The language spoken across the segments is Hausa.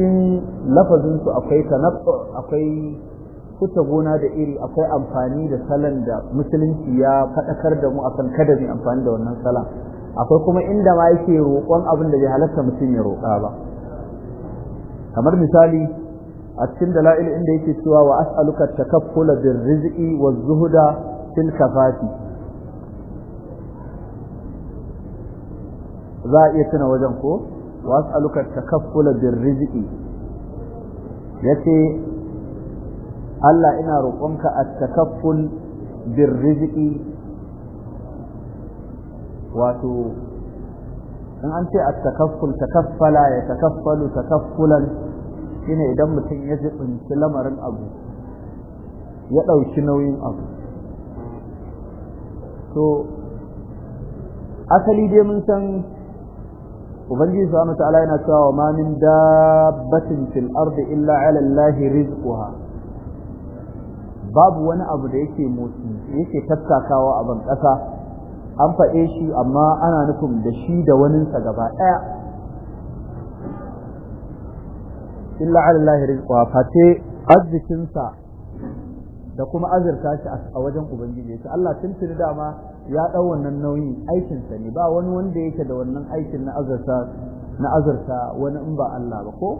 cikin lafazin su akwai tanaffu akwai kuta gona da iri akwai amfani da salon da musulunci ya faɗakar da mu akan kada mu amfani da wannan salon akwai kuma inda ma yake roƙon abin da bai halatta mutum ya roƙa ba kamar misali a cikin dala'il inda yake cewa wa as'aluka takaffula bil rizqi waz zuhuda fil kafati za a iya tuna wajen ko وأسألك التكفل Allah ina roƙonka a رقمك التكفل بالرزق wato in an ce a takafful takaffala ya takaffalu takaffulan shine idan mutum ya jibinci lamarin abu ya ɗauki nauyin abu to asali dai mun san ubangiji subhanahu ta'ala yana cewa ma min dabbatin fil ardi illa 'ala allahi rizquha babu wani abu da yake motsi yake tattakawa a ban an faɗe shi amma ana nufin da shi da waninsa gaba ɗaya illa 'ala allahi rizquha fate arzikinsa da kuma azurta shi a wajen ubangiji sai Allah tuntuni dama ya dau wannan nauyin aikin sa ne ba wani wanda yake da wannan aikin na azurta na azurta wani in ba Allah ba ko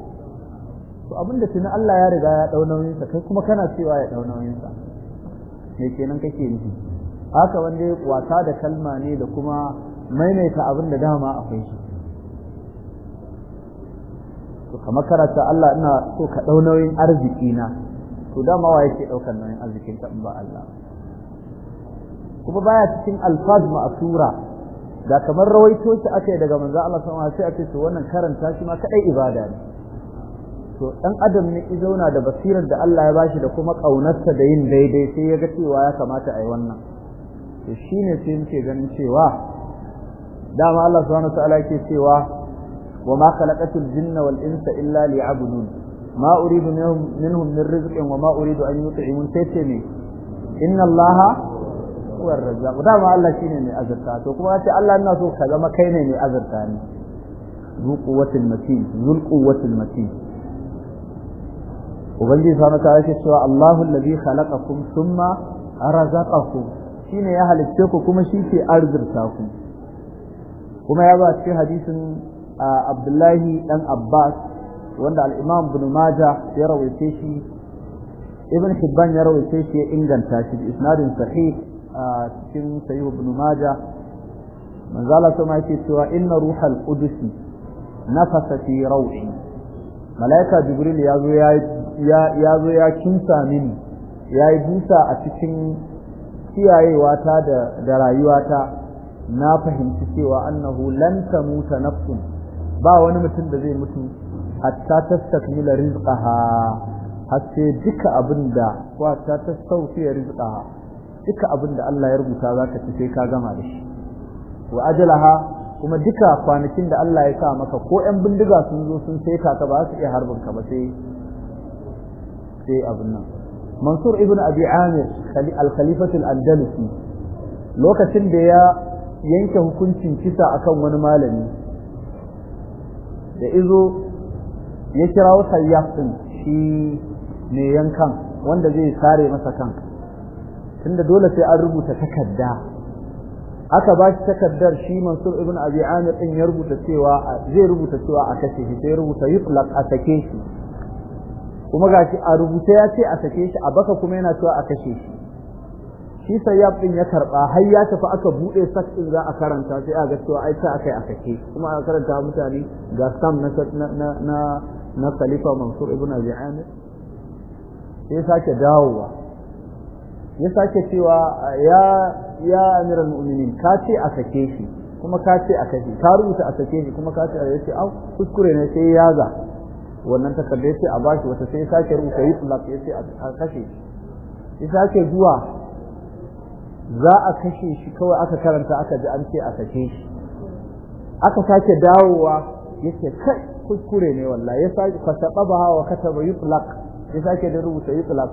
to abinda tuni Allah ya riga ya dau nauyin sa kai kuma kana cewa ya dau nauyin sa me kenan kake yi haka wanda ya kwata da kalma ne da kuma maimaita abinda dama akwai shi to kamar karatu Allah ina so ka dau nauyin arziki na to dama wa yake daukar nauyin arzikin ka in ba Allah kuma baya cikin alfaz ma'sura da kamar rawaito shi akai daga manzo Allah sallallahu alaihi wasallam sai ake wannan karanta shi ma kadai ibada ne to dan adam ne i zauna da basirar da Allah ya bashi da kuma kaunarsa da yin daidai sai ya ga cewa ya kamata ayi wannan to shine sai muke ganin cewa dama Allah subhanahu wa ta'ala yake cewa wa ma khalaqatul jinna wal insa illa liya'budun ma uridu minhum min rizqin wa ma uridu an yut'imun sai ce ne inna allaha huwa ar-razzaq dama Allah shine mai azurta to kuma ce Allah ina so ka zama kai ne mai azurta ne zu quwwatil matin zul quwwatil matin ubangiji sa mata yake cewa Allahu allazi khalaqakum thumma arzaqakum shine ya halicce ku kuma shi ke kuma ya ba hadisin Abdullahi dan Abbas wanda alimam bin ibn ya rawaice shi ibn hibban ya rawaice shi ya inganta shi bi isnadin sahih a cikin sahih ibn majah manzo Allah kuma yake cewa inna ruhal qudus nafasa fi raw'i malaika jibril ya zo ya ya zo ya kinsa mini a cikin kiyayewata da da rayuwata na fahimci cewa annahu lan tamuta nafsun ba wani mutum da zai mutu hatta tastakmila rizqaha ha, sai duka abinda wata ta sauki rizqaha duka abinda Allah ya rubuta zaka ci sai ka gama da shi wa ajalaha kuma duka kwanakin da Allah ya sa maka ko ƴan bindiga sun zo sun sai ka ba su iya harbin ka ba sai sai abin nan Mansur ibn Abi Amir al-Khalifatu al-Andalusi lokacin da ya yanke hukuncin kisa akan wani malami da izo ya wasa ya fi shi ne yankan wanda zai sare masa kan tunda dole sai an rubuta takarda aka ba shi takardar shi Mansur ibn Abi Amir din ya rubuta cewa zai rubuta cewa a kashe shi sai rubuta yutlaq a sake shi kuma gashi a rubuta ya ce a sake shi a baka kuma yana cewa a kashe shi shi ya din ya karba har ya tafi aka bude sak din za a karanta sai a ga cewa ai ta akai a sake kuma a karanta mutane ga sam na na na na khalifa mansur ibn abi amir sai sake dawowa ya sake cewa ya ya amiral mu'minin ka ce a sake shi kuma ka ce a kashe ka rubuta a sake shi kuma ka ce a ce au kuskure ne sai ya za wannan takardar sai a bashi wata sai sake rubuta yi tsallaf ya ce a kashe shi ya sake zuwa za a kashe shi kawai aka karanta aka ji an ce a sake shi aka sake dawowa yake kai kuskure ne wallahi ya sake wa kataba yutlaq ya sake da rubuta yutlaq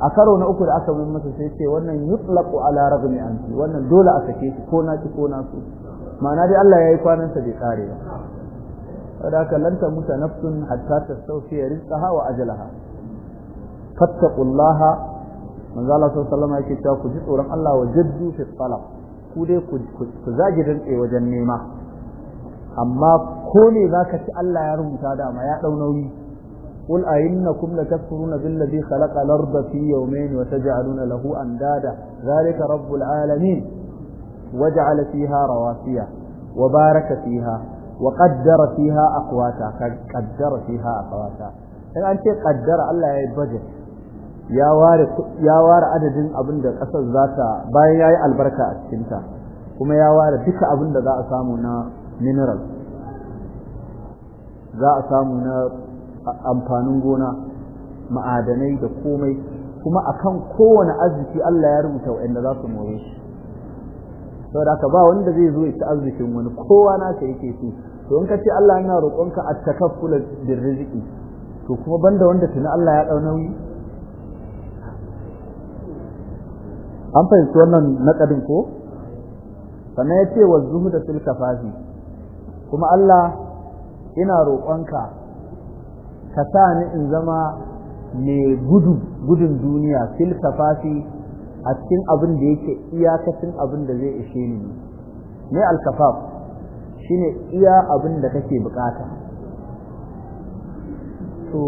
a karo na uku da aka bin masa sai ce wannan yutlaqu ala rabbini anti wannan dole a sake shi ko na ci ko na su ma'ana dai Allah yayi kwanan sa bai kare ba saboda lanta muta nafsun hatta tastawfi rizqaha wa ajalaha fattaqullaha manzo Allah sallallahu alaihi wasallam yake cewa ku ji tsoron Allah wa jaddu fi talab ku dai ku zagi wajen nema amma ko ne za ka ci Allah ya rubuta dama ya ɗau nauyi قل أئنكم لتكفرون بالذي خلق الأرض في يومين وتجعلون له أندادا ذلك رب العالمين وجعل فيها رواسي وبارك فيها وقدر فيها أقواتا قدر فيها أقواتا إن أنت قدر الله يبجح يا وار يا وار عدد أبن دا قصص ذاتا باين يا البركة أتشنتا كما يا وار دك أبن دا أسامنا mineral za a samu na amfanin gona ma'adanai da komai kuma akan kowane arziki Allah ya rubuta wa'anda za su more shi saboda haka ba wanda zai zo ya ci arzikin wani kowa na ka yake so to in ka ce Allah yana roƙonka a takaffula da riziki to kuma banda wanda tuni Allah ya ɗau an fahimci wannan naƙadin ko sannan ya ce wa da silka fahimci kuma Allah ina roƙonka ka sa ni in zama mai gudu gudun duniya filsafafi a cikin abin da yake iyakacin abin da zai ishe ni ne alkafaf shine iya abin da kake bukata to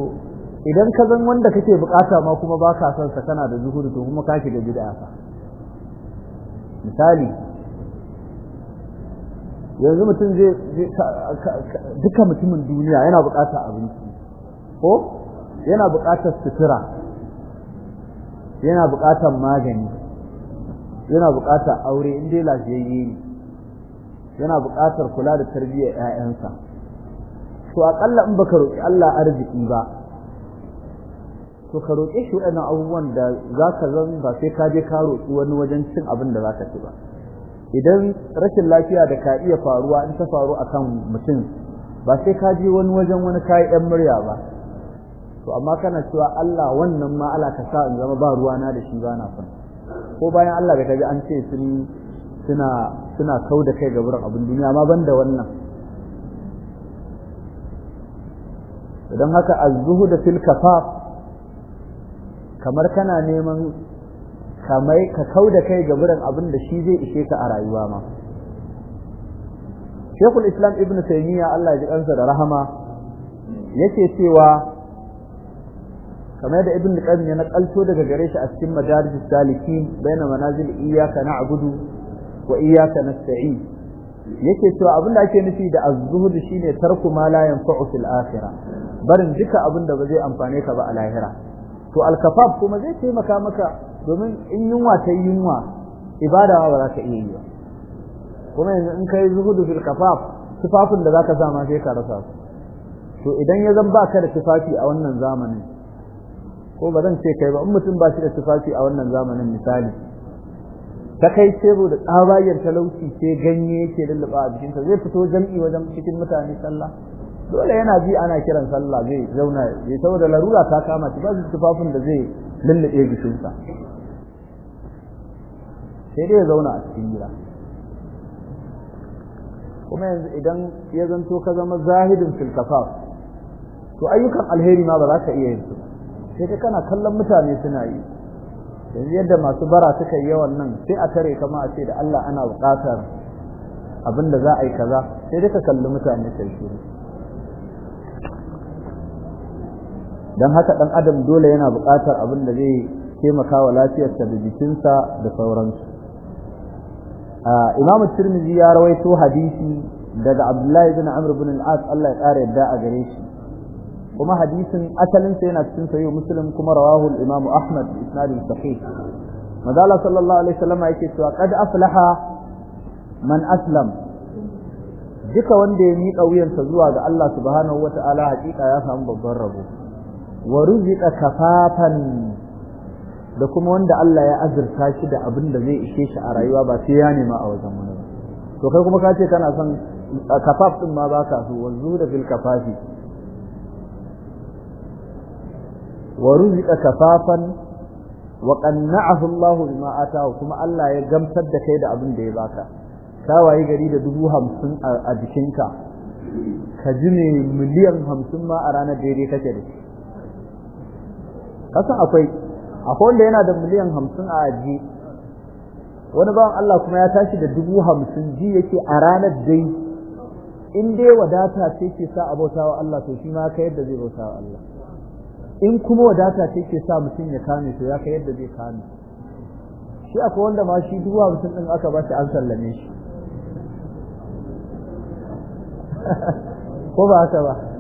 idan ka zan wanda kake bukata ma kuma baka son sa kana da zuhuri to kuma ka shiga bid'a misali yanzu mutum zai duka mutumin duniya yana bukatar abinci ko yana buƙatar sutura yana buƙatar magani yana bukatar aure inda ya lafiyayye ne yana bukatar kula da tarbiyyar yayansa to aƙalla in baka roƙi Allah arziki ba to ka roƙe shi waɗannan abubuwan da za ka zan ba sai ka je ka roƙi wani wajen cin abin da za ka ci ba idan rashin lafiya da ka iya faruwa in ta faru a kan mutum ba sai ka je wani wajen wani kayi ɗan murya ba to amma kana cewa Allah wannan ma Allah ka sa in zama ba ruwana da shi ba na son ko bayan Allah da kaji an ce sun suna suna kau da kai ga wurin abin duniya amma banda wannan idan haka az-zuhud fil kafaf kamar kana neman kamar ka kau da kai ga wurin abin da shi zai ishe ka a rayuwa ma Shekul Islam Ibn Taymiyyah Allah ya ji kansa da rahama yake cewa kamar da Ibn Qayyim ya nakalto daga gare shi a cikin Madarij Salikin baina manazil iyyaka na'budu wa iyyaka nasta'in yake cewa abin da ake nufi da az-zuhud shine tarku ma la yanfa'u fil akhirah barin duka abin da ba zai amfane ka ba a lahira to alkafaf kuma zai taimaka maka domin in yunwa ta yunwa ibada ba za ka iya yi kuma yanzu in kai zuhudu fil kafaf tufafin da zaka sa ma sai ka rasa su to idan ya zan baka da tufafi a wannan zamanin ko ba zan ce kai ba in mutum ba shi da tufafi a wannan zamanin misali ta kai tebo da tsabayar talauci sai ganye yake lulluɓa a jikinsa zai fito jam'i wajen cikin mutane sallah dole yana ji ana kiran sallah zai zauna ya saboda larura ta kama shi ba su tufafin da zai lullube gishinsa sai dai zauna a cikin gida kuma yanzu idan ya zanto ka zama zahidin filkafaf to ayyukan alheri ma ba za ka iya yin su sai ka kana kallon mutane suna yi yanzu yadda masu bara suka yi yawan nan sai a tare kama a ce da Allah ana bukatar abin da za a yi kaza sai dai ka kalli mutane sai shiru don haka ɗan adam dole yana buƙatar abin da zai taimaka wa lafiyarsa da jikinsa da sauransu imam tirmidhi ya rawaito hadisi daga abdullahi bin amr bin al-as Allah ya ƙara yadda a gare shi kuma hadisin asalin sa yana cikin sahih muslim kuma rawahu al-imam ahmad bi isnadin sahih madalla sallallahu alaihi wasallam yake cewa qad aflaha man aslam duka wanda ya miƙa wuyansa zuwa ga Allah subhanahu wata'ala hakika ya samu babban rabo wa ruzika kafafan da kuma wanda Allah ya azurta shi da abin da zai ishe shi a rayuwa ba sai ya nema a wajen wani to kai kuma ka ce kana son kafaf din ma ba ka so wanzu da fil kafafi wa ruzika kafafan wa qanna'ahu Allah bima ataahu kuma Allah ya gamsar da kai da abin da ya baka ka wayi gari da dubu hamsin a jikinka ka ji ne miliyan hamsin ma a ranar daidai kake da kasan akwai akwai wanda yana da miliyan hamsin a aji wani bawan Allah kuma ya tashi da dubu hamsin ji yake a ranar dai in dai wadata ce ke sa a bautawa Allah to shi ma ka yadda zai bautawa Allah in kuma wadata ce ke sa mutum ya kame to ya ka yadda zai kame shi akwai wanda ma shi dubu hamsin din aka ba shi an sallame shi ko ba haka ba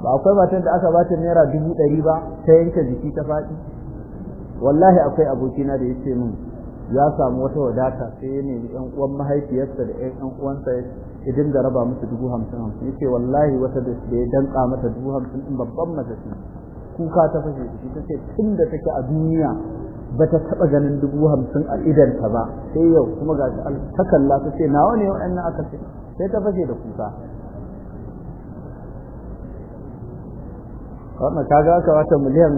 ba akwai matan da aka ba ta naira dubu ɗari ba ta yanke jiki ta faɗi wallahi akwai abokina da ya ce min ya samu wata wadata sai ya nemi ƴan uwan mahaifiyarsa da ƴan uwansa ya dinga raba musu dubu hamsin hamsin ya ce wallahi wata da ya danƙa mata dubu hamsin ɗin babban mace kuka ta fashe shi ta ce tun da take a duniya ba ta taɓa ganin dubu hamsin a idanta ba sai yau kuma ga ta kalla ta ce nawa ne wa'annan aka ce sai ta fashe da kuka wannan ga aka wata miliyan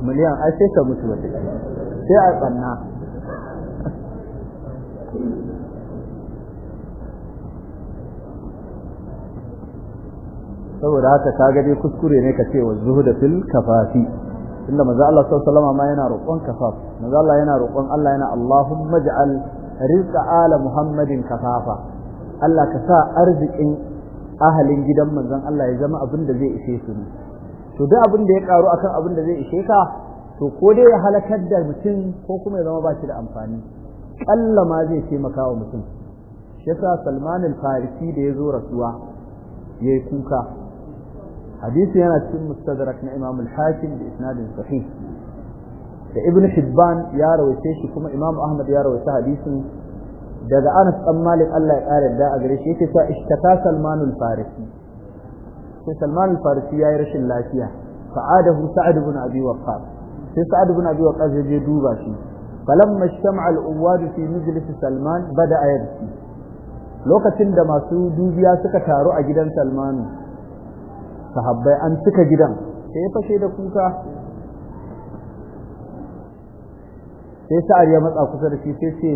miliyan ai sai ta mutu wata sai a tsanna saboda haka ka gani kuskure ne ka ce wa zuhuda fil kafafi inda maza Allah sallallahu ma yana roƙon kafaf maza Allah yana roƙon Allah yana Allahumma ja'al rizqa ala Muhammadin kafafa Allah ka sa arzikin ahalin gidan manzon Allah ya zama abin da zai ishe su ne to duk abin da ya karu akan abin da zai ishe ka to ko dai ya halakar da mutum ko kuma ya zama ba shi da amfani kalla ma zai taimaka wa mutum shi yasa Salman al-Farisi da ya zo rasuwa yayi kuka hadisi yana cikin mustadrak na Imam al-Hakim da isnadin sahih da Ibn Hibban ya rawaice shi kuma Imam Ahmad ya rawaice hadisin daga Anas dan Malik Allah ya kare da a gare shi yake cewa ishtaka Salman al-Farisi sai Salman al-Farisi yayi rashin lafiya fa'adahu Sa'ad ibn Abi Waqqas sai Sa'ad ibn Abi Waqqas ya je duba shi falamma ijtama'a al-uwad fi majlis Salman bada'a yabki lokacin da masu dubiya suka taru a gidan Salman sahabbai an cika gidan sai ya fashe da kuka sai Sa'ad ya matsa kusa da shi sai ce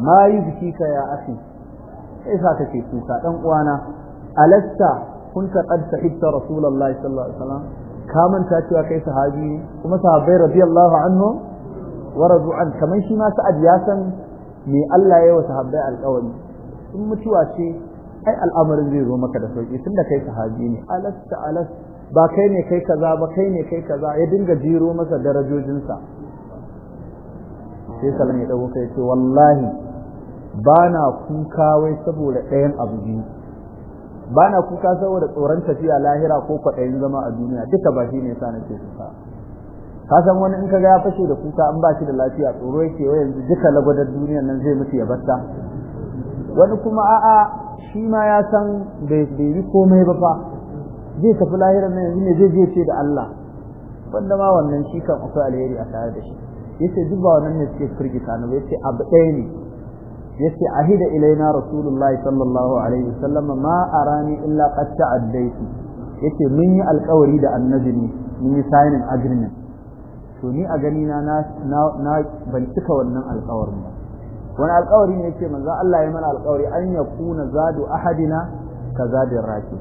ma yi biki ka ya afi sai sa kake kuka dan uwana alasta kunta qad sahibta rasulullahi sallallahu alaihi wasallam ka manta cewa kai sahabi kuma sahabbai radiyallahu anhu wa radu an kaman shi ma sa'ad ya san me Allah ya wa sahabbai alƙawari in mutuwa ce ai al'amarin zai zo maka da sauki tunda kai sahabi ne alasta alas ba kai ne kai kaza ba kai ne kai kaza ya dinga jiro masa darajojinsa sai salam ya dago kai ce wallahi ba na kuka wai saboda ɗayan abu biyu ba na kuka saboda tsoron tafiya lahira ko kwaɗayin zama a duniya duka ba shi ne sa nake kuka ka san wani in ka ga ya fashe da kuka an ba shi da lafiya tsoro yake wa yanzu duka lagwadar duniyar nan zai mutu ya batta wani kuma a'a shi ma ya san bai yi komai ba fa zai tafi lahirar nan yanzu ne zai je ce da Allah wanda ma wannan shi kan akwai alheri a tare da shi yace duk ba wannan ne suke firgita na yace abu ɗaya ne yace ahida ilaina rasulullahi sallallahu alaihi wasallam ma arani illa qad ta'addaitu yace mun yi alƙawari da annabi ne mun yi signing agreement to ni a gani na na ban cika wannan alƙawarin ba wani alƙawari ne yace manzo Allah ya mana alƙawari an yakuna zadu ahadina ka zadin raki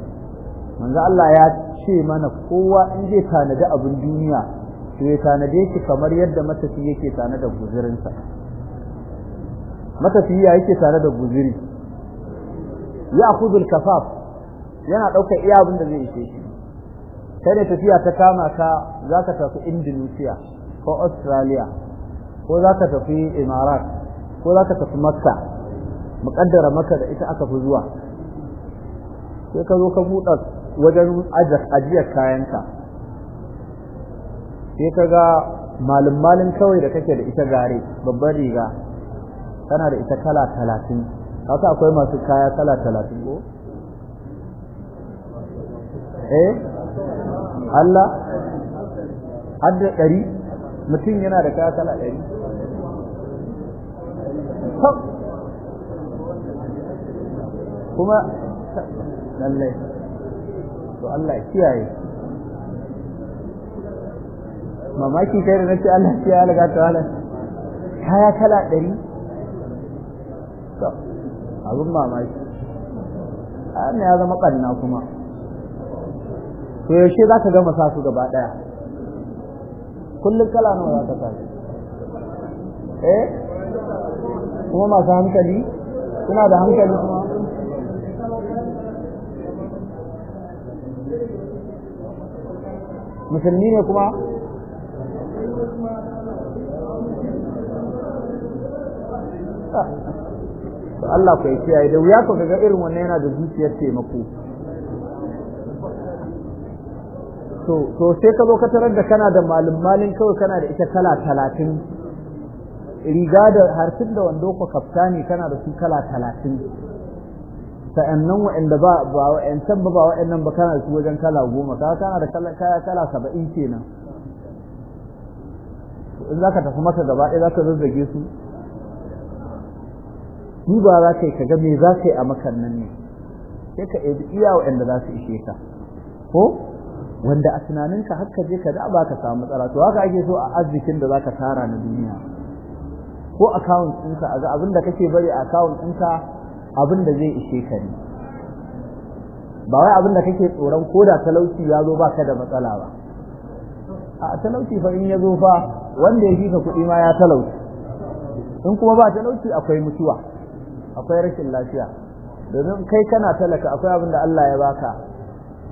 manzo Allah ya ce mana kowa in zai tanadi abin duniya to ya tanade shi kamar yadda matafi yake tanada guzurinsa matafiya yake tare da guziri ya akudul kafaf yana ɗaukar iya abin da zai ishe shi sai ne tafiya ta kama ka za ka tafi indonesia ko australia ko za ka tafi imarat ko za ka tafi makka muƙaddara maka da ita aka fi zuwa sai ka zo ka buɗa wajen ajiyar kayanka sai ka ga malin-malin kawai da kake da ita gare babbar riga tana da ita kala talatin kasa akwai masu kaya kala talatin ko eh Allah hadda ɗari mutum yana da kaya kala ɗari kuma lallai to Allah kiyaye mamaki kai da nace Allah kiyaye ga ta kaya kala ɗari abin mamaki ne ya zama ƙarna kuma to yaushe za ka gama sa su gaba ɗaya kullum kala nawa za ka sa eh kuma masu hankali suna da hankali kuma musulmi ne kuma Ah. to Allah ku kiyaye da wuya ku ga irin wannan yana da zuciyar taimako to to sai ka zo ka tarar da kana da malum malin kawai kana da ita kala talatin riga da harfin da wando ko kaftani kana da su kala talatin sa'annan wa'anda ba ba san ba ba wa'annan ba kana da su wajen kala goma ka kana da kala kaya kala 70 kenan in za ka tafi maka gaba ɗaya za ka zazzage su ba za ka yi ka ga me za ka yi a nan ne sai ka ɗebi iya waɗanda za su ishe ka ko wanda a tunaninka har je ka da ba ka samu matsala to haka ake so a arzikin da za ka tara na duniya ko akawun ɗinka a ga abin da kake bari a akawun ɗinka abin da zai ishe ka ne ba wai abin da kake tsoron ko da talauci ya zo ba ka da matsala ba a talauci fa in ya zo fa wanda ya fi ka kuɗi ma ya talauci in kuma ba talauci akwai mutuwa akwai rashin lafiya domin kai kana talaka akwai abin da Allah ya baka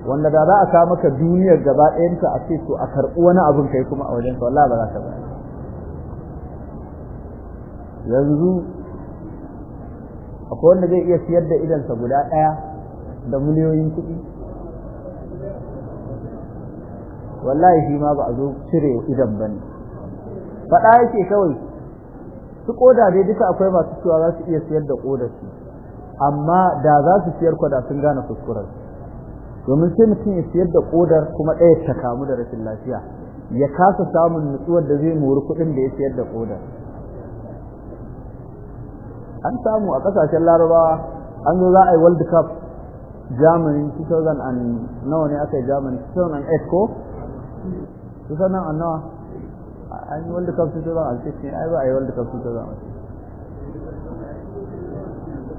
wanda da za a sa maka duniyar gaba ɗayanta a ce a karɓi wani abin kai kuma a wajen ka ba za ka ba yanzu akwai wanda zai iya siyar da idansa guda ɗaya da miliyoyin kuɗi wallahi shi ma ba a zo cire idan ba ne faɗa yake kawai su koda dai duka akwai masu cewa za su iya siyar da kodar su amma da za su siyar kwada sun gane kuskuren domin sai mutum ya siyar da kodar kuma ɗaya ta kamu da rashin lafiya ya kasa samun nutsuwar da zai mori kuɗin da ya siyar da kodar an samu a ƙasashen larabawa an zo za a yi world cup germany 2000 and nawa ne aka yi germany 2008 ko 2000 and nawa an yi world cup 2016 ai ba a yi world cup 2016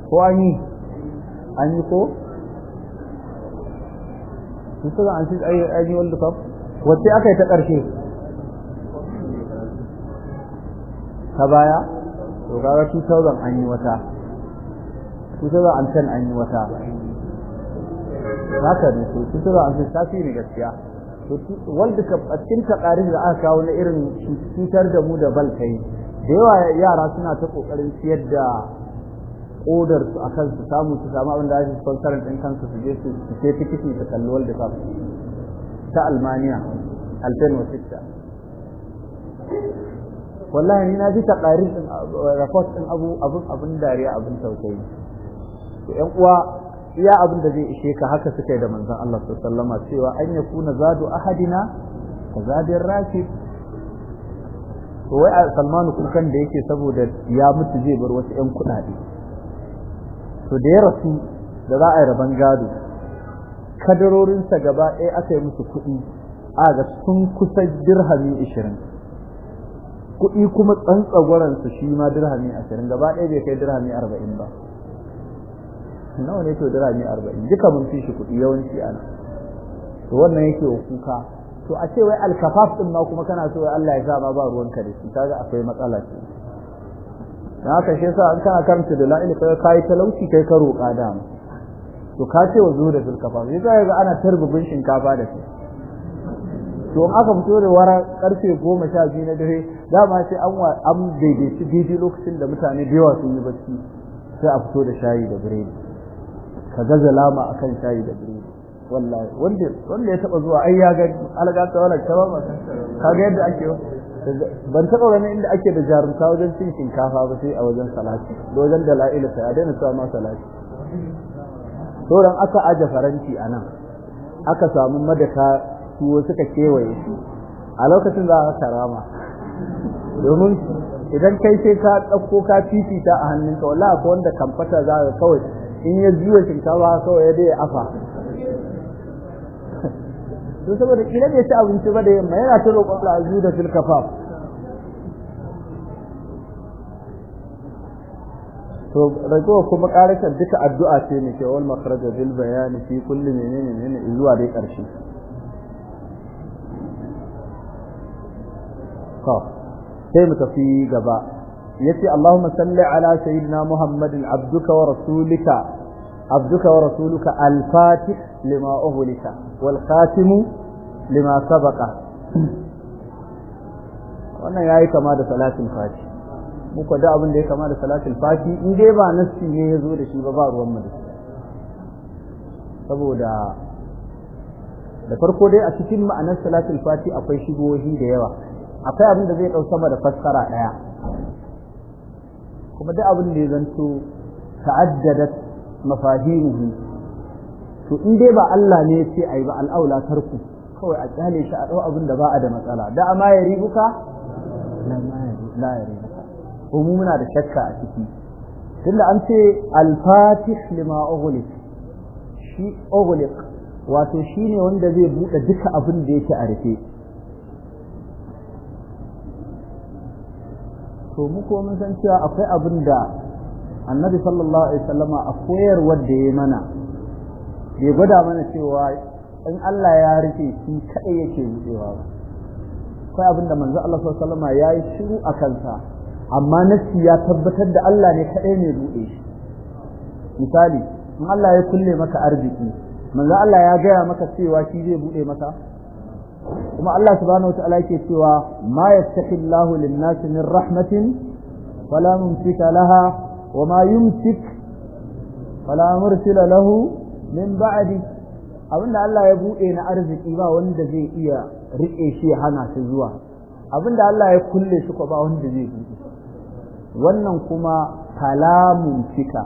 ko an yi an yi ko 2006 an yi world wacce aka yi ta ƙarshe ta baya to kaga 2000 an yi wata 2010 an yi wata haka ne fi 2006 tasiri gaskiya wanda ka cikin takarin da aka kawo na irin cutar da mu da bal da yawa yara suna ta kokarin siyar da kodar su akan su samu su samu abin da ake sponsor din kansu su je su ce tikiti su kalli world cup ta almaniya 2006 wallahi ni na ji takarin uh, report din abu abun abin dariya abin tausayi to yan uwa iya abin da zai ishe ka haka suka yi da manzon Allah sallallahu alaihi cewa an ya kuna zadu ahadina ka zadin rafi. to wai a Salmanu kukan da yake saboda ya mutu zai bar wasu 'yan kuɗaɗe to da ya rasu da za a yi rabon gado kadarorinsa gaba ɗaya aka yi musu kuɗi a ga sun kusa dirhami ishirin kuɗi kuma tsantsagwaransu shi ma dirhami ashirin gaba ɗaya bai kai dirhami arba'in ba nawa ne to ne arba'in duka mun fi shi kuɗi yawanci ana to wannan yake wa kuka to a ce wai alkafaf din ma kuma kana so wai Allah ya sa ma ba ruwan ka da shi kaga akwai matsala ce na ka she sa an kana karanta da la'il kai kai talauci kai ka roƙa da mu to ka ce wa da zulkafaf yi ga ana tarbubin shinkafa da shi to in aka fito da wara karfe goma sha biyu na dare dama sai an an daidaici daidai lokacin da mutane da yawa sun yi bacci sai a fito da shayi da biredi ka gaza lama akan shayi da biri wallahi wanda ya taba zuwa ai ya ga alaga ta wala ta ba kaga yadda ake ban taba ganin inda ake da jarumta wajen cin shinkafa ba sai a wajen salati da wajen dala'ilu sai a daina sa ma salati sauran aka aje faranti a nan, aka samu madaka tuwo suka kewaye shi a lokacin za a karama domin idan kai sai ka ɗauko ka fifita a hannunka wallahi ko wanda kamfata za ka kawai in ya juya shinkawa kawai ya dai afa to saboda kila bai ci abinci ba da yamma yana ta roƙon Allah azu da filkafa to ragowa kuma karashin duka addu'a ce ne ke wal makhraja bil bayani fi kulli menene menene zuwa dai karshe sai mu tafi gaba yace Allahumma salli ala sayyidina Muhammadin abduka wa rasulika abduka wa rasuluka al-fatih lima uhlika wal khatimu lima sabaqa wannan yayi kama da salatin fati mu ko da abin da ya kama da salatin fati in dai ba nassi ne yazo da shi ba ba ruwan mu saboda da farko dai a cikin ma'anar salatin fati akwai shigohi da yawa akwai abin da zai dau sama da faskara daya kuma da abin da ya zanto ta'addadat mafahimuhu to in dai ba Allah ne ce ayi ba al'aula tarku kawai a kyale shi a dau abin da ba a da matsala da amma ya ribuka la ya ribuka ko mu muna da shakka a ciki tunda an ce al-fatih lima ughliq shi ughliq wato shine wanda zai buɗe duka abin da yake a rufe to mu ko mun san cewa akwai abin da annabi sallallahu alaihi wasallama a koyarwar da ya mana bai gwada mana cewa in Allah ya rufe shi kadai yake wucewa ba akwai abin da manzo Allah sallallahu alaihi wasallama ya yi shiru a kansa amma nafsi ya tabbatar da Allah ne kaɗai ne buɗe shi misali in Allah ya kulle maka arziki manzo Allah ya gaya maka cewa shi zai buɗe maka kuma Allah subhanahu wataala yake cewa ma yattaqillahu lin-nasi min rahmatin fala mumsika laha wa ma yumsik fala mursila lahu min ba'di abinda Allah ya bude na arziki ba wanda zai iya rike shi hana shi zuwa abinda Allah ya kulle shi ko ba wanda zai yi wannan kuma kalamun fika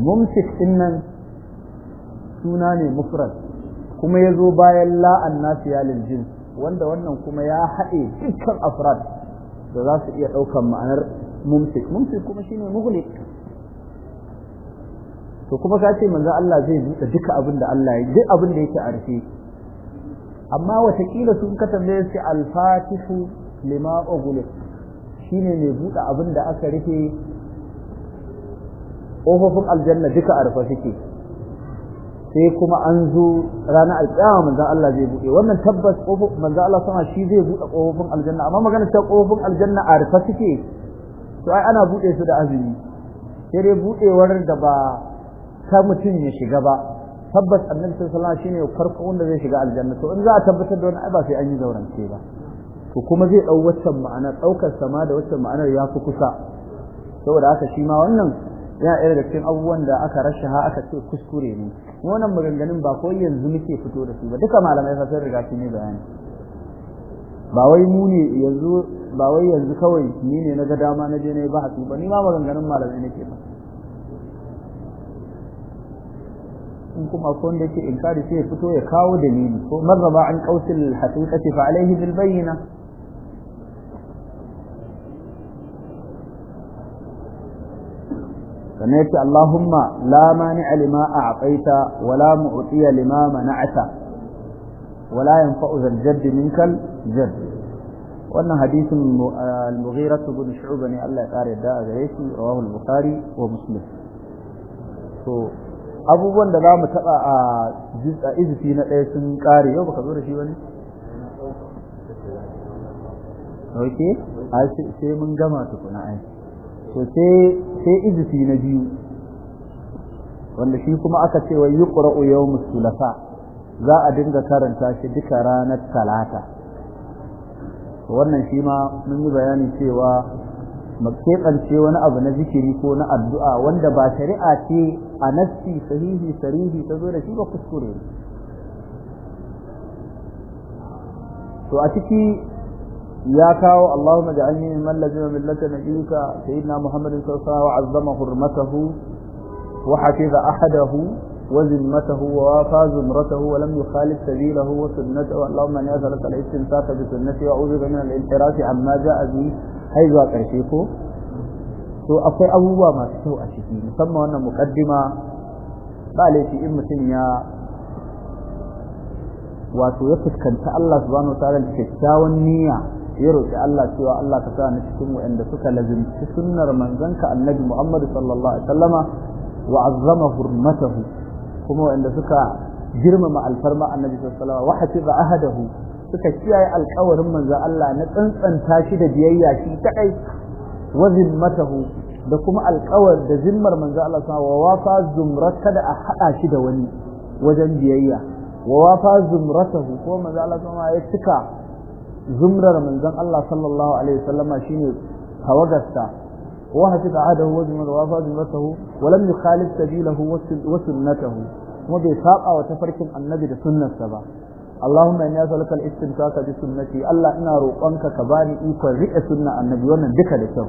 mumsik dinnan suna ne mufrad kuma ya zo bayan la'an nasu yalin jin, wanda wannan kuma ya haɗe dukkan afrad da za su iya ɗaukan ma'anar mumsik mumsik kuma shine mughliq to kuma ka ce manzo Allah zai buɗe duka abin da Allah ya duk abin da yake a rufe amma watakila sun ka tambaye su al-fatihu lima shi ne mai buɗe abin da aka rufe ƙofofin aljanna duka a rufe suke sai kuma an zo ranar alƙiyama manzan Allah zai buɗe wannan tabbas ƙofofin manzan Allah sama shi zai buɗe kofofin aljanna amma magana ta kofofin aljanna a rufe suke to ai ana buɗe su da azumi sai dai buɗewar da ba ta mutum ya shiga ba tabbas annabi sallallahu alaihi wasallam shine farko wanda zai shiga aljanna to in za a tabbatar da wannan ba sai an yi zaurance ba to kuma zai dau wata ma'ana daukar sama da wata ma'anar ya fi kusa saboda haka shi ma wannan ya ɗaya daga cikin abubuwan da aka rasha ha aka ce kuskure ne wannan maganganun ba ko yanzu muke fito da su ba duka malamai fa sun riga sun yi bayani ba wai mu ne yanzu ba wai yanzu kawai ni ne na ga dama na je na yi bahasi ba ni ma maganganun malamai nake ba in kuma ko wanda yake inkari sai ya fito ya kawo dalili ko marraba an qausil haqiqati fa alaihi bil bayyina sannan yace Allahumma lamani alima a a'taita wala la mu'tiya lima mana'ata wala la yanfa'u zal minkal jadd wannan hadisin uh, al-Mughira gudu Shu'ba ne Allah ya kare da a gare shi rawahu al-Bukhari wa Muslim to abubuwan da zamu taba a izifi na ɗaya sun kare yau baka zo da shi wani sai mun gama tukuna ai to sai sai izifi na biyu wanda shi kuma aka ce wa yuqra'u yawmus thulatha za a dinga karanta shi duka ranar talata wannan shi ma mun yi bayani cewa makebance wani abu na zikiri ko na addu'a wanda ba shari'a ce a nassi sahihi sarihi ta zo da shi ba kuskure to a ciki ya kawo Allahumma ja'alni min allazina millata nabiyika sayyidina Muhammadin sallallahu alaihi wasallam wa hurmatahu wa hafiza ahadahu وذمته ووافى زمرته ولم يخالف سبيله وسنته اللهم wa اسالك الاستمساك بسنتي واعوذ بك من الانحراف عما جاء به حيث قرشيكو to akwai abubuwa masu kyau a ciki musamman wannan mukaddima ba laifi in mutum ya wato ya fuskanci Allah subhanahu wa ta'ala da kyakkyawan niyya ya roƙi Allah cewa Allah ka sa ni cikin waɗanda suka lazimci sunnar manzanka annabi Muhammad sallallahu alaihi wasallama wa azzama hurmatahu kuma waɗanda suka girmama alfarma annabi sallallahu alaihi wasallama wa hafiza ahadahu suka kiyaye alƙawarin manzon Allah na tsantsanta shi da biyayya shi kadai wa zimmatahu da kuma alƙawar da zimmar manzon Allah sallallahu alaihi wasallama wa wafa zumrata da a hada shi da wani wajen biyayya wa wafa zumratahu kuma manzon Allah sallallahu alaihi wasallama ya cika zumrar manzon Allah sallallahu alaihi wasallama shine tawagarsa wa hafiza adahu wa zumar wa fa zumratahu wa lam yukhalif sabilahu wa sunnatahu kuma bai saba wa tafarkin annabi da sunnarsa ba Allahumma اللهم اني اسالك الاستمساك بسنتي ina roƙonka ka bani ikon riƙe سنه annabi wannan duka da kyau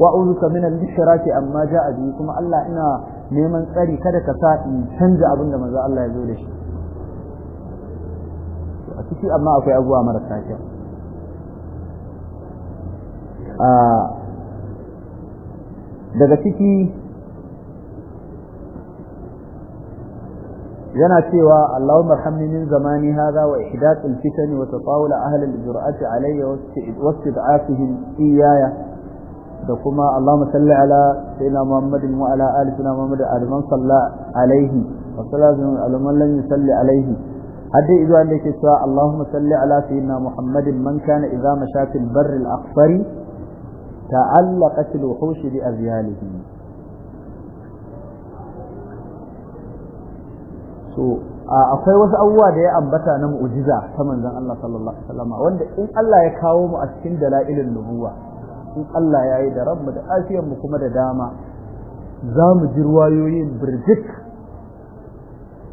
wa'uzuka min al-ishraki amma ja'a bi kuma Allah ina neman tsari kada ka sa in canza abin da manzo Allah ya zo da shi a ciki amma akwai abuwa marasa kyau daga ciki yana cewa Allahumma arhamni min zamani hadha wa ihdath al-fitan wa tatawul ahli al-jur'ati alayya wa istid'afihim iyaya da kuma Allahumma salli ala sayyidina Muhammadin wa ala ali sayyidina Muhammad alman salla alayhi wa sallallahu alman lam yusalli alayhi hadda izo Allah yake cewa Allahumma salli ala sayyidina Muhammadin man kana idza mashatil barri al-aqfari تعلقت الوحوش بأذياله bi azyalihi so akwai wasu abubuwa da ya ambata na mu'jiza ta manzon Allah sallallahu alaihi wasallam wanda in Allah ya kawo mu a cikin dalailin nubuwa in Allah ya yi da rabbu da afiyar mu kuma da dama za mu ji ruwayoyin birjik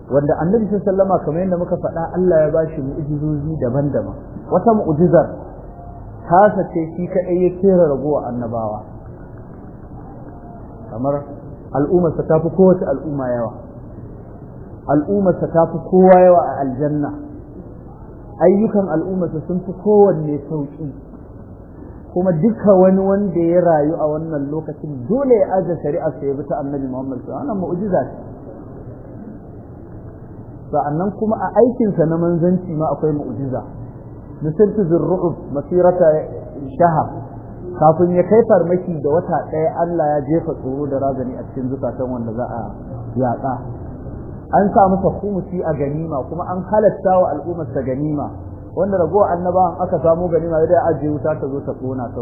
wanda annabi sallama kamar yadda muka faɗa Allah ya bashi mu'jizozi daban-daban wata mu'jizar Kasa ce shi kaɗai ya kera ragowa annabawa kamar al'ummarsa ta fi kowace al'umma yawa al'ummarsa ta fi kowa yawa a aljanna ayyukan al'ummarsa sun fi kowanne sauƙi kuma duka wani wanda ya rayu a wannan lokacin dole ya aje shari'ar sai ya bi ta annabi muhammad sallallahu alaihi mu'jiza ce sa'annan kuma a aikinsa na manzanci ma akwai mu'jiza nusiltu Ru'ub masirata shahar kafin ya kai farmaki da wata ɗaya Allah ya jefa tsoro da razani a cikin zukatan wanda za a yaka an samu masa a ganima kuma an halatta wa al'ummar ta ganima wanda ragowa annaba aka samu ganima da ya ajiye wuta ta zo ta kona ta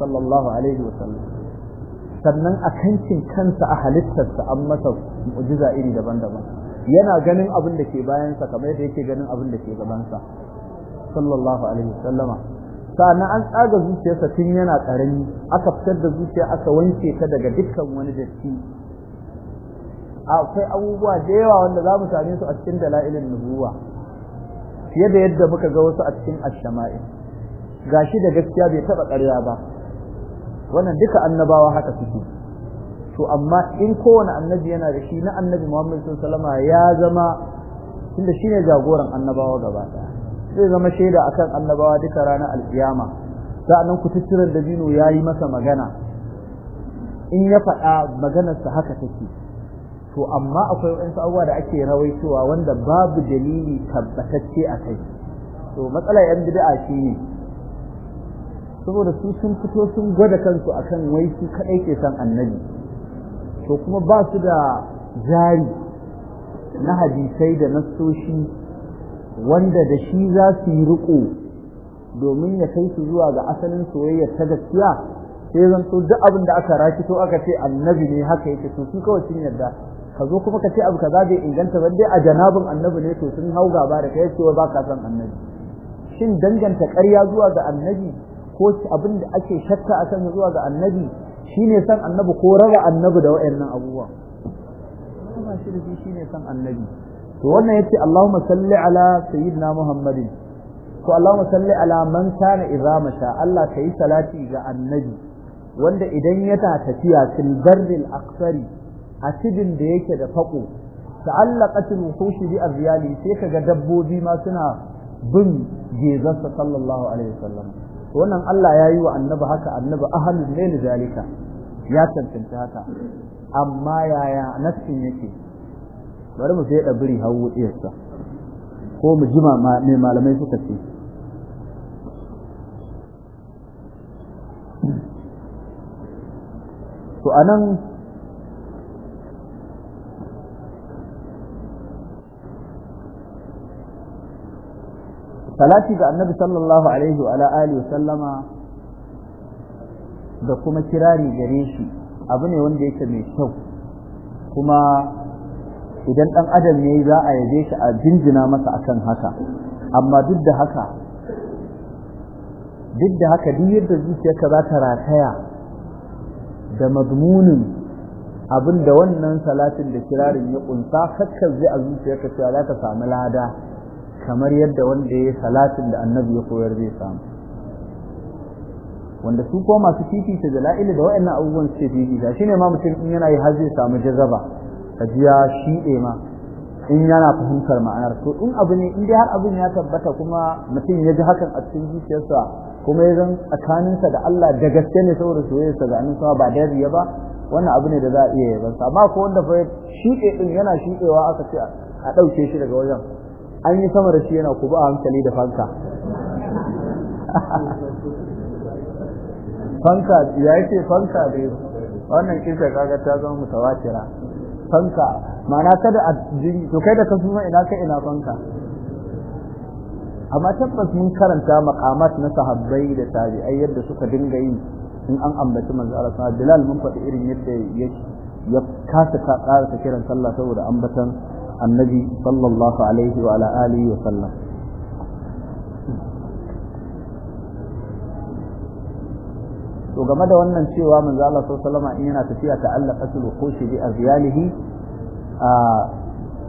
sallallahu alaihi wa sallam sannan a cin kansa a halittarsa an masa mu'jiza iri daban-daban yana ganin abin da ke bayansa kamar yadda yake ganin abin da ke gabansa sallallahu alaihi wasallama sannan an tsaga zuciyarsa tun yana karami aka fitar da zuciya aka wanke ta daga dukkan wani datti akwai abubuwa da yawa wanda za mu same su a cikin dalailin nubuwa fiye da yadda muka ga wasu a cikin ash gashi da gaskiya bai taba karya ba wannan duka annabawa haka suke to amma in kowane annabi yana da shi na annabi Muhammad sallallahu alaihi ya zama tunda shine jagoran annabawa gaba zai zama shaida akan annabawa duka ranar alkiyama sa'annan tattara da dino ya yi masa magana in ya faɗa maganarsa haka take to amma akwai waɗansu abubuwa da ake rawaitowa wanda babu dalili tabbatacce a kai to matsalar yan bid'a shi ne saboda su sun fito sun gwada kansu akan wai su kaɗai ke san annabi to kuma ba su da jari na hadisai da nassoshi wanda da shi za su yi riko domin ya kai su zuwa ga asalin soyayya ta gaskiya sai zan so duk abin da aka raki to aka ce annabi ne haka yake to shi kawai sun yarda ka zo kuma ka ce abu kaza bai inganta ba dai a janabin annabi ne to sun hau gaba da kai cewa ba ka san annabi shin danganta ƙarya zuwa ga annabi ko abin da ake shakka a kan zuwa ga annabi shine san annabi ko raba annabi da wa'annan abubuwa ba shi da shi shine san annabi to wannan yace Allahumma salli ala sayyidina Muhammadin to Allahumma salli ala man kana idza masha Allah kai salati ga annabi wanda idan ya ta tafiya fil barril aqsari a cikin da yake da fako ta'allaqat al-wuhush bi ar-riyali sai kaga dabbobi ma suna bin gezarsa sallallahu alaihi wasallam wannan Allah ya yi wa annabi haka annabi ahlul lail zalika ya tantance haka amma yaya nasin yake bari mu sai da biri hawo iyarsa ko mu jima mai malamai suka ce to anan salati ga annabi sallallahu alaihi wa alihi sallama da kuma kirari gare shi abu ne wanda yake mai kyau kuma idan ɗan adam ne za a yabe shi a jinjina masa a kan haka amma duk da haka duk da haka duk yadda zuciyarka za ta rataya da mazmunin abin da wannan salatin da kirarin ya kunsa kakkar zai a zuciyarka cewa za ka samu lada kamar yadda wanda ya salatin da annabi ya koyar zai samu wanda su kuma masu fifita da la'ili da wa'annan abubuwan suke fifita shine ma mutum in yana yi har zai samu jazaba Kajiya shi shiɗe ma in yana fahimtar ma'anar to in abu ne in har abin ya tabbata kuma mutum ya ji hakan a cikin zuciyarsa kuma ya zan tsakaninsa da Allah da gaske ne saboda soyayyarsa ga annabi ba da riya ba wannan abu ne da za a iya yaba sa amma ko wanda fa shiɗe din yana shiɗewa aka ce a ɗauke shi daga wajen an yi sama da shi yana kuba a hankali da fanka fanka ya ce fanka da wannan kisa kaga ta zama mutawatira fanka ma'ana ta da jin to kai da ka suna ina ka ina fanka amma tabbas mun karanta maqamat na sahabbai da tabi'ai yadda suka dinga yi in an ambaci manzo Allah sallallahu alaihi wasallam mun faɗi irin yadda yake ya kasa ka ƙara kiran sallah saboda ambatan annabi sallallahu alaihi wa ala alihi wa sallam to game da wannan cewa manzo Allah sallallahu in yana tafiya ta ta'allaqatul khushi bi azyalihi a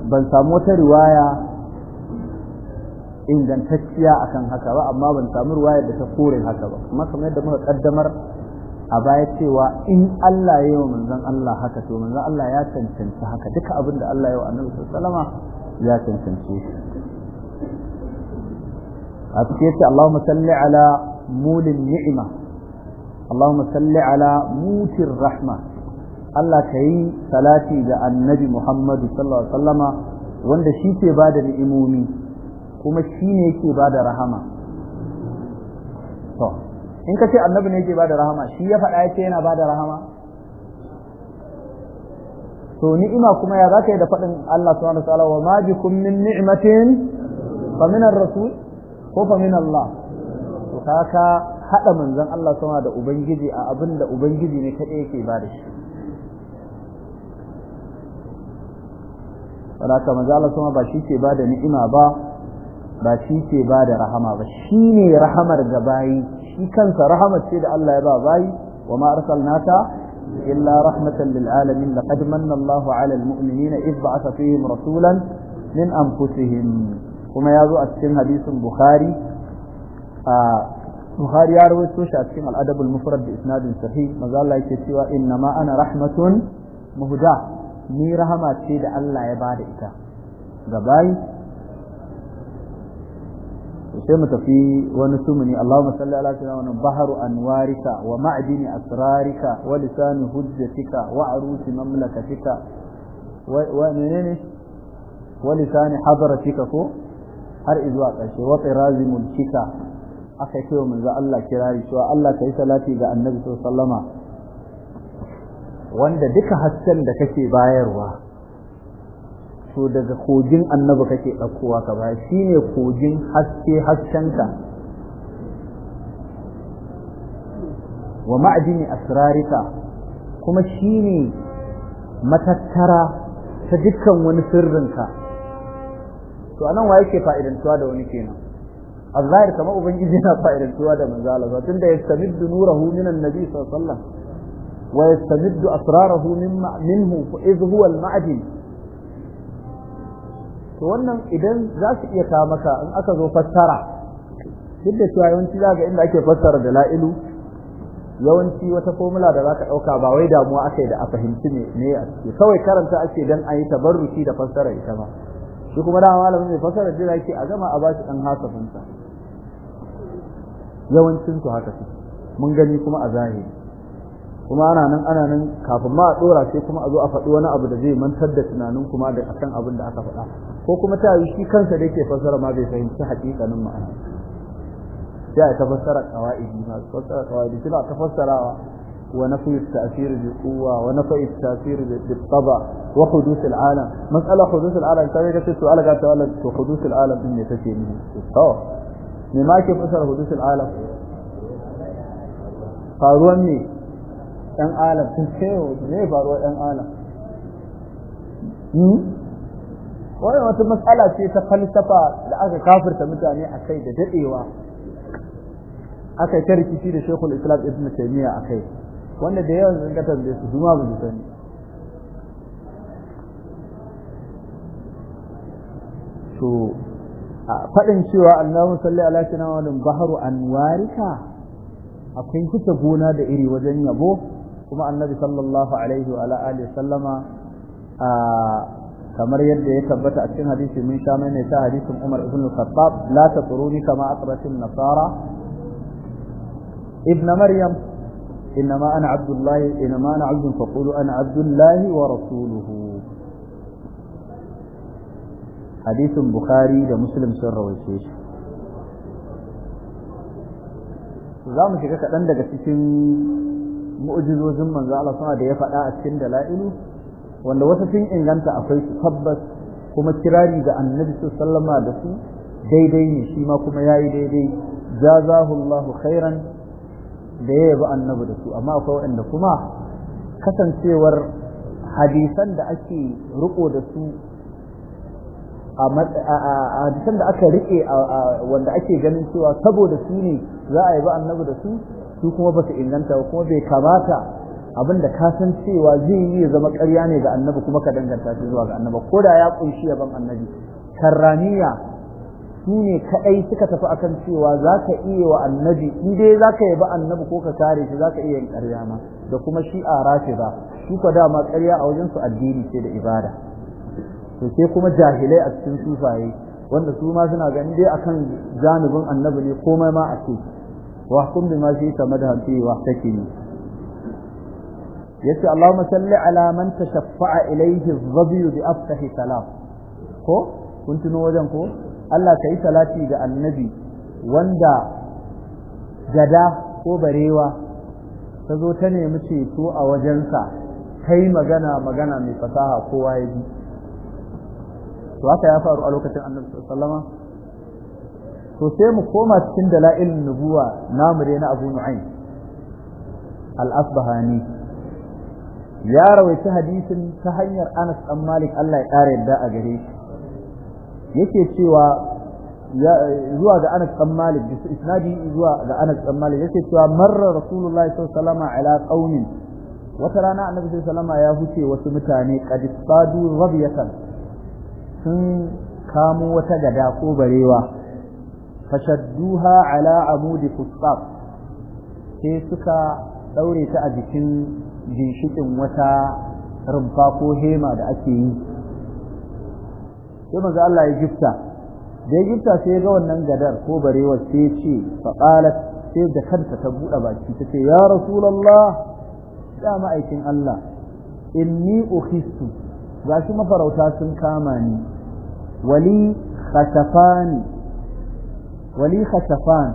ban samu wata riwaya ingantacciya akan haka ba amma ban samu riwaya da ta kore haka ba amma kamar yadda muka kaddamar a baya cewa in Allah ya yi wa manzon Allah haka to manzon Allah ya cancanci haka duka abin da Allah ya yi wa annabi sallallahu alaihi ya cancanci a cikin Allahumma salli ala mulin ni'ima Allahumma salli ala mutin rahma Allah ka yi salati ga annabi Muhammadu sallallahu alaihi wanda shi ke ba ni'imomi kuma shi ne yake ba rahama to in ka ce annabi ne yake ba rahama shi ya faɗa yana rahama to ni'ima kuma ya zaka yi da faɗin Allah subhanahu wa ta'ala wa ma bikum min ni'matin fa min ar-rasul ko fa min Allah to kaka haɗa manzon Allah sama da ubangiji a abin da ubangiji ne kaɗai yake ba da shi wadda ka manzon Allah sama ba shi ke ba da ni'ima ba ba shi ke ba da rahama ba shi ne rahamar ga bayi shi kansa rahamar ce da Allah ya ba bayi wa ma arsalnaka إلا رحمة Manna Allahu من الله na المؤمنين إذ fihim rasulan رسولا من kuma وما a cikin hadisin بخاري a Buhari ya rawaito shi a cikin al'adabul mufrad da isnadin sahih maza Allah yake cewa inna ma ana rahmatun muhda ni rahama ce da Allah ya bada ita ga bayi sai mu tafi wani sumuni Allahumma salli ala sayyidina wa baharu anwarika wa ma'dini asrarika wa lisani hujjatika wa arusi mamlakatika wa menene wa lisani hadratika ko har izuwa ƙarshe wa tsirazi mulkika aka yi wa manzo Allah kirari cewa Allah ka yi salati ga annabi sallama wanda duka hasken da kake bayarwa to daga kogin annabi kake ɗaukowa ka ba shi ne kogin haske haskenka wa ma'adini asrarika kuma shi ne matattara ta dukkan wani sirrinka to anan waye ke fa'idantuwa da wani kenan الظاهر كما أبنجي هنا فائدة سواد من ذلك تند يستمد نوره من النبي صلى الله عليه وسلم ويستمد أسراره منه إذ هو المعدن to wannan idan za su iya kawo maka in aka zo fassara duk da cewa yawanci za ga inda ake fassara da la'ilu yawanci wata formula da za ka ɗauka ba wai damuwa aka yi da a fahimci ne ne a kawai karanta ake dan a yi tabarruki da fassara ita ba shi kuma da malamin mai fassara da yake a gama a ba shi ɗan hasafinsa yawancin su haka su mun gani kuma a zahiri kuma ana nan ana nan kafin ma a dora sai kuma a zo a faɗi wani abu da zai mantar da tunanin kuma da akan abin da aka faɗa ko kuma ta yi shi kansa da yake fassara ma bai fahimci haƙiƙanin ma'ana sai a tafassara qawaidi ma fassara qawaidi suna tafassarawa wa nafi at-ta'sir bi quwwa wa nafi at-ta'sir bi taba wa huduth al-alam mas'ala huduth al-alam sai ka ce su'ala ga tawalla to huduth al-alam din ne take ni to me ma ke fasara hudusul alam faruwan ne ɗan alam sun kewa ne faruwar ɗan alam hmm? wannan wata matsala ce ta falsafa da aka kafirta mutane a kai da daɗewa aka yi tarihi shi da shekul islam ibn taimiyya a kai wanda da yawan zan katar da su zuma ba sani to faɗin cewa Allahun salli ala shi nawalin baharu an warika akwai huta gona da iri wajen yabo kuma annabi sallallahu alaihi wa alihi sallama kamar yadda ya tabbata a cikin hadisi mun sha mai ta hadisin Umar ibn al-Khattab la tatruni kama atratin nasara ibn Maryam إنما أنا عبد الله إنما أنا عبد فقولوا أنا عبد الله hadisin bukhari da muslim sun rawaice shi za mu shiga kaɗan daga cikin mu'ujizozin manzo Allah sama da ya faɗa a cikin dala'ilu wanda wasu sun inganta akwai su tabbas kuma kirari ga annabi sallama da su daidai ne shi ma kuma yayi daidai jazahu khairan da ya yabi annabi da su amma akwai waɗanda kuma kasancewar hadisan da ake riko da su a hadisan da aka rike wanda ake ganin cewa saboda su ne za a yi ba annabi da su su kuma ba su inganta ba kuma bai kamata abin da ka san cewa zai yi zama karya ne ga annabi kuma ka danganta shi zuwa ga annabi ko da ya kunshi ban annabi karaniya su ne kaɗai suka tafi akan cewa za ka iya wa annabi in dai za ka yi ba annabi ko ka kare shi za ka iya yin ƙarya ma da kuma shi a rafi ba shi kwa dama karya a wajen su addini ce da ibada to sai kuma jahilai a cikin sufaye wanda su ma suna gani dai akan janibin annabi ne komai ma a ce wa kun bi ma shi ta madhan wa wa ni yace Allahumma salli ala man tashaffa'a ilayhi adh-dhabi bi afsahi salam ko kun tuno wajen ko Allah kai salati ga annabi wanda gada ko barewa ta zo ta nemi ceto a wajensa kai magana magana mai fasaha kowa ya ji to haka ya faru a lokacin annabi sallallahu alaihi to sai mu koma cikin dalailin nubuwa namu na Abu Nu'aym al-Asbahani ya rawaita hadisin ta hanyar Anas dan Malik Allah ya kare yadda a gare shi yake cewa zuwa ga Anas dan Malik bisu isnadi zuwa ga Anas dan Malik yake cewa marra Rasulullahi sallallahu alaihi ala qaumin wata rana annabi sallallahu alaihi ya huce wasu mutane qad sadu rabiyatan sun kamo wata gada ko barewa fashadduha ala amudi fustat sai suka daure ta a jikin jinshikin wata rumfa ko hema da ake yi sai manzo Allah ya gifta da ya gifta sai ga wannan gadar ko barewar sai ce fa qalat sai da kanta ta bude baki ta ce ya rasulullah ya ma'aikin Allah inni ukhistu ga shi mafarauta sun kama ni wali khashafani wali khashafan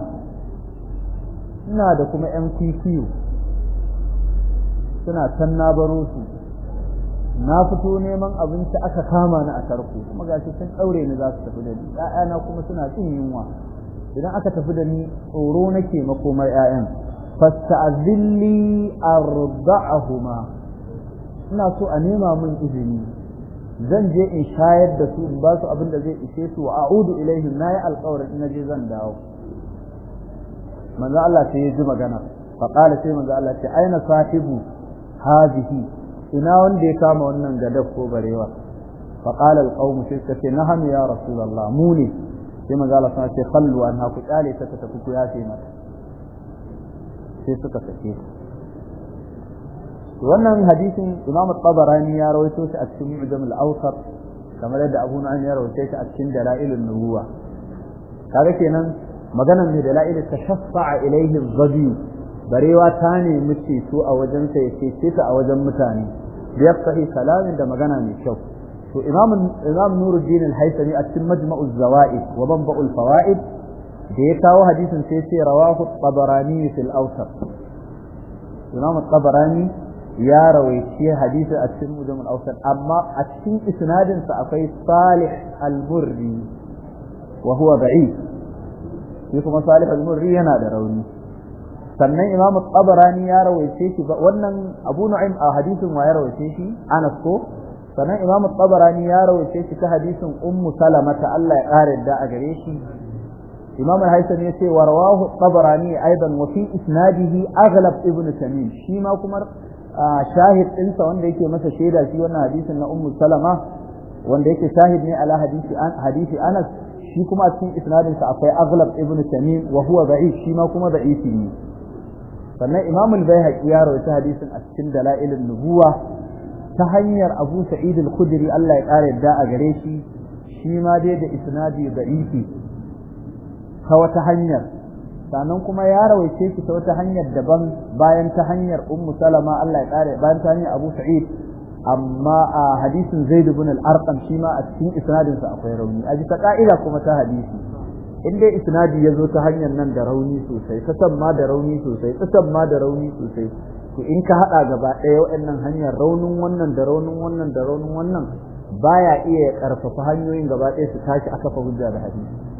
ina da kuma yan kwikwiyo suna can na baro su na fito neman abinci aka kama ni a tarko kuma gashi sun daure ni za su tafi da ni ƴaƴana kuma suna cin yunwa idan aka tafi da ni tsoro nake makomar ƴaƴan fasta'zilli arda'ahuma ina so a nema min izini zan je in shayar da su in ba su abin da zai ishe su wa a'udu ilaihim yi alƙawarin ina je zan dawo manzo Allah sai ya ji magana fa qala sai manzo Allah sai aina sahibu hazihi ina wanda ya kama wannan gadab ko barewa fa qala alqawm sai na naham ya rasulullah mu ne sai manzo Allah sai khallu anha ku kale ta ta ku yafe mata sai suka sake wannan hadisin Imam Tabarani ya rawaito shi a cikin Mu'jam al-Awsat kamar yadda Abu Nu'aym ya rawaito shi a cikin Dalailun Nubuwa kaga kenan maganan mai Dalail tashaffa'a ilayhi az-zabi barewa ta nemi su a wajen sa yace ce ta a wajen mutane da yafsahi kalamin da magana mai kyau to Imam Imam Nuruddin al-Haythami a cikin Majma'uz Zawaid wa Banba'ul Fawaid da ya kawo hadisin sai ce rawahu Tabarani fil Awsat Imam Tabarani ya rawaice hadisin a cikin mujamul awsat amma a cikin isnadin sa akwai Salih al-Murri wa huwa da'if shi kuma Salih al-Murri yana da rauni sannan Imam Tabarani ya rawaice shi wannan Abu Nu'aym a hadisin wa ya rawaice shi Anas ko sannan Imam Tabarani ya rawaice shi ta hadisin Ummu Salama ta Allah ya kare da a gare shi إمام الهيثم يسي ورواه الطبراني أيضا وفي إسناده أغلب ابن تميم شيما kuma. shahid ɗinsa wanda yake masa shaida shi wannan hadisin na ummu salama wanda yake shahid ne ala hadisi hadisi anas shi kuma cikin isnadin sa akwai aghlab ibn tamim wa huwa da'if shi ma kuma da'ifi ne sannan imam al-baihaqi ya rawaita hadisin a cikin dalailin nubuwa ta hanyar abu sa'id al-khudri Allah ya kare yadda a gare shi shi ma dai da isnadi da'ifi ta wata hanyar sanan kuma ya rawaice shi ta wata hanyar daban bayan ta hanyar ummu salama Allah ya kare bayan ta hanyar abu sa'id amma a hadisin zaid ibn al-arqam shi ma a cikin isnadin sa akwai rauni a ji ta ka'ida kuma ta hadisi in dai isnadi ya zo ta hanyar nan da rauni sosai ta san ma da rauni sosai ta san ma da rauni sosai to in ka hada gaba ɗaya waɗannan hanyar raunin wannan da raunin wannan da raunin wannan baya iya karfafa hanyoyin gaba ɗaya su tashi aka fa hujja da hadisi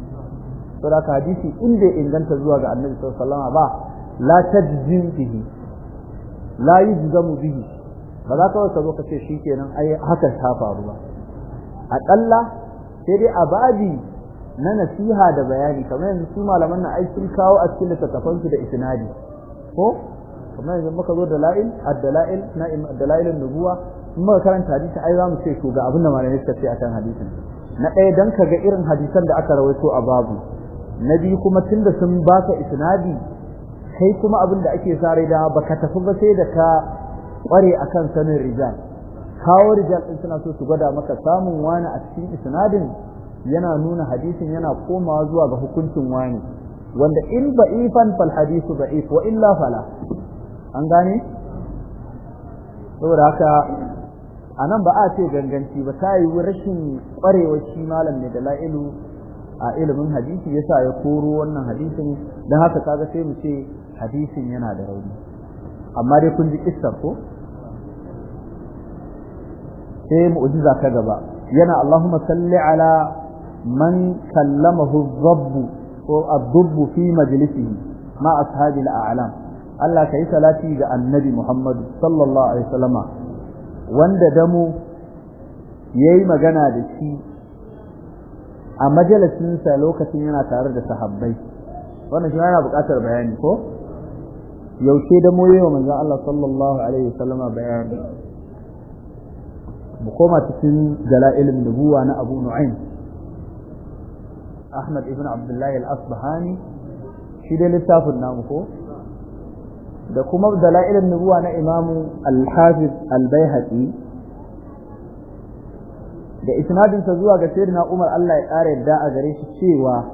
saboda hadisi inda inganta zuwa ga annabi sallallahu ba la tajzim bihi la yujzamu bihi ba za ka zo ka ce shikenan ai haka ta faru ba aƙalla sai dai a babi na nasiha da bayani kamar yanzu su malaman na ai sun kawo a cikin littattafan su da isnadi ko kamar yanzu muka zo da la'il ad-dala'il na ad-dala'il nubuwa in muka karanta hadisi ai za mu ce to ga abin da malamai suka ce kan hadisin na ɗaya dan ka ga irin hadisan da aka rawaito a babu na biyu kuma tunda sun baka isnadi kai kuma abin da ake sare da baka tafi ba sai da ka kware akan sanin rijal kawo rijal din suna so su gwada maka samun wani a cikin isnadin yana nuna hadisin yana komawa zuwa ga hukuncin wani wanda in ba'ifan fal hadisu ba'if wa illa fala an gane saboda haka anan ba a ce ganganci ba ta yi rashin kwarewa shi malam ne da la'ilu a ilimin hadisi yasa ya koro wannan hadisin dan haka kaga sai mu ce hadisin yana da rauni amma dai kun ji kissar ko sai mu'jiza ta gaba yana Allahumma salli ala man kallamahu adh ko adh fi majlisihi ma ashabi al-a'lam Allah yi salati ga annabi Muhammad sallallahu alaihi wasallama wanda damu yayi magana da shi a majalisinsa lokacin yana tare da sahabbai wannan shi yana buƙatar bayani ko yaushe da moye wa manzon Allah sallallahu alaihi wasallam bayani mu koma cikin dalailin nubuwa na Abu Nu'aym Ahmad ibn Abdullah al-Asbahani shi da littafin namu ko da kuma dalailin nubuwa na Imam Al-Hafiz Al-Baihaqi da isnadinsa zuwa ga sayyidina Umar Allah ya ƙara yadda a gare shi cewa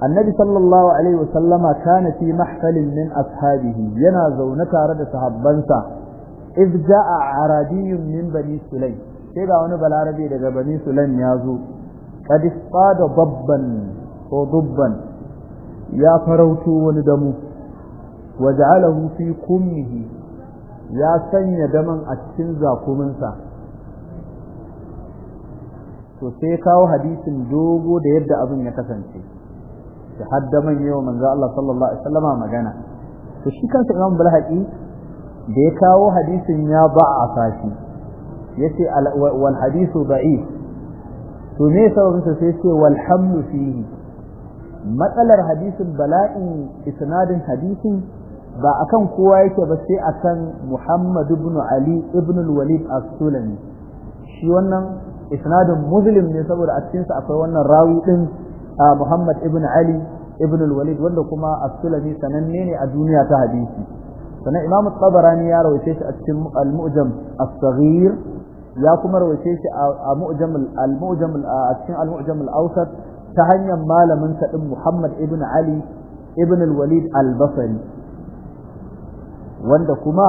annabi sallallahu alaihi wasallama kana fi mahfalin min ashabihi yana zaune tare da sahabbansa iz ja'a arabiyyun min bani sulaim sai ga wani balarabe daga bani sulaim ya zo qad istada babban ko dubban ya farauto wani damu waja'alahu fi kummihi ya sanya daman a cikin zakuminsa to sai ya kawo hadisin dogo da yadda abin ya kasance da hadda man yau manzo Allah sallallahu alaihi wasallama magana to shi kansa Imam Balhaqi da ya kawo hadisin ya ba'a sashi yace wal hadithu da'if to me sababin sa sai ce wal hamlu fihi matsalar hadisin bala'in isnadin hadisin ba akan kowa yake ba sai akan Muhammad ibn Ali ibn al-Walid as-Sulami shi wannan isnadin muslim ne saboda a cikinsa akwai wannan rawi ɗin muhammad ibn ali ibn al-walid wanda kuma as-sulami sananne ne a duniya ta hadisi sannan Imam tabarani ya rawaice shi a cikin al-mu'jam as-saghir ya kuma rawaice shi a mu'jam al-mu'jam a cikin al-mu'jam al-awsat ta hanyar malamin sa din muhammad ibn ali ibn al-walid al-basri wanda kuma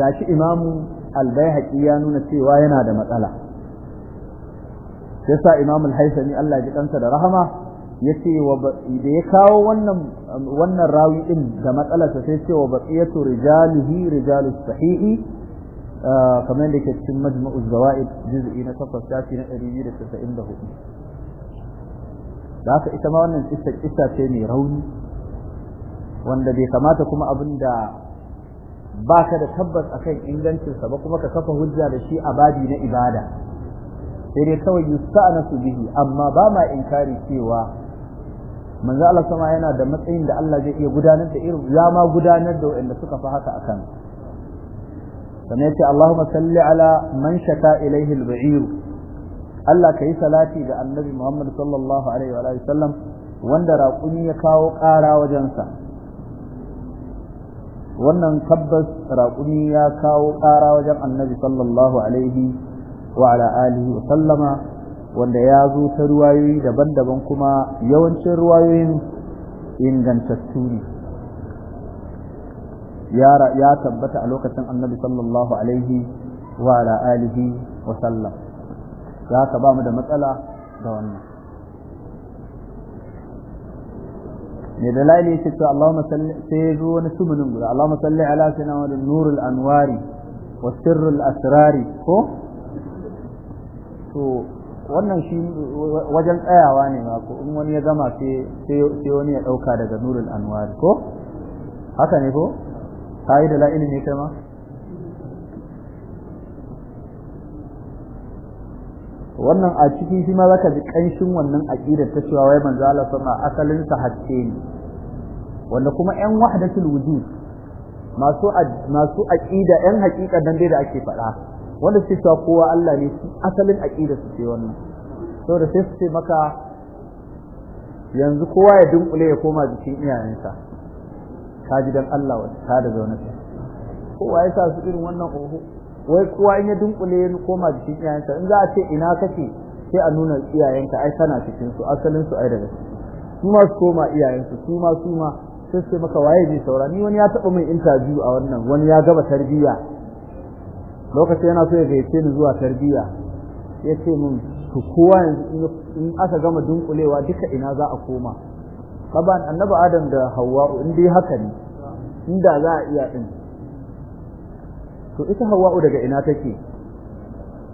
gashi imamu al bayhaqi ya nuna cewa yana da matsala yasa sa imam al haythami Allah ya ji da rahama yace da ya kawo wannan wannan rawi din da matsalarsa sai ce wa baqiyatu rijalihi rijalus sahihi ah, kamar da ke cikin majmu'u zawaid juz'i na 8 tafi na 294 da ita ma wannan kissa kissa ce mai rauni wanda bai kamata kuma abinda baka da tabbas akan ingancin sa ba kuma ka kafa hujja da shi a babi na ibada sai dai kawai yusta'nasu bihi amma ba ma inkari cewa manzo Allah sama yana da matsayin da Allah zai iya gudanar da irin ya ma gudanar da wanda suka fi haka akan sannan ce Allahumma salli ala man shaka ilayhi al-ba'ir Allah kai salati ga Annabi Muhammad sallallahu alaihi wa alihi sallam wanda raƙumi ya kawo ƙara wajensa wannan tabbas raƙumi ya kawo ƙara wajen Annabi sallallahu alaihi wa ala alihi wa sallama wanda ya zo ta ruwayoyi daban-daban kuma yawancin ruwayoyin ingantattu ne ya tabbata a lokacin annabi sallallahu alaihi wa ala alihi wa sallam za ka ba mu da matsala da wannan Me da laili yake cewa Allahumma salli sai zo wani tubunin guda Allahumma salli ala sayyidina wani nurul anwari wa sirrul asrari ko to wannan shi wajen tsayawa ne ma ko in wani ya gama sai wani ya dauka daga nurul anwar ko haka ne ko sai da la'ilin ne kai ma wannan a cikin shi ma zaka ji kanshin wannan aqidar ta cewa wai manzo Allah sama asalin sa hakke ne wanda kuma ƴan wahdatul wujud masu masu aqida ƴan haƙiƙa dan dai da ake faɗa wanda suke cewa kowa Allah ne su asalin aƙida su ce wannan saboda sai su ce maka yanzu kowa ya dunkule ya koma jikin iyayensa ka ji dan Allah wata ta da zaune kowa ya sa su irin wannan oho wai kowa in ya dunkule ya koma jikin iyayensa in za a ce ina kake sai a nuna iyayenka ai kana cikin su asalin su ai daga su ma su koma iyayensu su ma su ma sai su maka waye zai saura ni wani ya taba min interview a wannan wani ya gaba tarbiyya Lokaci yana so ya gaice ni zuwa tarbiyya ya ce min to kowa in aka gama dunkulewa duka ina za a koma kaban annabi adam da hawa in dai haka ne inda za a iya din to ita hawa daga ina take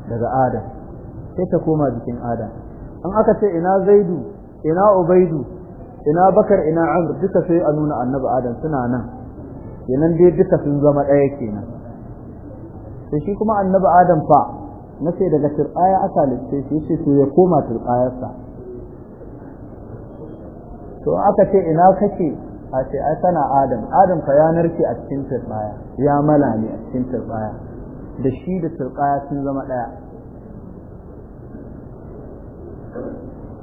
daga adam sai ta koma jikin adam an aka ce ina zaidu ina ubaidu ina bakar ina amr duka sai a nuna annabi adam suna nan kenan dai duka sun zama ɗaya kenan sai shi kuma annabi adam fa na sai daga turɓaya aka lice shi ce to ya koma turɓayarsa to aka ce ina kake a ce ai kana adam adam fa ya narke a cikin turɓaya ya ne a cikin turɓaya da shi da turɓaya sun zama ɗaya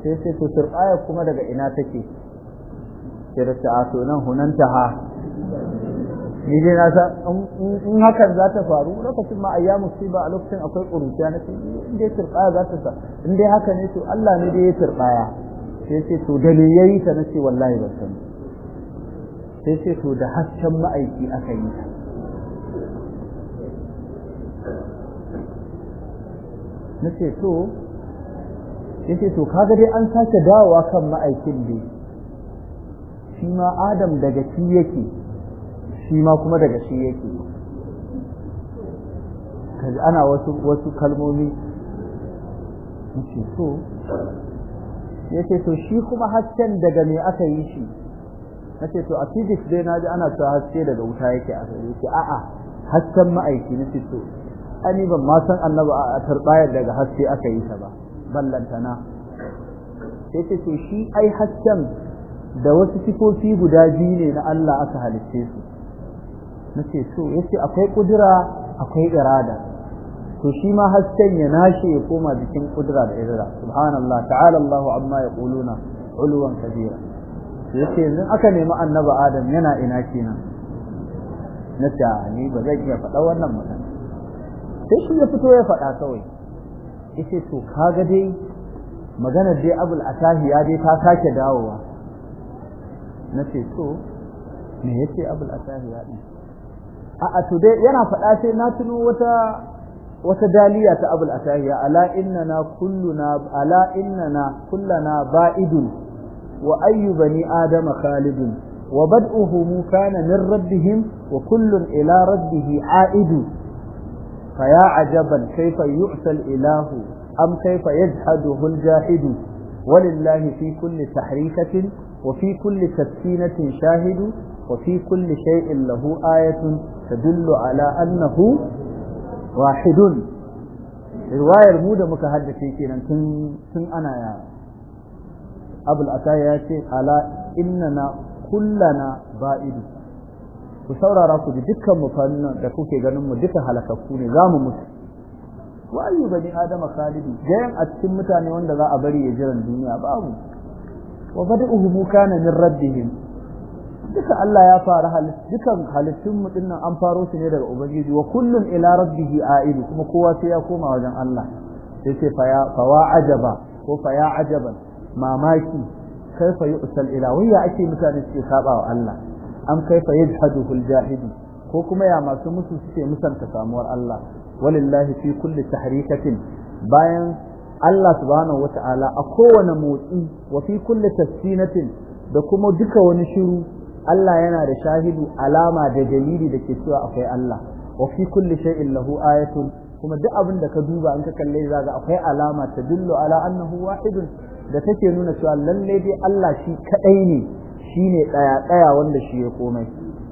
sai sai to turɓaya kuma daga ina take sai da ta ato nan hunanta ha ni dai na san in hakan za ta faru lokacin ma ayyamu ba a lokacin akwai kuruciya na ce in dai turɓaya za ta sa in dai haka ne to Allah ne dai ya turɓaya sai sai to da me yayi ta nace wallahi ba san sai sai to da hasken ma'aiki aka yi ta nace to yace to kaga dai an sake dawowa kan ma'aikin dai shi ma Adam daga shi yake shi ma kuma daga shi yake kaji ana wasu wasu kalmomi yace so ce to shi kuma hasken daga me aka yi shi Na ce to a physics dai ji ana cewa haske daga wuta yake asali yace a'a hasken ma'aiki nace to ani ban ma san annaba a tarbayar daga haske aka yi ta ba na. sai ce to shi ai hasken da wasu sifofi guda biyu ne na Allah aka halicce su nace to yace akwai kudura akwai irada to shi ma hasken ya nashi ya koma cikin kudura da irada subhanallah ta'ala Allahu amma yaquluna ulwan kabira yace yanzu aka nemi annabi adam yana ina kenan nace ni ba zan iya faɗa wannan magana sai shi ya fito ya faɗa kawai yace to kaga dai maganar dai abul atahi ya dai ta sake dawowa nace to me yace abul atahi ya dai a'a to yana faɗa sai na tuno wata daliya ta abul asahiya ala innana kulluna ala innana kullana ba'idun wa ayyu bani adama khalidun wa bad'uhum kana min rabbihim wa kullun ila rabbihi a'idu fa ya ajaban kayfa yu'sal ilahu am kayfa yajhaduhu al-jahidu walillahi fi kulli tahrikatin وفي كل سكينة شاهد وفي كل شيء له آية تدل على أنه واحد رواية المودة مكهدة كينا تن أنا يا أبو الأتايا على إننا كلنا بائد ku saurara ku ji dukkan mu da kuke ganin mu duka halakakku ne za mu mutu wa bani adama khalidi gayan a cikin mutane wanda za a bari ya jiran duniya babu wa bada'uhu kana min rabbihim duka Allah ya fara halitta dukan halittun mu dinnan an faro su ne daga ubangiji wa kullun ila a a'idu kuma kowa sai ya koma wajen Allah sai ce fa ya fa wa ajaba ko fa ya ajaban mamaki kaifa yu'sal ila waya ake mutane suke saba wa Allah am kaifa yajhaduhu al-jahidi ko kuma ya masu musu suke musanta samuwar Allah walillahi fi kulli tahrikatin bayan Allah subhanahu ta'ala a kowane motsi wa fi kulli tasfinatin da kuma duka wani shiru Allah yana da shahidi alama da dalili da ke cewa akwai Allah wa fi kulli shay'in lahu ayatun kuma duk abin da ka duba in ka kalle za ga akwai alama ta dullu ala annahu wahidun da take nuna cewa lalle dai Allah shi kadai ne shine daya daya wanda shi ya komai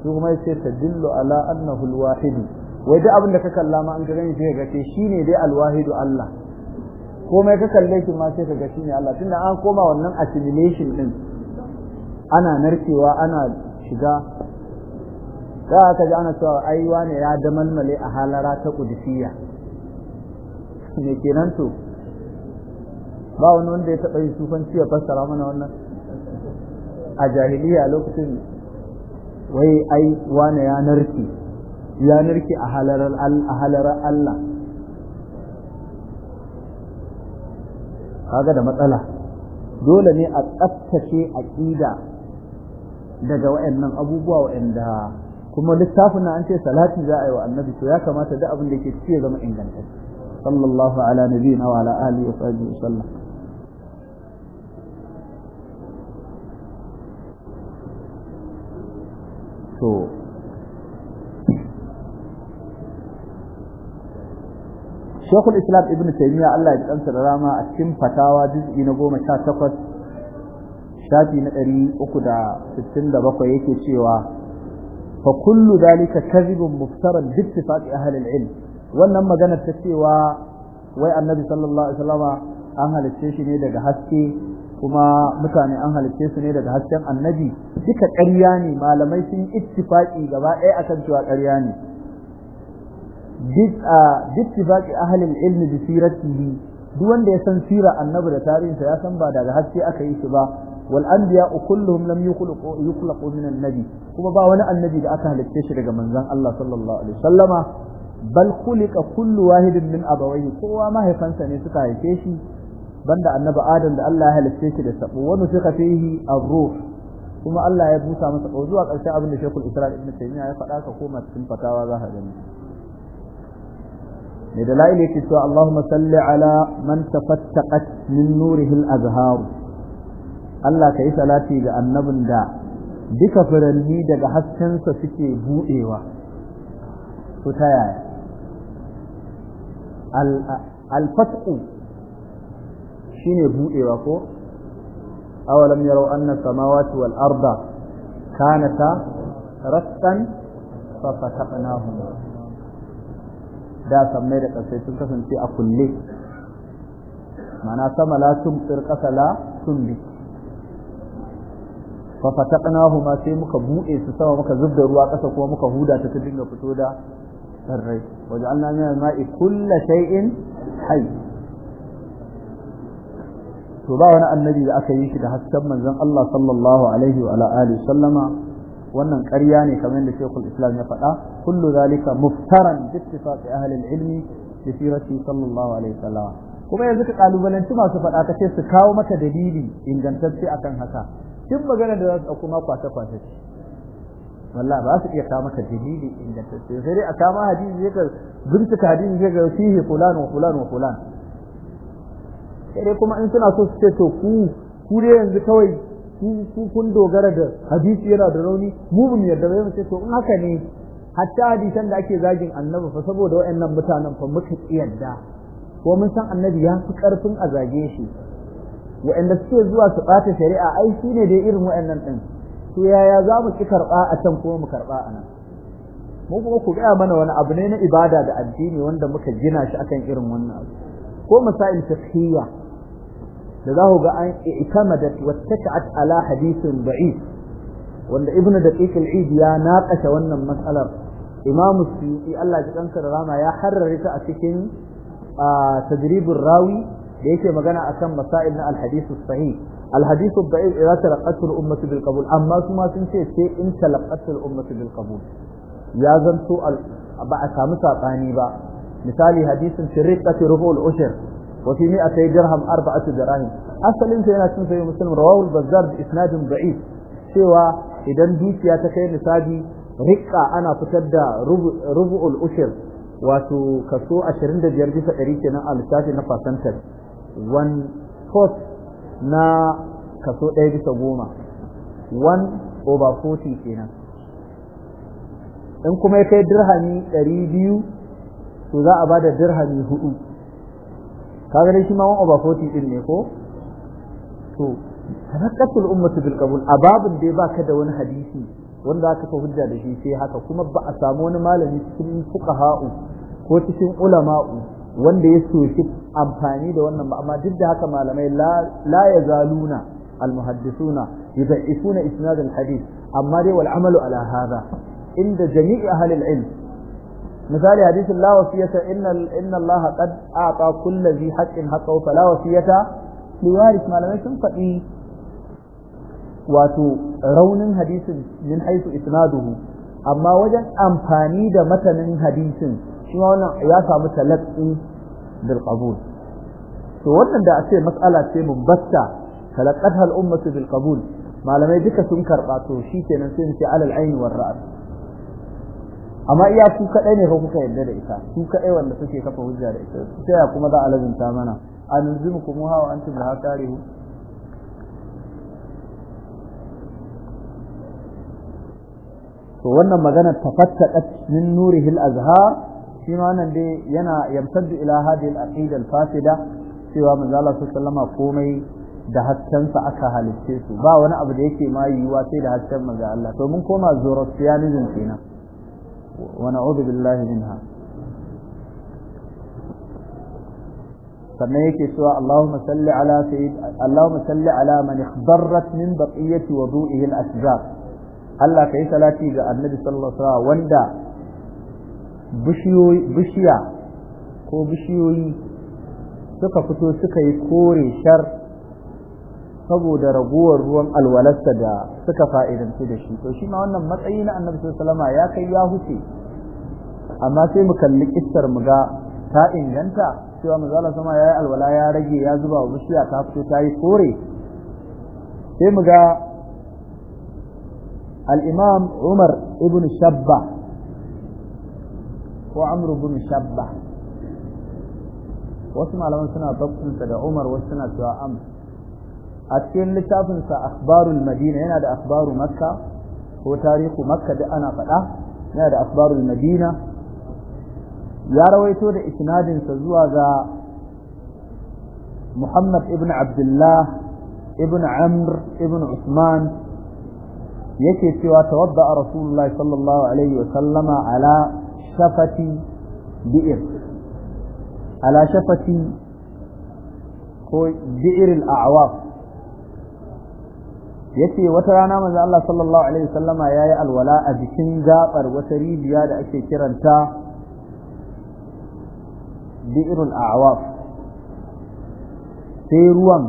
to kuma sai ta dullu ala annahu alwahid wai duk abin da ka kalla ma an gane gani sai ga shine dai alwahidu Allah komai ka kalle shi ma sai ka ga shine Allah tunda an koma wannan assimilation din ana narkewa ana shiga da aka ji ana cewa ai wane ya damalmale a halara ta kudisiya ne kenan to ba wani wanda ya taɓa yi sufanci ya fassara mana wannan a jahiliya lokacin wai ai wane ya narke ya narki a halarar Allah kaga da matsala dole ne a tsaftace aƙida daga waɗannan abubuwa waɗanda kuma littafin na an ce salati za a yi wa annabi to ya kamata duk abin da ke ciye zama inganta sallallahu ala nabiyina wa ala alihi wa sahbihi wa sallam to Shekul Islam Ibn Taymiyyah Allah ya kansa da rama a cikin fatawa juz'i na goma sha takwas shafi na 367 yake cewa fa kullu dalika kadhibun muftaran bi ittifaqi ahli al-ilm wannan magana ta cewa wai annabi sallallahu alaihi wasallama an halicce shi ne daga haske kuma mutane an halicce su ne daga hasken annabi duka ƙarya ne malamai sun ittifaqi gaba ɗaya akan cewa ƙarya ne bittifaqi ahli al-ilm bi siratihi duk wanda ya san sira annabi da tarihinsa ya san ba daga haske aka yi shi ba wal anbiya kulluhum lam yukhlaqu yukhlaqu min annabi kuma ba wani annabi da aka halicce daga manzon Allah sallallahu alaihi wasallama bal khuliqa kullu wahidin min abawayhi kowa mahaifansa ne suka haife shi banda annabi adam da Allah ya halicce shi da sabo wa nufika fihi ar-ruh kuma Allah ya busa masa ko zuwa ƙarshe abin da Sheikhul Islam Ibn Taymiyyah ya faɗa ka koma cikin fatawa za ka gani ne da la'ila yake cewa Allahumma salli ala man tafattaqat min nurihi al-azhar Allah ka yi salati ga annabin da duka furanni daga haskensa suke buɗewa to ta yaya alfat'u shine buɗewa ko awalam yarau anna samawati wal arda kanata rattan fa fataqnahuma da samai da ƙasai sun kasance a kulle mana sama la tumtir ƙasa la tumbi fa fataqnahu ma sai muka bude su sama muka zubda ruwa kasa kuma muka huda ta ta dinga fito da sarrai waja'alna min al-ma'i kullu shay'in hayy to ba wani annabi da aka yi shi da hasken manzon Allah sallallahu alaihi wa ala alihi sallama wannan ƙarya ne kamar yadda Sheikhul Islam ya faɗa kullu zalika muftaran bi ittifaqi ahli al-ilmi bi sirati sallallahu alaihi wa kuma yanzu ka kalubalanci masu faɗa ka ce su kawo mata dalili ingantacce akan haka duk magana da za su dauko ma kwata kwata ce wallahi ba su iya kama ka dalili ingantacce sai dai a kama hadisi zai ka bincika hadisi zai ga fihi fulan wa fulan wa fulan sai dai kuma in suna so su ce to ku ku dai yanzu kawai ku kun dogara da hadisi yana da rauni mu mun yarda ba mu ce to in haka ne hatta hadisan da ake zagin annabi fa saboda wa'annan mutanen fa muka yarda ko mun san annabi ya fi karfin a zage shi wa'anda suke zuwa su ɓata shari'a ai shi ne dai irin waɗannan ɗin to yaya za mu ki karɓa a can kuma mu karɓa a nan mu kuma ku gaya mana wani abu ne na ibada da addini wanda muka gina shi akan irin wannan abu ko masail tafiya. da za ku ga an i'tamadat wa ala hadithin da'if wanda ibnu da al-eid ya naqasha wannan matsalar. imam suyuti Allah ya kanka rama ya harrare a cikin tadribur rawi da yake magana akan masail na alhadisu sahih alhadisu da'if idza talaqatul ummatu bil qabul amma su ma sun ce sai in talaqatul ummatu bil qabul ya zanto ba a samu sabani ba misali hadisin shirqati rubul ushr wa fi mi'atay dirham arba'atu dirahim asalin sai yana cin sai muslim rawahu al-bazzar bi isnadin da'if cewa idan dukiya ta kai misali riƙa ana fitar da rubu'ul ushir wato kaso 25 bisa 100 kenan a lissafi na fasantar one fourth na kaso ɗaya bisa goma one over forty kenan in kuma ya kai dirhami ɗari biyu to za a ba da dirhami hudu kaga dai shi ma one over forty ɗin ne ko to tanakkatul ummatu bil qabul a dai baka da wani hadisi wanda aka fa hujja da shi sai haka kuma ba a samu wani malami cikin fuqaha'u ko cikin ulama'u wanda ya soki amfani da wannan ba amma duk da haka malamai la ya zaluna almuhaddisuna yudaifuna isnad alhadith amma dai wal amalu ala hada inda jami'i ahli alilm misali hadisin la wasiyata inna allaha qad a'ta kulli dhi haqqin haqqahu fala wasiyata liwaris malamai sun faɗi wato raunin hadisin min haisu isnaduhu amma wajen amfani da matanin hadisin shi ma wannan ya samu talaqqi bil qabul to wannan da a ce mas'ala ce mubbasta talaqqatha al ummatu bil qabul malamai duka sun karba to shikenan sai mu ce alal ayn war ra's amma iya su kadai ne ko kuka yarda da ita su kadai wanda suke kafa hujja da ita sai ya kuma za a lazimta mana anzimukum ha wa antum la tarihu to wannan magana tafattaqat min nurihil azhar shi ma nan dai yana yamtaddu ila hadhihi al-aqida al-fasida cewa manzo Allah komai da haskensa aka halicce su ba wani abu da yake ma yiwa sai da hasken manzo Allah to mun koma zoroastrianism kenan wa na'udhu billahi minha sannan yake cewa Allahumma salli ala sayyid Allahumma salli ala man ikhdarrat min baqiyati wudu'ihi al-ashjar Allah kai salati ga Annabi sallallahu alaihi wasallam wanda bishiya ko bishiyoyi suka fito suka yi kore shar saboda raguwar ruwan alwalarsa da suka fa'idanci da shi to shi ma wannan matsayi na annabi sallama ya kai ya huce amma sai mu kalli kistar mu ga ta inganta cewa mu zala sama yi alwala ya rage ya zuba wa bishiya ta fito ta yi kore sai mu ga al'imam Umar ibn Shabba ko amru bin shabba wasu malaman suna tabbinsa da umar wasu suna cewa am a cikin littafinsa akhbarul madina yana da akhbaru makka ko tarihu makka da ana faɗa yana da akhbarul madina ya rawaito da sa zuwa ga muhammad ibn abdullah ibn amr ibn usman yake cewa tawadda rasulullahi sallallahu alaihi wa sallama ala shafati bi'ir ala shafati ko bi'iril a'waf yace wata rana manzo Allah sallallahu alaihi wasallama yayi alwala a jikin gabar wata rijiya da ake kiranta bi'irul a'waf sai ruwan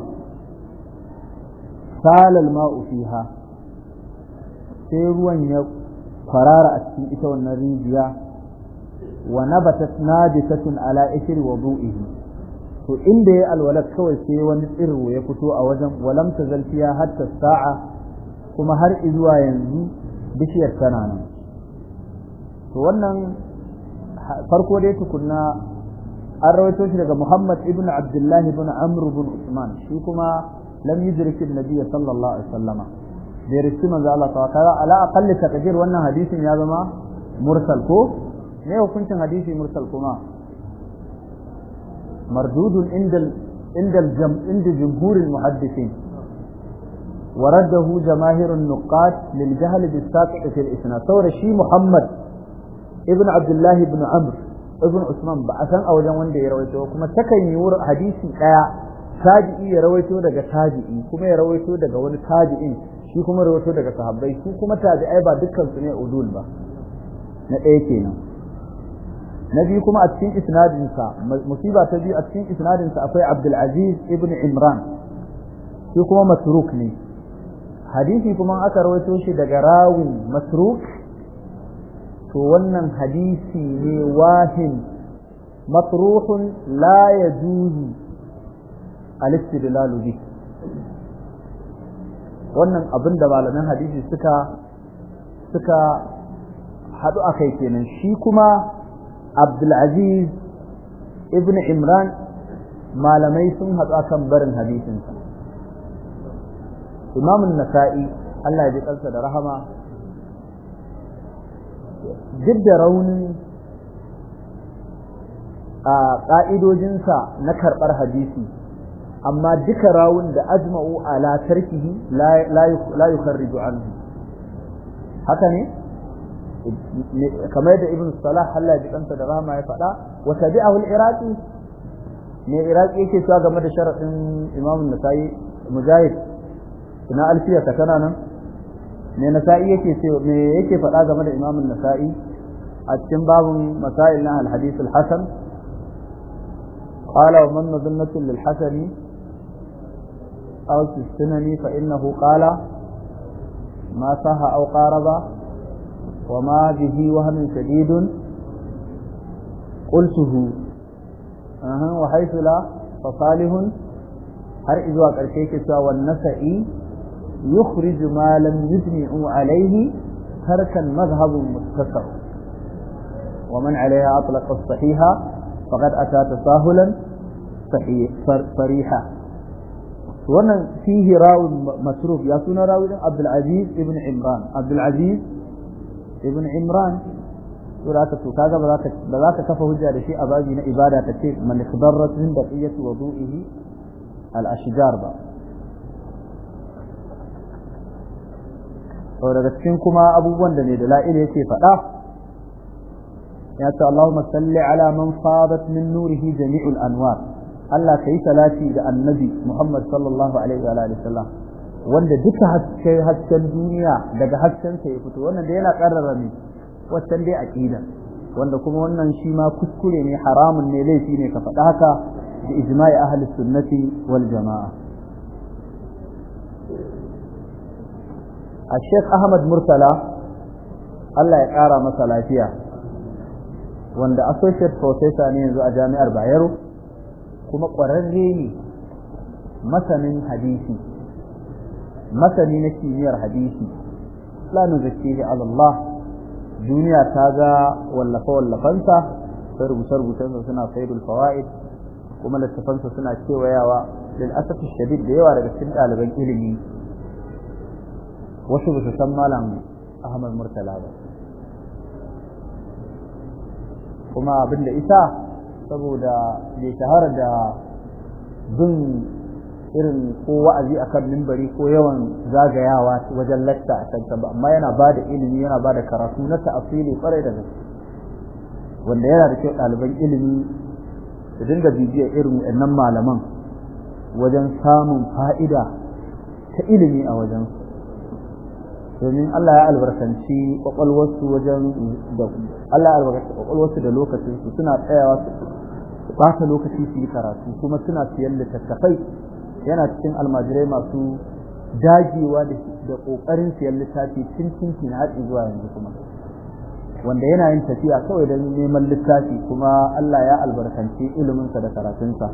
salal ma'u fiha sai ruwan ya kwarara a cikin ita wannan rijiya wa nabatat nabisatun ala ishri wudu'ihi to inda ya alwala kawai sai wani tsiro ya fito a wajen walam tazal fiha hatta sa'a kuma har zuwa yanzu bishiyar tana nan to wannan farko dai tukunna an shi daga Muhammad ibn Abdullah ibn Amr ibn Usman shi kuma lam yudrik an-nabiy sallallahu alaihi wasallama bai riski manzo Allah ta kaza ala wannan hadisin ya zama mursal ko me hukuncin hadisi mursal kuma mardudun inda inda jumhurin muhaddisin waraddahu jamahirun nuqat lil jahl bi saqit fil isna sawra shi muhammad ibn abdullah ibn amr ibn usman ba san a wajen wanda ya rawaito kuma takan yi wurin hadisi daya ya rawaito daga tabi'i kuma ya rawaito daga wani tabi'in shi kuma rawaito daga sahabbai shi kuma tabi'ai ba dukkan su ne udul ba na ɗaya kenan na biyu kuma a cikin isnadinsa musiba ta biyu a cikin isnadinsa akwai abdulaziz ibn imran shi kuma matruk ne hadisi kuma aka rawaito shi daga rawin matruk to wannan hadisi ne wahin matruhun la yajuzu al-istidlalu wannan abin da malaman hadisi suka suka haɗu akai kenan shi kuma abdulaziz ibn imran malamai sun hatsa kan barin hadisinsa imamun nasa'i Allah ya ji kansa da rahama duk da raunin a ƙa'idojinsa na karɓar hadisi amma duka rawun da ajma'u a tarkihi la yukharriju anhu haka ne kamar da ibn salah Allah ji kansa da rahama ya faɗa wa tabi'ahu al-iraqi ne iraqi yake cewa game da sharadin imam an-nasai mujahid ina alfiya ta kana nan ne nasai yake ce me yake faɗa game da imam an-nasai a cikin babun masail na al-hadith al-hasan qala wa man nadhannatu lil-hasani aw fi sunani fa innahu qala Ma صح أو قارب وما به وهم شديد قلته أه. وحيث لا فصالح هر إذ وقع الكيكسة والنسئ يخرج ما لم يجمع عليه ترك مذهب مستقر ومن عليها أطلق الصحيحة فقد أتى تساهلا صريحا وأن فيه راوي مسروف يا سونا راوي عبد العزيز ابن عمران عبد العزيز ibn imran sura ta to kaga ba za ka ba za ka kafa hujja da shi a babi na ibada ta ce man khadarrat min baqiyati wudu'ihi al ashjar ba to daga cikin kuma abubuwan da ne da la'ila yake faɗa ya ce Allahumma salli ala man fadat min nurihi jami'ul anwar Allah kai salati ga annabi Muhammad sallallahu alaihi wa alihi wasallam wanda duka haske hasken duniya daga hasken sa ya fito wannan da yana karrara ne wannan dai aqida wanda kuma wannan shi ma kuskure ne haramun ne laifi ne ka faɗa haka da ijma'i ahli sunnati wal jama'a murtala allah ya kara masa lafiya wanda associate professor ne yanzu a jami'ar Bayero kuma ƙwararre ne masanin hadisi masani na kimiyyar hadisi la nuzakkihi ala Allah duniya ta ga wallafa wallafansa sai rubuce rubucensa suna faidul fawaid kuma littafansa suna kewayawa lil asaf shadid da yawa daga cikin ɗaliban ilimi wasu ba su san malam Ahmad Murtala ba kuma abinda isa saboda bai shahara da bin irin ko wa'azi akan mimbari ko yawan zagayawa wajen latta a kanta ba amma yana ba da ilimi yana ba da karatu na ta'afili kwarai da gaske wanda yana da kyau ɗaliban ilimi su dinga bibiyar irin wannan malaman wajen samun fa'ida ta ilimi a wajen domin Allah ya albarkanci kwakwalwarsu wajen da Allah ya albarkanci kwakwalwarsu da lokacinsu suna tsayawa su ɓata lokaci su yi karatu kuma suna siyan littattafai yana cikin almajirai masu dagewa da kokarin siyan littafi tun tun har zuwa yanzu kuma wanda yana yin tafiya kawai don neman littafi kuma Allah ya albarkanci iliminsa da karatunsa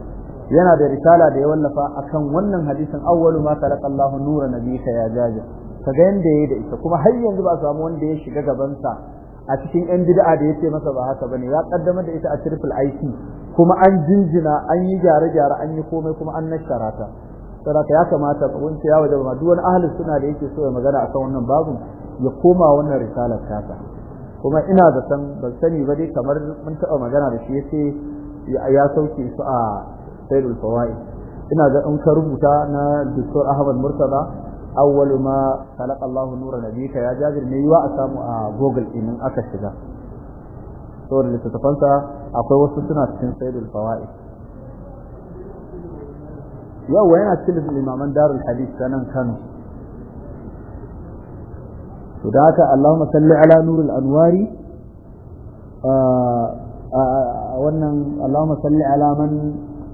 yana da risala da ya wallafa akan wannan hadisin awwalu ma khalaqa Allahu nura nabiyika ya jaja kaga yanda yayi da ita kuma har yanzu ba samu wanda ya shiga gaban sa a cikin yan bid'a da yace masa ba haka bane ya kaddamar da ita a triple IT kuma an jinjina an yi gyare-gyare an yi komai kuma an nashara ta saboda ya kamata wuce, ya waje ba duk wani ahli suna da yake so ya magana akan wannan babu ya koma wannan risalar tasa kuma ina da san ban sani ba dai kamar mun taba magana da shi yace ya sauke su a sayyidul fawaid ina ga in ka rubuta na Dr. Ahmad Murtada awwalu ma khalaqa Allahu nura nabika ya Jabir ne yiwa a samu a Google din aka shiga to da littafansa akwai wasu suna cikin sayyidul fawaid yawa yana cikin limaman darul hadith sanan Kano to da haka Allahumma salli ala nuril anwari wannan Allahumma salli ala man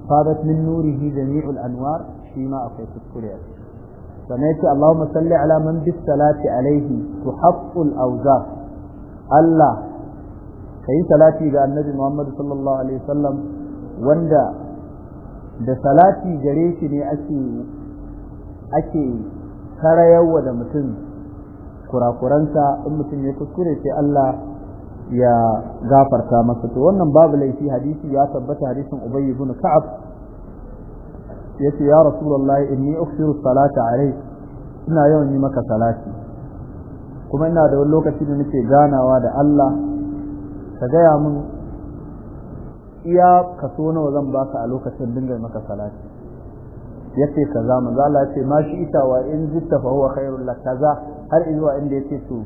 fadat min nurihi jami'ul anwar shi ma akwai kuskure sannan yace Allahumma salli ala man bis salati alaihi tuhaqqul auza. Allah kai salati ga annabi Muhammad sallallahu alaihi wasallam wanda da salati gare shi ne ake ake karayawa da mutum kurakuransa in mutum ya kuskure sai Allah ya gafarta masa to wannan babu laifi hadisi ya tabbata hadisin Ubay ibn Ka'ab yace ya rasulullahi inni uksiru salata alayhi ina yawan yi maka salati kuma ina da wani lokaci da nake ganawa da Allah ka gaya min iya kaso nawa zan baka a lokacin dinga maka salati yace kaza manzo Allah yace ma shi ita wa in jitta fa huwa khairul lak kaza har izuwa inda yace to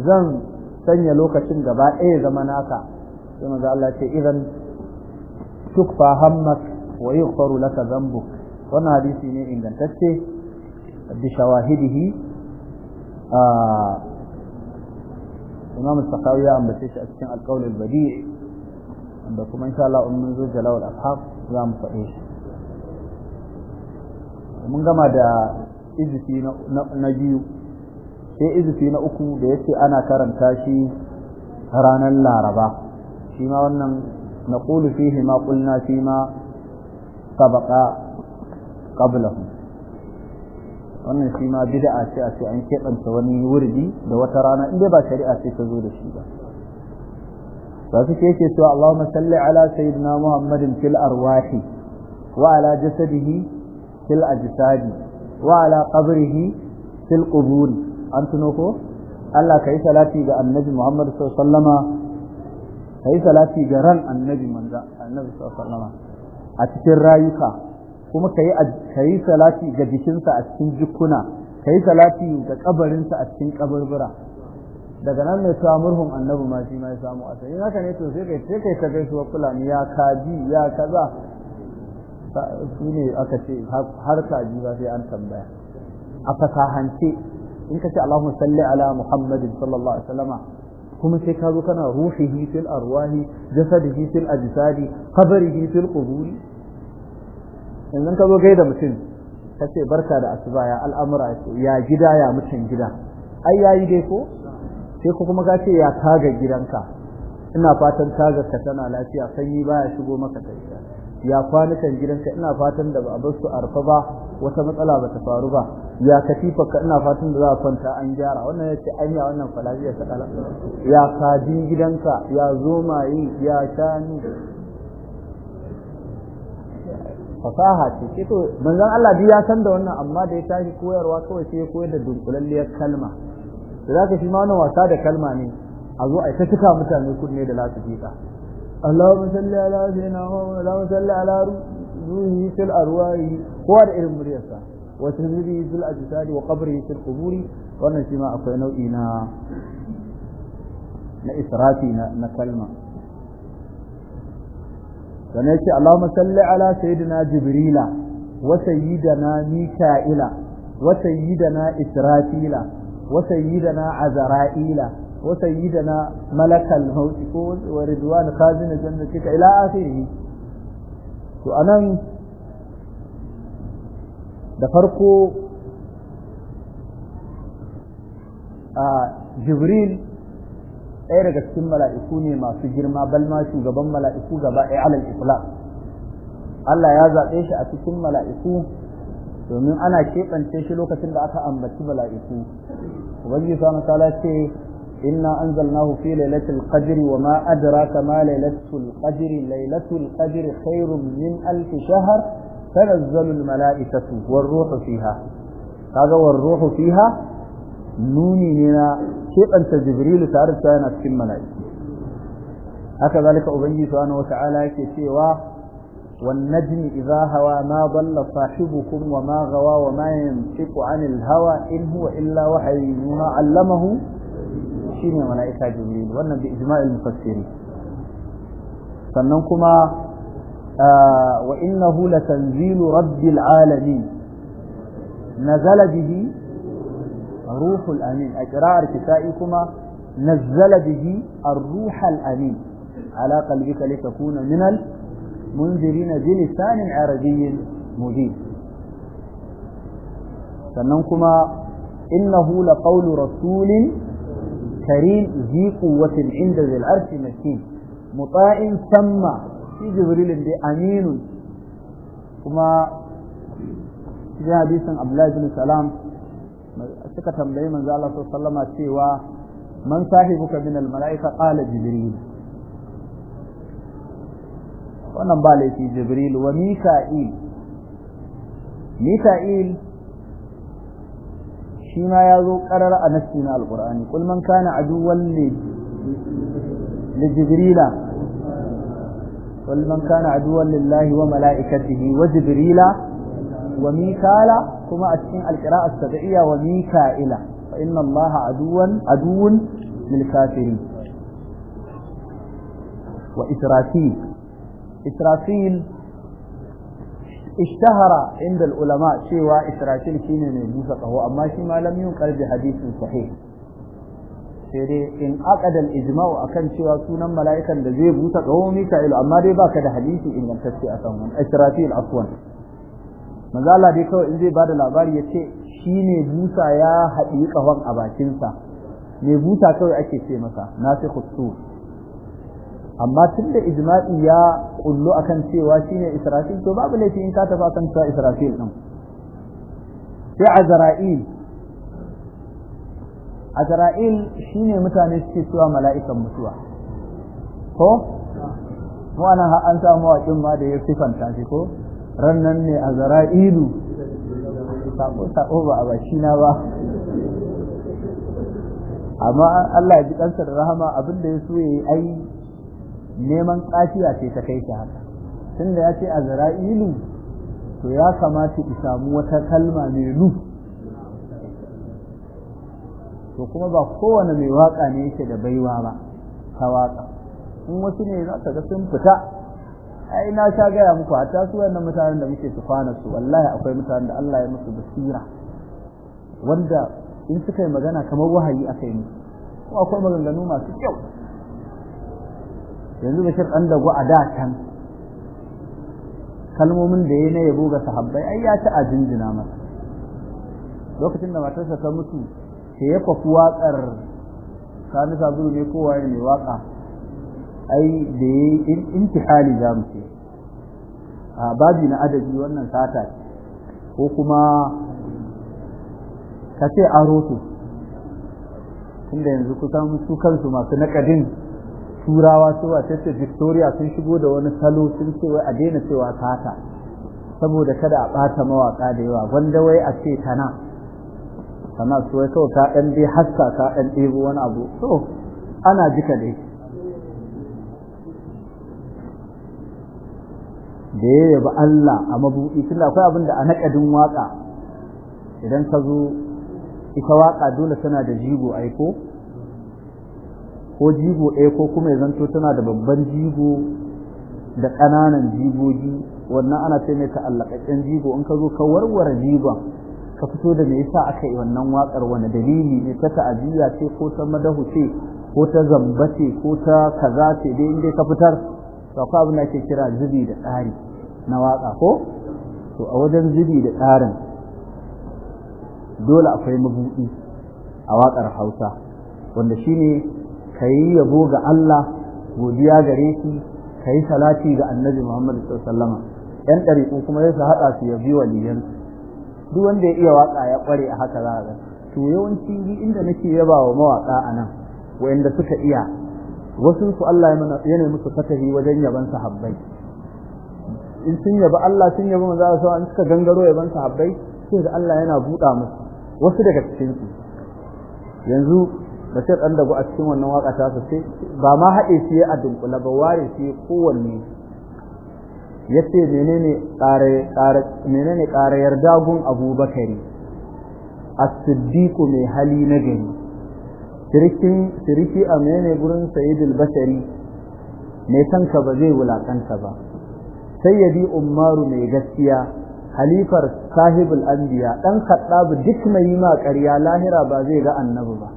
zan sanya lokacin gaba ɗaya zama naka sai manzo Allah yace idan tukfa hammak wa yughfaru laka dhanbuk wannan hadisi ne ingantacce bi shawahidihi a imam sakawi ya ambace shi a cikin al-badi' da kuma insha Allah mun zo jalawul ashab za mu faɗe shi mun gama da izifi na biyu sai izifi na uku da yace ana karanta shi ranar laraba shi ma wannan نقول ma ƙulna قلنا ma sabaka qablahu wannan shi ma bid'a ce a ce an keɓanta wani wurdi da wata rana inda ba shari'a ce ta zo da shi ba ba su ke yake cewa Allahumma salli ala sayyidina Muhammadin fil arwahi wa ala jasadihi fil ajsadi wa ala qabrihi fil qubur an tuno ko Allah kai salati ga annabi Muhammad sallallahu alaihi wasallama kai salati ga ran annabi manzo annabi sallallahu alaihi wasallama a cikin rayuka kuma kayi yi salati ga jikinsa a cikin jikuna kayi salati ga kabarinsa a cikin kaburbura daga nan ne ta murhun annabi ma shi ma ya samu asali in haka ne to sai kai sai kai ta fulani ya kaji ya kaza su ne aka ce har kaji ba sai an tambaya a fasahance in ka ce Allahumma salli ala Muhammadin sallallahu alaihi wasallama kuma sai ka zo kana ruhihi fil arwahi jasadihi fil ajsadi qabrihi fil quburi yanzu ka zo gaida mutum ta ce barka da asuba ya al'amura ya gida ya mutum gida ai yayi dai ko sai ko kuma ya taga gidanka ina fatan tagar ka tana lafiya sanyi baya shigo maka isa. ya kwanukan gidanka ina fatan da ba a rufe arfa ba wata matsala ba ta faru ba ya katifarka ina fatan da za a kwanta an gyara wannan yace anya wannan falaziya ta kala ya kaji gidanka ya zo mai ya shani fasaha ce ce to manzon Allah duk ya san da wannan amma da ya tashi koyarwa kawai sai ya koyar da dunkulalliyar kalma da zaka shi ma wannan wasa da kalma ne a zo a ta cika mutane kunne da lasu fika Allahumma salli ala sayyidina Muhammad Allahumma salli ala ruhi fil arwahi kowa da irin muryarsa wa tilmidihi fil ajsadi wa qabrihi fil quburi wannan shi ma akwai nau'i na na israfi na kalma Dan yake Allahumma salli ala sayyidina jibrila wa sayyidina mika'ila wa sayyidina israfila wa sayyidina azra'ila wa sayyidina malakal maut ko wa ridwan khazin ka ila akhiri to anan da farko a jibril ɗaya daga cikin mala'iku ne masu girma balma shugaban mala'iku gaba ɗaya alal itlaq Allah ya zaɓe shi a cikin mala'iku domin ana keɓance shi lokacin da aka ambaci mala'iku ubangiji sa misala ce inna anzalnahu fi lailatul qadri wa ma adraka ma lailatul qadri lailatul qadri khairun min alf shahr tanazzalu al mala'ikatu war ruhu fiha kaga war ruhu fiha nuni ne na keɓanta jibrilu tare da yana cikin mala'iku haka zalika ubangiji subhanahu wata'ala yake cewa wan najmi idha hawa ma dalla sahibukum wa ma gawa wa ma yantiqu anil hawa in huwa illa wahyu ma allamahu shine mala'ika jibril wannan bi ijma'il mufassiri sannan kuma ah, wa innahu latanzilu rabbil alamin nazala bihi ruhul amin a kira'ar kisa'i kuma nazzala bihi ar-ruhal amin ala qalbika litakuna min al-munzirin bi lisan arabiy mubin sannan kuma innahu laqawlu rasulin karim zi quwwatin inda zil arshi makin muta'in samma shi jibrilin da aminu kuma cikin hadisin abdullahi bin salam suka tambayi manzo Allah sallallahu alaihi cewa man sahibuka min al malaika qala jibril wannan ba laifi jibril wa mika'il mika'il shi ma ya zo karar a nassi na alqur'ani kul man kana aduwwan li jibrila قل من كان عدوا لله وملائكته وجبريل وميكالا كما أتكين القراءة السبعية وميكائلة فإن الله عدوا عدو للكافرين وإسرافيل إسرافيل اشتهر عند العلماء شيوا إسرافيل شين من الموسيقى هو أما شما لم ينقل بحديث صحيح سيدي إن أقد الإجماع أكن شوا سونا ملائكا لزي بوسيقى هو ميكائيل أما دي باكد حديثي إن لم تسي أسوان إسرافيل عفوا manzo Allah dai kawai in zai bada labari ya ce shi ne busa ya haɗi kahon a bakinsa ne busa kawai ake ce masa nasikhu hutu amma tun da ijma'i ya kullu akan cewa shi ne israfil to babu laifi in ka tafa kan cewa israfil din sai azra'il azra'il ne mutane suke cewa mala'ikan mutuwa ko mu ana an samu wakin ma da ya sifanta shi ko rannan ne a zara'ilu ba a bashina ba amma Allah ya ji kansa da rahama abin da ya so yayi ai neman kafiya ce ta kai haka tunda ya ce a zara'ilu to ya kamata ki samu wata kalma mai lu to kuma ba kowane mai waka ne yake da baiwa ba ta waka in wasu ne za ka ga sun fita ai na sha gaya muku a su wannan mutanen da muke tufana su wallahi akwai mutanen da Allah ya musu basira wanda in suka yi magana kamar wahayi aka yi musu ko akwai maganganu masu kyau yanzu bashir dan a da can kalmomin da ya na yabo ga sahabbai ai ya ci a jinjina masa lokacin da matarsa ta mutu sai ya kwafi waƙar sani sabulu ne kowa ne waƙa ai da ya yi intihali za mu ce a babi na adabi wannan sata ko kuma ka ce aro su yanzu kusan su kansu masu nakadin turawa su a ce victoria sun shigo da wani salo sun ce wai a daina cewa sata saboda kada a ɓata mawaka da yawa wanda wai a ce tana sana su wai kawai ka ɗan dai haska ka ɗan ɗebo wani abu to ana jika dai da ya yaba Allah a mabuɗi tun akwai abin da a naƙadin waƙa idan ka zo ita waƙa dole tana da jigo aiko ko jigo ɗaya ko kuma ya zanto tana da babban jigo da ƙananan jigogi wannan ana ce mai ta'allakakken jigo in ka zo ka warware jigon ka fito da me yasa aka yi wannan waƙar wani dalili ne ta ta'aziyya ce ko ta madahu ce ko ta zambace ko ta kaza ce dai in dai ka fitar to akwai abin da ake kira zubi da tsari na waka ko to a wajen zubi da tsarin dole akwai mabuɗi a waƙar hausa wanda shine ka yi yabo ga Allah godiya gare shi ka yi salati ga annabi Muhammadu sallallahu yan ɗariƙu kuma ya haɗa su yabi liyan duk wanda ya iya waka ya ƙware a haka za a ga to yawanci inda nake yaba wa mawaƙa a nan wa'anda suka iya wasu su Allah ya yana musu fatahi wajen yaban sahabbai in sun yaba Allah sun yaba manzo Allah an suka gangaro yaban sahabbai sai da Allah yana buɗa musu wasu daga cikin su yanzu sai dan dago a cikin wannan waka ta sai ba ma haɗe shi a dunkula ba ware shi kowanne yace menene kare kare menene kare yardagun Abubakari as-siddiq mai hali na gari shirikin shiriki a mene gurin sayidul bashari mai kanka ba zai wulakanta ba sayyidi umaru mai gaskiya halifar sahibul anbiya dan kaddabu duk mai ma ƙarya lahira ba zai ga annabi ba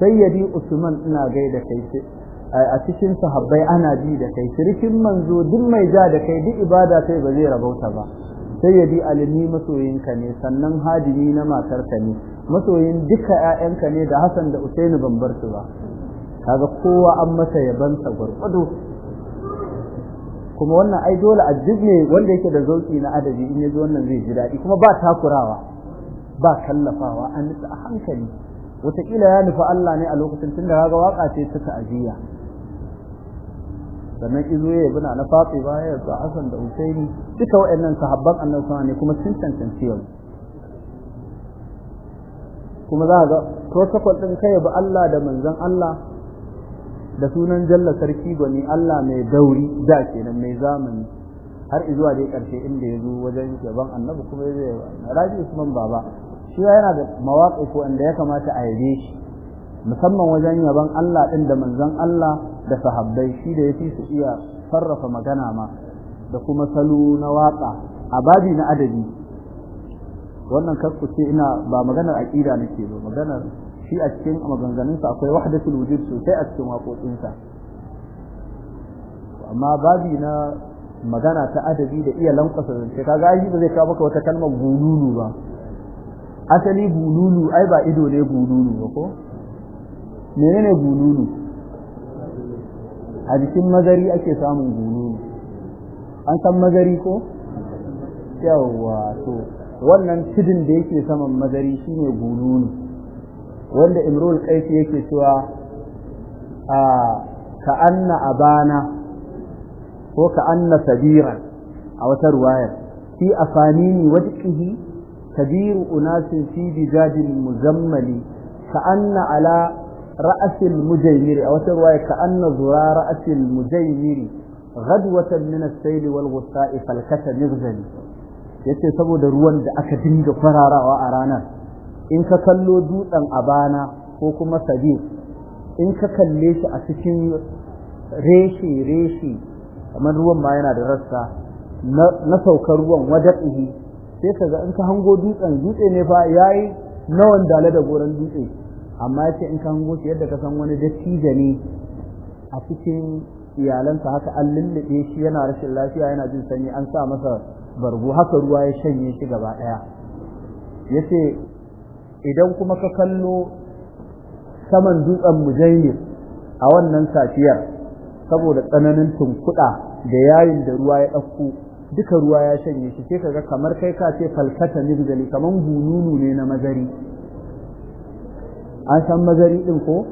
sayyidi usman ina da kai a cikin sahabbai ana ji da kai Sirikin manzo duk mai ja da kai duk ibada kai ba zai rabauta ba sayyidi alimi masoyinka ne sannan hadimi na matarka ne masoyin duka yayanka ne da Hassan da Usaini ban bar su ba kaga kowa an masa yabansa gwargwado kuma wannan ai dole a duk ne wanda yake da zauki na adabi in yaji wannan zai ji daɗi kuma ba takurawa ba kallafawa an nutsa a hankali wataƙila ya nufi Allah ne a lokacin tunda kaga waƙa ce ta ta'aziyya sannan izo ya yabi na ba ya yabi Hassan da Usaini duka waɗannan sahabban annabi ne kuma sun cancanci yau kuma za ga protocol din kai ba Allah da manzon Allah da sunan jalla sarki gwani Allah mai dauri da kenan mai zamani har zuwa dai karshe inda ya zo wajen gaban annabi kuma ya zai raji usman baba shi yana da mawaƙi wanda ya kamata a yi shi musamman wajen yaban Allah din da manzon Allah da sahabbai shi da yafi su iya sarrafa magana ma da kuma salo na waka a babi na adabi wannan kasku ce ina ba maganar aqida nake ba maganar shi a cikin maganganunsa akwai wahdatul wujud sosai a cikin waƙoƙinsa amma babi na magana ta adabi da iya lankwasa zance kaga ai ba zai kawo maka wata kalmar bululu ba asali bululu ai ba ido ne bululu ba ko menene bululu a jikin mazari ake samun bululu an san mazari ko yawwa to wannan tudun da yake saman madari shine gululu wanda imrul qaisi yake cewa a ka anna abana ko ka anna sabiran a wata ruwaya fi afanini wajqihi kabiru unasin fi bijadil muzammali ka anna ala ra'sil mujayyiri رأس المجيمر أو ترواية كأن ذرى رأس المجيمر غدوة من السيل والغثاء فالكت مغزل yace saboda ruwan da aka dinga fararawa a ranar in ka kallo dutsen abana ko kuma sabi in ka kalle shi a cikin reshe reshe kamar ruwan ma yana da rassa na saukar ruwan wajen ihi sai ka ga in ka hango dutsen dutse ne fa yayi nawan dale da goran dutse amma yace in ka hango shi yadda ka san wani dattijo ne a cikin iyalansa haka an lullube shi yana rashin lafiya yana jin sanyi an sa masa bargo haka ruwa ya shanye shi gaba daya yace idan kuma ka kallo saman dutsen mujayyir a wannan safiyar saboda tsananin tunkuda da yayin da ruwa ya dauko duka ruwa ya shanye shi sai kaga kamar kai ka ce falkata nizali kaman gununu ne na mazari an san mazari din ko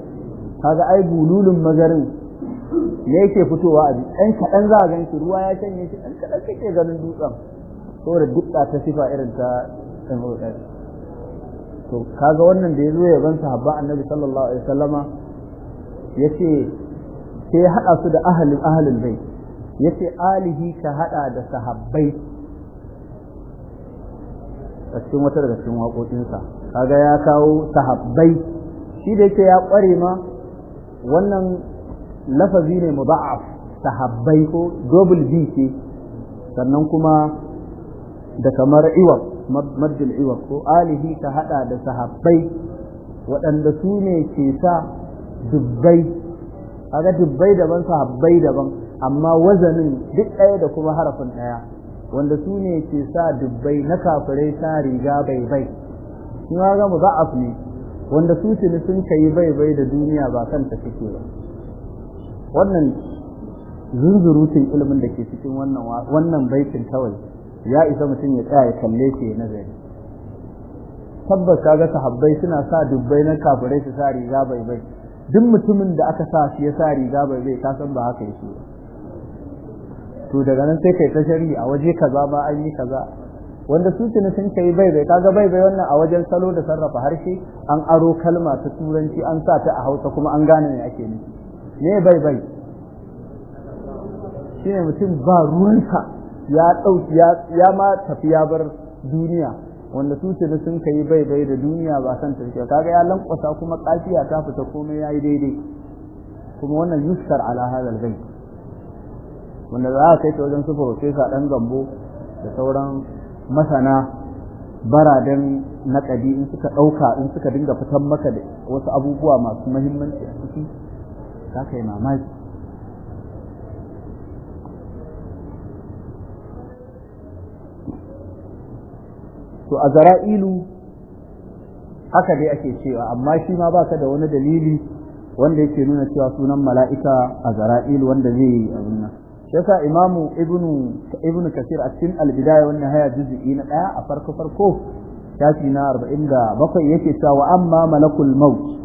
kaga ai bululun mazarin me yake fitowa a ɗan kaɗan za a gan shi ruwa ya canye shi ɗan kaɗan kake ganin dutsen saboda dutsa ta sifa irin ta MOS to kaga wannan da ya zo ya gansa habba annabi sallallahu alaihi wasallama ya ce ya haɗa su da ahalin ahalin bai ce alihi ka haɗa da sahabbai a cikin wata daga cikin waƙoƙinsa kaga ya kawo sahabbai shi da yake ya ƙware ma wannan lafazi ne mudha'af sahabbai ko double b ce sannan kuma da kamar iwab maddul iwab ko alihi ta hada da sahabbai waɗanda su ne ke sa dubbai kaga dubbai daban sahabbai daban amma wazanin duk ɗaya da kuma harafin ɗaya wanda su ne ke sa dubbai na kafirai ta riga bai bai shi ma ga mudha'af ne wanda su ne sun kai bai bai da duniya ba kanta suke ba wannan zunzurutun ilimin da ke cikin wannan baikin baitin kawai ya isa mutum ya tsaya ya kalle shi ya nazari tabbas kaga sahabbai suna sa dubbai na kafirai su sa riga bai bai duk mutumin da aka sa shi ya sa riga bai bai ka san ba haka yake ba to daga nan sai kai ta shari a waje kaza ba an yi kaza wanda su tuni sun kai bai bai kaga bai bai wannan a wajen salo da sarrafa harshe an aro kalma ta turanci an sa ta a hausa kuma an gane ne ake nufi ne bai bai shine mutum ba ruwansa ya ɗauki ya ma tafi ya bar duniya wanda su ce sun kai bai bai da duniya ba san ta kaga ya lankwasa kuma kafiya ta fita komai yi daidai kuma wannan yuskar ala hadal wanda za a kai ta wajen su farfesa ɗan gambo da sauran masana baradan na in suka ɗauka in suka dinga fitan maka da wasu abubuwa masu mahimmanci a ciki za ka yi mamaki to a zara'ilu haka dai ake cewa amma shi ma ba ka da wani dalili wanda yake nuna cewa sunan mala'ika a zara'ilu wanda zai yi abin nan yasa imamu Ibn kasir a cikin albidaya wani haya juz'i na ɗaya a farko farko shafi na arba'in da bakwai yake cewa amma malakul maut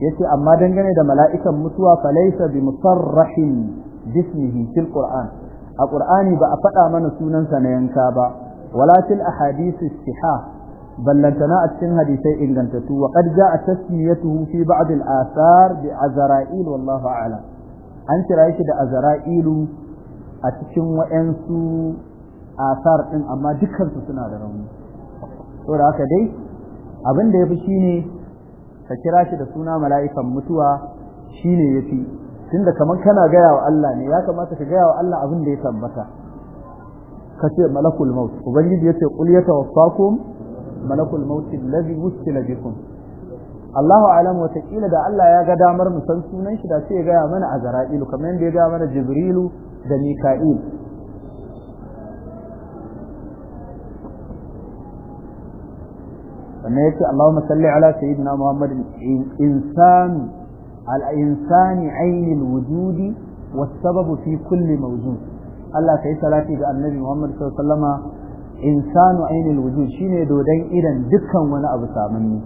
yace amma dangane da mala'ikan mutuwa falaysa bi musarrahin bismihi fil qur'an a qur'ani ba a faɗa mana sunansa na yanka ba wala til ahadith istihah ballantana a cikin hadisai ingantattu wa qad jaa tasmiyatuhu fi ba'd al athar bi azra'il wallahu an kira shi da azra'ilu a cikin wayansu athar din amma dukkan su suna da rauni saboda haka dai abin da yafi shine ka kira shi da suna mala'ikan mutuwa shine yafi tunda kaman kana gaya wa Allah ne ya kamata ka gaya wa Allah abin da ya tabbata ka ce malakul maut ubangiji yace qul yatawaffakum malakul maut alladhi wusila bikum Allahu alam wa taqila da Allah ya ga damar mu san sunan shi da sai ya gaya mana azrailu kaman kamar yadda ya ga mana jibrilu da mika'il sannan yace Allahumma salli ala sayyidina Muhammad insan al insani ainul wujudi wa sababu fi kulli mawjud Allah kai salati ga Annabi Muhammad sallallahu alaihi wasallama insanu ainul wujud shine dodon idan dukkan wani abu samanni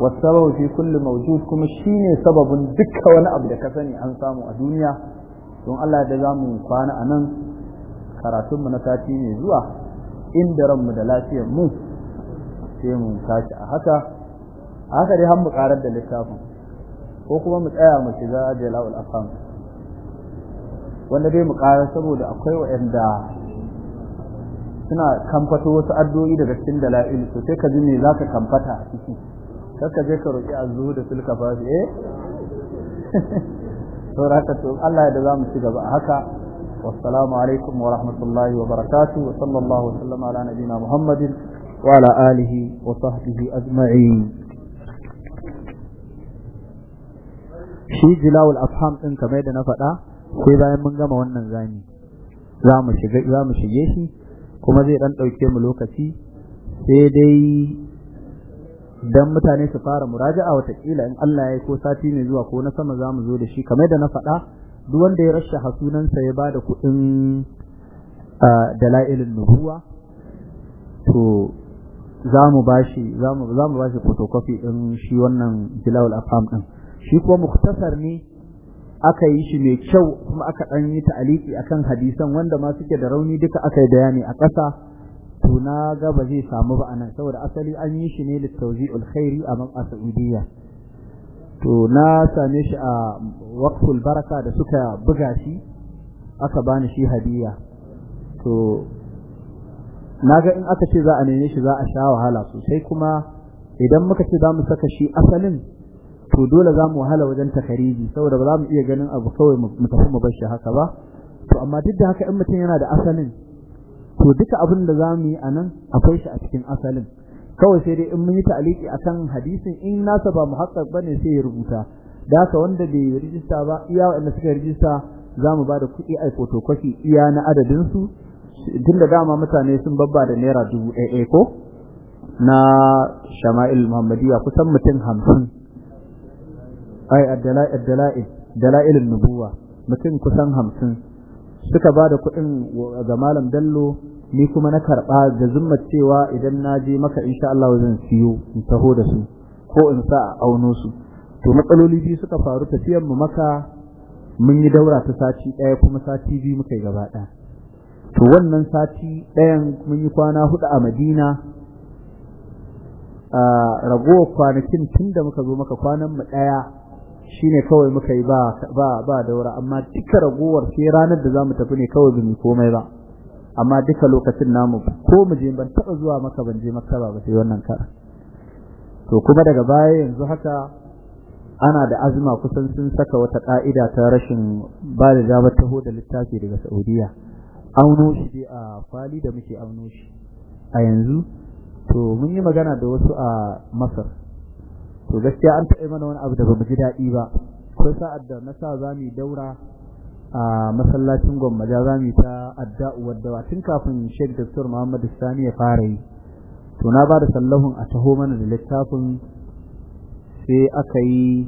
Wa sababu fi kulli mawjud kuma shine sababin dukkan wani abu da ka sani an samu a duniya don Allah da zamu kwana anan karatunmu na sati ne zuwa inda ranmu da lafiyar mu sai mu tashi a haka a haka dai har mu karar da littafin ko kuma mu tsaya mu shiga jala'ul afham wanda dai mu karar saboda akwai wa'anda suna kamfato wasu addu'o'i daga cikin dala'il to sai ka ji me zaka kamfata a ciki kaka je ka roki azu da sulka fa eh to raka to Allah ya da mu ci gaba haka wassalamu alaikum wa rahmatullahi wa barakatuh wa sallallahu wa sallama ala nabiyyina muhammadin وعلى آله وصحبه أجمعين shi jilawul afham din kamar da na faɗa sai bayan mun gama wannan zami za mu shige shi kuma zai ɗan ɗauke mu lokaci sai dai dan mutane su fara muraja'a watakila in Allah ya yi ko sati mai zuwa ko na sama za mu zo da shi kamar da na faɗa duk wanda ya rasha hasunansa ya bada kuɗin dala'ilin nubuwa to za mu ba shi za mu za mu photocopy din shi wannan a afham ɗin shi kuma muktasar ne aka yi shi mai kyau kuma aka dan yi ta'aliki akan hadisan wanda ma suke da rauni duka aka yi bayani a ƙasa to na ga ba zai samu ba anan saboda asali an yi shi ne litawzi'ul khairi a a Saudiya to na same shi a waqful baraka da suka buga shi aka bani shi hadiya to Na ga in aka ce za a neme shi za a sha wahala sosai kuma idan muka ce za mu saka shi asalin to dole za mu wahala wajen takariji saboda ba za mu iya ganin abu kawai mu tafi mu bar shi haka ba to amma duk da haka in mutum yana da asalin to duka abin da za mu yi a nan akwai shi a cikin asalin kawai sai dai in mun yi ta'aliki akan hadisin in nasa ba muhaqqaq bane sai ya rubuta da haka wanda bai rijista ba iya wanda suka rijista za mu ba da kuɗi a photocopy iya na adadin su tun da dama mutane sun babba da naira dubu ɗaya ko na shama'il muhammadiya kusan mutum hamsin ai addala'il dala'ilin nubuwa mutum kusan hamsin suka ba da kuɗin ga malam dallo ni kuma na karɓa da zumma cewa idan na je maka insha Allah zan siyo in taho da su ko in sa a auno su to matsaloli biyu suka faru tafiyar mu maka mun yi daura ta sati ɗaya kuma sati biyu muka yi gaba ɗaya to wannan sati ɗayan mun yi kwana hudu a madina a ragowar kwanakin tun da muka zo maka kwanan mu ɗaya shine kawai muka yi ba ba daura amma duka ragowar sai ranar da za mu tafi ne kawai zumi komai ba amma duka lokacin namu ko mu je ban taɓa zuwa maka ban je maka ba sai wannan kara to kuma daga baya yanzu haka ana da azuma kusan sun saka wata ƙa'ida ta rashin ba da damar taho da littafi daga Sa'udiyya. auno shi dai a kwali da muke auno shi a yanzu to mun yi magana da wasu a masar to gaskiya an taɓa mana wani abu da ba mu ji daɗi ba akwai sa'ad da na sa za mu daura a masallacin gwammaja za mu ta adda'u wadda tun kafin Sheikh Dr. Muhammadu Sani ya fara yi to na ba da sallahun a taho mana da littafin sai aka yi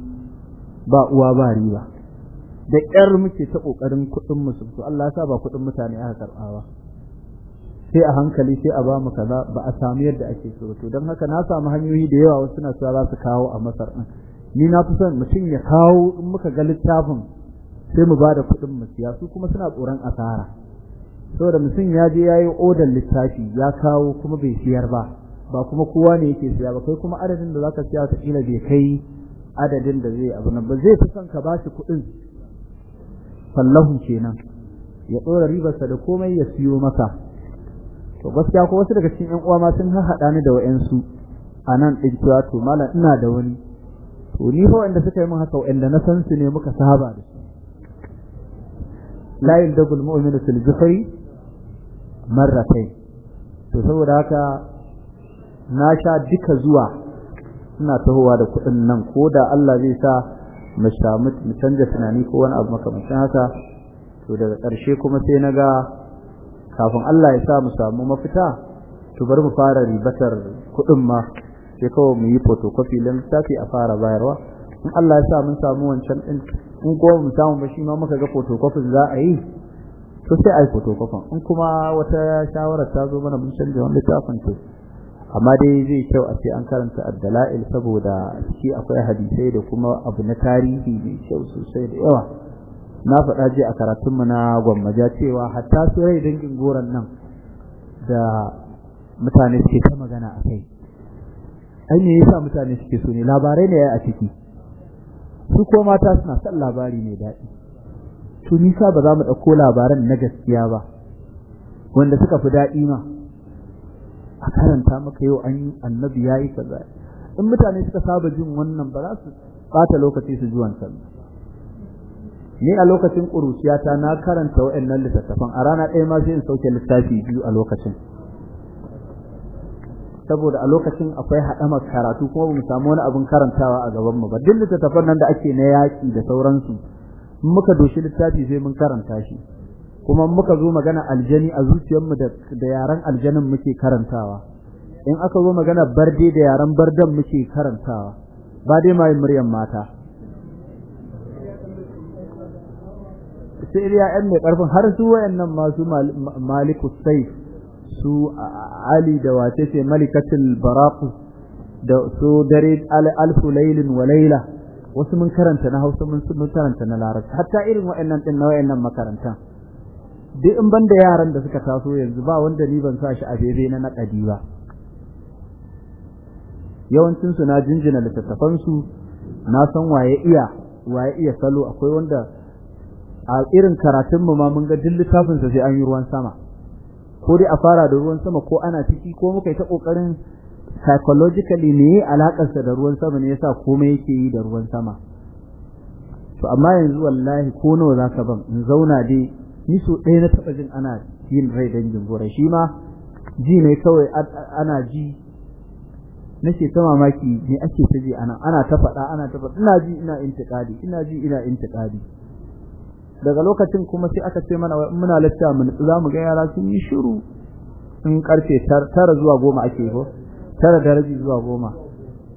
ba uwa ba riba da ƙyar muke ta ƙoƙarin kuɗin musu su Allah ya sa ba kuɗin mutane aka karɓa ba sai a hankali sai a ba mu kaza ba a samu yadda ake so to don haka na samu hanyoyi da yawa wasu na cewa za su kawo a Masar din ni na fi son mutum ya kawo in muka ga littafin sai mu ba da kuɗin mu siya su kuma suna tsoron asara saboda mutum ya je ya yi odar littafi ya kawo kuma bai siyar ba ba kuma kowa ne yake siya ba kai kuma adadin da za ka siya ta kila bai kai adadin da zai abu nan ba zai fi son ka ba shi kuɗin fallahu kenan ya tsora ribarsa da komai ya siyo maka to gaskiya ko wasu daga cikin ƴan uwa ma sun haɗa ni da wayansu nan din cewa to ina da wani to ni fa wanda suka yi min haka wanda na san su ne muka saba da su la yaldagul mu'minu fil jufri marratayn to saboda haka na sha duka zuwa ina tahowa da kuɗin nan ko da Allah zai sa mu canza tunani ko wani abu makamancin haka to daga ƙarshe kuma sai na ga kafin Allah ya sa mu samu mafita to bari mu fara ribatar kuɗin ma sai kawai mu yi photocopy din littafi a fara bayarwa in Allah ya sa mun samu wancan din in kuma mu samu ba shi ma muka ga photocopy za a yi to sai a photocopy in kuma wata shawara ta zo mana mun canza wani littafin to amma dai zai kyau a ce an karanta addala'il saboda ciki akwai hadisai da kuma abu na tarihi mai kyau sosai da yawa na faɗa je a karatunmu na gwammaja cewa hatta su rai dangin goron nan da mutane suke ta magana a kai ai me yasa mutane suke so ne labarai ne a ciki su ko mata suna son labari mai daɗi to nisa ba za mu ɗauko labaran na gaskiya ba wanda suka fi daɗi ma a karanta maka yau an yi annabi ya yi kaza in mutane suka saba jin wannan ba za su bata lokaci su zuwan sallah ni a lokacin ƙuruciyata na karanta waɗannan littattafan a rana ɗaya ma sai in sauke littafi biyu a lokacin saboda a lokacin akwai haɗamar karatu kuma ba mu samu wani abin karantawa a gaban mu ba duk littattafan nan da ake na yaƙi da sauransu muka doshi littafi sai mun karanta shi kuma muka zo magana aljani a zuciyarmu da yaren aljanin muke karantawa in aka zo magana barde da yaren bardan muke karantawa ba dai mai muryan mata sai iya yan mai karfin har su wayannan masu maliku sai su ali da wace ce malikatul baraq da su dare alfu laylin wa layla wasu mun karanta na Hausa mun karanta na Larabci hatta irin wayannan din na wayannan makarantan duk in banda yaran da suka taso yanzu ba wanda ni ban sa shi a bebe na naƙadi ba yawancin su na jinjina littattafan su na san waye iya waye iya salo akwai wanda a irin karatun mu ma mun ga duk littafin sa sai an yi ruwan sama ko dai a fara da ruwan sama ko ana ciki ko muka yi ta kokarin psychologically ne alakar sa da ruwan sama ne yasa komai yake yi da ruwan sama to amma yanzu wallahi ko nawa zaka ban in zauna dai ni ɗaya na taɓa jin ana yin rai dangin gora shi ma ji ne kawai ana ji nake ta mamaki me ake ta ji ana ana ta faɗa ana ta faɗa ina ji ina intiqadi ina ji ina intiqadi daga lokacin kuma sai aka ce mana muna lacca mun za mu ga yara sun yi shiru in karfe tara zuwa goma ake ko tara daraji zuwa goma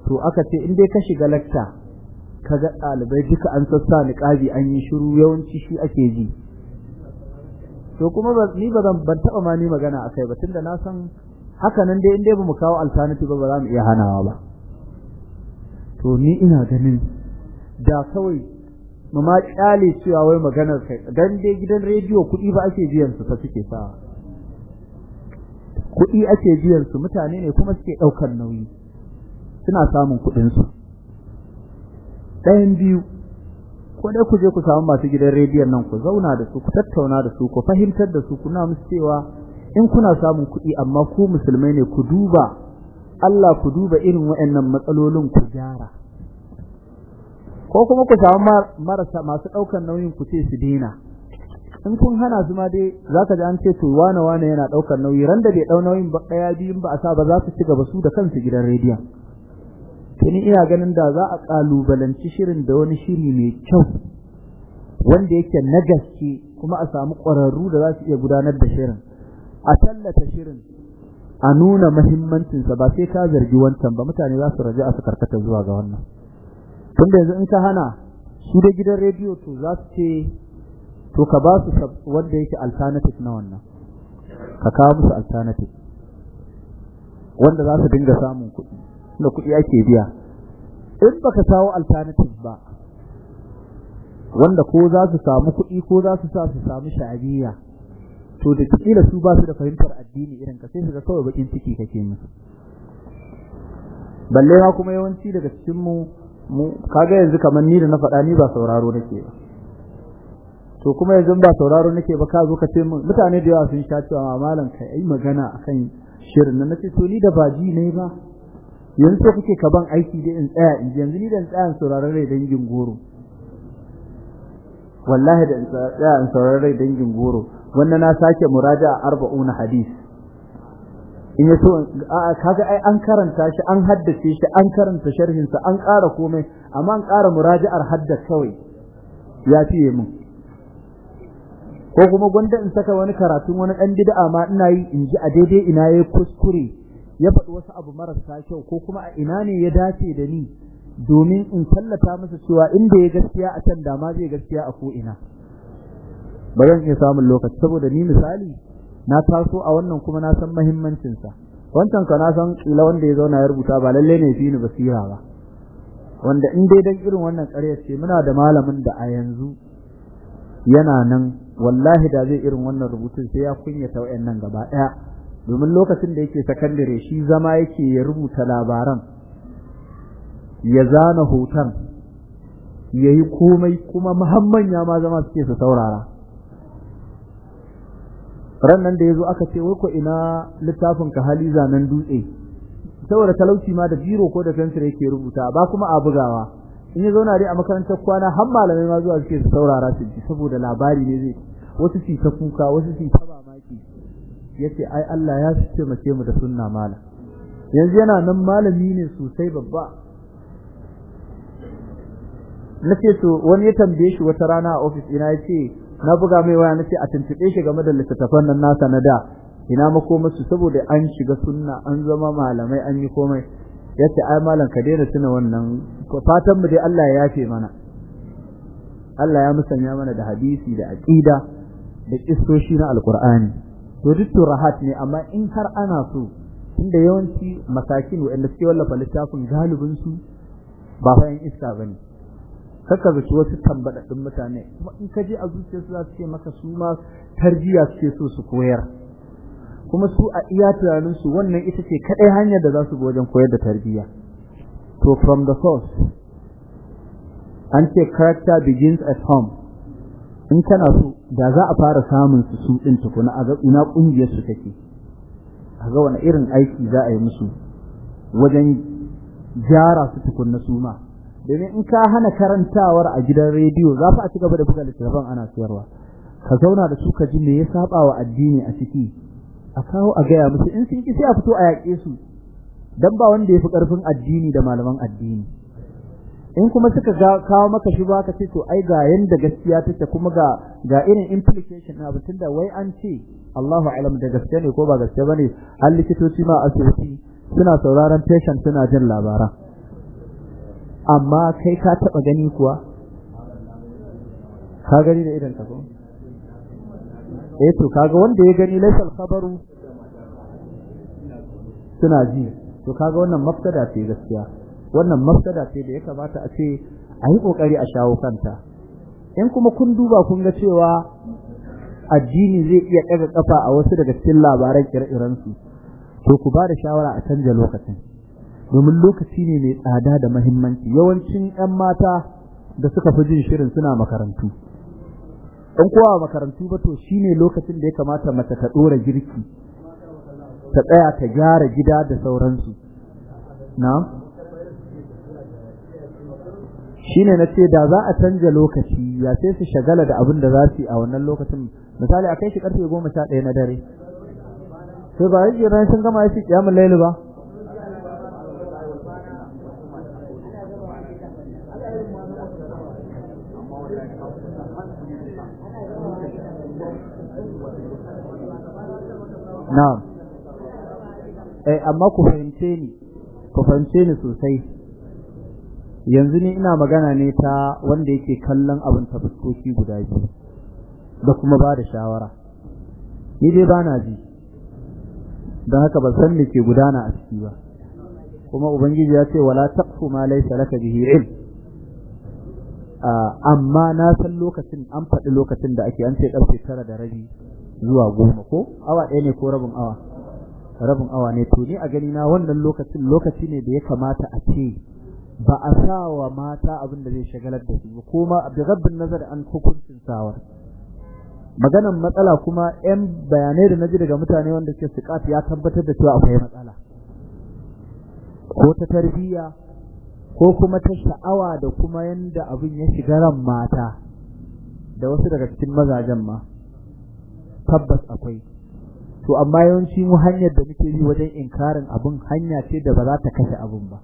to aka ce in dai ka shiga lacca ga ɗalibai duka an sassa niqabi an yi shiru yawanci shi ake ji to kuma ni ba zan ban taba ma ni magana akai ba tunda na san haka nan dai inda ba mu kawo alternative ba za mu iya hanawa ba to ni ina ganin da kawai mu ma kyale cewa wai maganar kai dan dai gidan rediyo kuɗi ba ake biyan su fa suke sa kuɗi ake biyan su mutane ne kuma suke ɗaukar nauyi suna samun kuɗin su ɗayan biyu ko dai ku je ku samu masu gidan rediyon nan ku zauna da su ku tattauna da su ku fahimtar da su kuna musu cewa in kuna samun kuɗi amma ku musulmai ne ku duba Allah ku duba irin waɗannan matsalolin ku gyara ko kuma ku samu marasa masu ɗaukar nauyin ku ce su daina in kun hana su ma dai za ka ji an ce to wane wane yana ɗaukar nauyi randa bai ɗau nauyin ba ɗaya biyun ba a sa ba za su ci gaba su da kansu gidan rediyon to ina ganin da za a kalubalanci shirin da wani shiri mai kyau wanda yake na gaske kuma a samu ƙwararru da za su iya gudanar da shirin a tallata shirin a nuna mahimmancinsa ba sai ka zargi wancan ba mutane za su raja a su karkata zuwa ga wannan tun da yanzu in ka hana su da gidan rediyo to za su ce to ka ba su wanda yake alternative na wannan ka kawo musu alternative wanda za su dinga samun kuɗi da kuɗi ake biya in baka sawo alternative ba wanda ko za su samu kuɗi ko za su sa su samu sha'aniya to da kila su ba su da fahimtar addini irin ka sai su ga kawai bakin ciki kake musu balle ma kuma yawanci daga cikin mu mu kaga yanzu kamar ni da na faɗa ni ba sauraro nake ba to kuma yanzu ba sauraro nake ba ka zo ka ce min mutane da yawa sun sha cewa malam kai ai magana akan shirin nan nace to ni da baji ne ba yanzu sai kuke ka ban aiki da in tsaya in yanzu ni da tsaya sauraron rai dangin goro wallahi da tsaya in sauraron rai dangin goro wannan na sake muraja a 40 hadis in yaso a kaga ai an karanta shi an haddace shi an karanta sharhin sa an ƙara komai amma an ƙara muraja'ar hadda kawai ya fiye mu ko kuma gwanda in saka wani karatun wani ɗan bid'a ma ina yi in ji a daidai ina yi kuskure ya faɗi wasu abu marasa kyau ko kuma a ina ne ya dace da ni domin in tallata masa cewa inda ya gaskiya a can dama zai gaskiya a ko ina ba zan iya samun lokaci saboda ni misali na taso a wannan kuma na san mahimmancinsa wancan ka na san kila wanda ya zauna ya rubuta ba lalle ne fi ni basira ba wanda in dai dan irin wannan ƙaryar ce muna da malamin da a yanzu yana nan wallahi da zai irin wannan rubutun sai ya kunyata wayannan gaba ɗaya domin lokacin da yake sakandare shi zama yake ya rubuta labaran ya zana hoton ya yi komai kuma muhamman ya ma zama suke su saurara rannan da ya zo aka ce wai ko ina littafin ka hali zanen dutse saboda talauci ma da biro ko da fensir yake rubuta ba kuma a bugawa in ya zauna dai a makarantar kwana har malamai ma zuwa suke su saurara su ji saboda labari ne zai wasu su ta kuka wasu su ta yace ai Allah ya ce mace mu da sunna mala yanzu yana nan malami ne sosai babba nace to wani ya tambaye shi wata rana a ofis ina yace na buga mai waya ce a tuntube shi game da littattafan nan nasa na da ina mako masu saboda an shiga sunna an zama malamai an yi komai yace ai malam ka daina tuna wannan fatan mu dai Allah ya yafe mana Allah ya musanya mana da hadisi da aqida da kissoshi na alqur'ani to duk turahat ne amma in har ana so tunda yawanci masakin waɗanda suke wallafa littafin galibin su ba bayan iska bane kaka zaci wasu tambadaddun mutane kuma in ka je a zuciyarsu za su ce maka su ma tarjiya suke so su koyar kuma su a iya tunanin su wannan ita ce kadai hanyar da za su wajen koyar da tarjiya. to from the source an ce character begins at home in kana so da za a fara samun su su din tukuna a ga ina su take a ga wani irin aiki za a yi musu wajen gyara su tukunna su ma domin in ka hana karantawar a gidan rediyo za fa a ci gaba da buga littattafan ana siyarwa ka zauna da su ka ji me ya saba wa addini a ciki a kawo a gaya musu in sun ki sai a fito a yaƙe su dan ba wanda ya fi ƙarfin addini da malaman addini in kuma suka kawo maka shi ba ka ce to ai ga yanda gaskiya take kuma ga ga irin implication na batun da wai an ce Allahu alam da gaskiya ne ko ba gaskiya bane har likitoci ma asibiti suna sauraron patient suna jin labaran amma kai ka taba gani kuwa ka gani da idan ka ko eh to kaga wanda ya gani laysal khabaru suna ji to kaga wannan mafkada ce gaskiya wannan mafsada ce da ya kamata a ce a yi kokari a shawo kanta in kuma kun duba kun ga cewa addini zai iya ɗaga ƙafa a wasu daga cikin labaran ire su to ku ba da shawara a canja lokacin domin lokaci ne mai tsada da mahimmanci yawancin 'yan mata da suka fi jin shirin suna makarantu in kowa makarantu ba to shine lokacin da ya kamata mace ta ɗora girki ta tsaya ta gyara gida da sauransu na shine na ce da za a canja lokaci ya sai su shagala da abin da za su yi a wannan lokacin misali a kai shi karfe goma sha ɗaya na dare sai ba yake ran sun gama yake kiyamul layl ba na'am eh amma ku fahimce ni ku fahimce ni sosai yanzu ne ina magana ne ta wanda yake kallon abin ta fuskoki guda biyu da kuma ba da shawara ni dai ba na ji don haka ba san me ke gudana a ciki ba kuma ubangiji ya ce wala taqfu ma laysa laka bihi ilm amma na san lokacin an faɗi lokacin da ake an ce ɗauke tara da rabi zuwa goma ko awa ɗaya ne ko rabin awa rabin awa ne to ni a gani na wannan lokacin lokaci ne da ya kamata a ce ba a sa wa mata abin da zai shagalar da su ma bi rabbin nazar an hukuncin sawar maganan matsala kuma yan bayanai da na ji daga mutane wanda ke sikat ya tabbatar da cewa akwai matsala ko ta tarbiyya ko kuma ta sha'awa da kuma yanda abin ya shiga ran mata da wasu daga cikin mazajen ma tabbas akwai to amma yawanci mu hanyar da muke bi wajen inkarin abin hanya ce da ba za ta kashe abin ba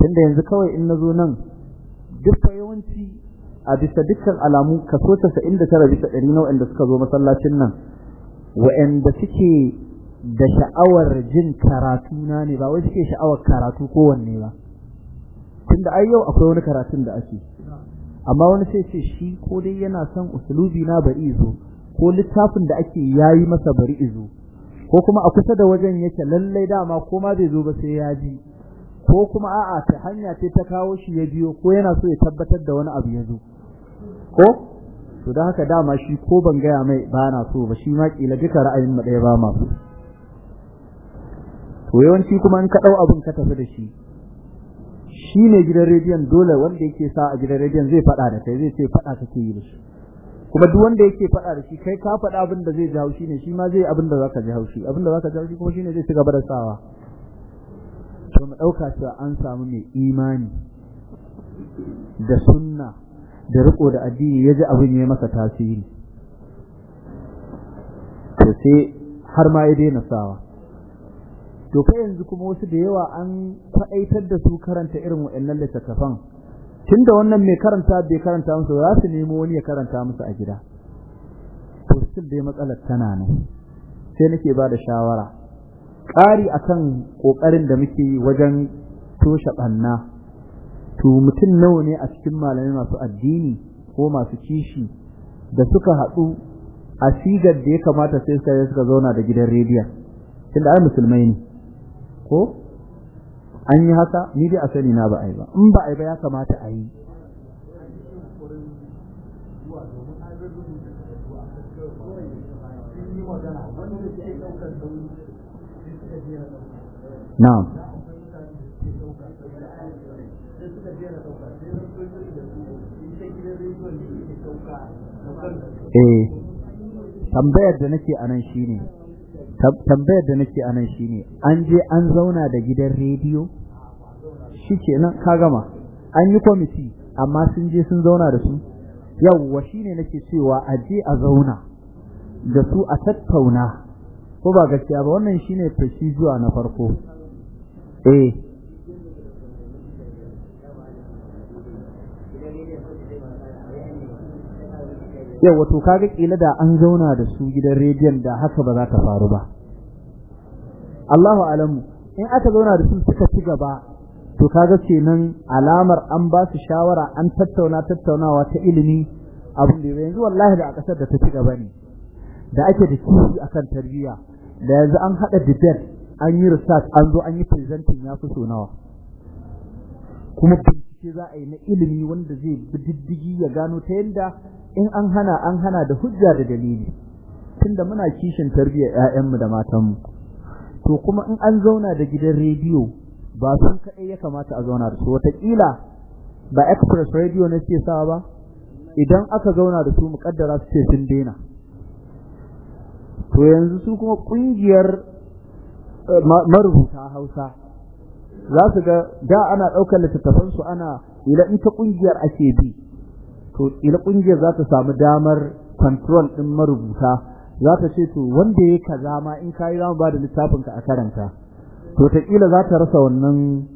tunda yanzu kawai in nazo nan dukkan yawanci a bisa dukkan alamu kaso 99 bisa 100 na wanda suka zo masallacin nan wa'anda suke da sha'awar jin karatu na ne ba wai suke sha'awar karatu kowanne ba tunda ai yau akwai wani karatun da ake amma wani sai ce shi ko dai yana son usulubi na bari zo ko littafin da ake yayi masa bari zo ko kuma a kusa da wajen yake lallai dama ko ma bai zo ba sai ya ji ko kuma a'a ta hanya ce ta kawo shi ya biyo ko yana so ya tabbatar da wani abu ya zo ko to da haka dama shi ko ban gaya mai ba na so ba shi ma kila duka ra'ayin mu ɗaya ba ma so to yawanci kuma in ka ɗau abin ka tafi da shi shi ne gidan rediyon dole wanda yake sa a gidan rediyon zai faɗa da kai zai ce fada kake yi da shi kuma duk wanda yake faɗa da shi kai ka fada abin da zai ji haushi ne shi ma zai abin da zaka ji haushi abin da zaka ji haushi kuma shi ne zai ci gaba da sawa to mu ɗauka cewa an samu mai imani da sunna da riko da addini ya ji abin ya masa tasiri to sai har ma ya daina sawa to kai yanzu kuma wasu da yawa an faɗaitar da su karanta irin waɗannan littattafan tun da wannan mai karanta bai karanta musu za su nemo wani ya karanta musu a gida to still dai matsalar tana nan sai nake ba da shawara ƙari kan ƙoƙarin da muke wajen toshe ɓanna to mutum nawa ne a cikin malamai masu addini ko masu kishi da suka haɗu a sigar da ya kamata sai suka yi suka zauna da gidan rediyon da ai musulmai ne ko an yi haka ni dai a sani na ba a yi ba in ba a yi ba ya kamata a yi na'am eh tambayar da nake anan shine tambayar da nake anan shine an je an zauna da gidan rediyo shikenan ka gama an yi kwamiti amma sun je sun zauna da su yawwa shine nake cewa a je a zauna da su a tattauna ko ba gaskiya ba wannan shine zuwa na farko Eh. yau yawa to kaga kila da an zauna da su gidan rediyon da haka ba za ta faru ba Allahu alamu in aka zauna da su suka ci gaba to kaga kenan alamar an ba su shawara an tattauna tattaunawa ta ilimi abin da yanzu wallahi da a ƙasar da ta ci gaba ne da ake da kishi akan tarbiyya da yanzu an haɗa debate an yi research an zo an yi presenting ya fi so nawa kuma bincike za a yi na ilimi wanda zai bi diddigi ya gano ta yadda in an hana an hana da hujja da dalili tunda muna kishin tarbiyyar 'ya'yanmu da matanmu to kuma in an zauna da gidan rediyo ba sun kaɗai ya kamata a zauna da su wataƙila ba express radio na ce sa ba idan aka zauna da su muƙaddara su ce sun daina to yanzu su kuma ƙungiyar marubuta Hausa za su ga da ana ɗaukar littattafansu, su ana ila ita ƙungiyar ake bi to ila ƙungiyar za ta samu damar control ɗin marubuta za ta ce to wanda ya kaza ma in kayi za mu ba da littafin ka a karanta to ta kila za ta rasa wannan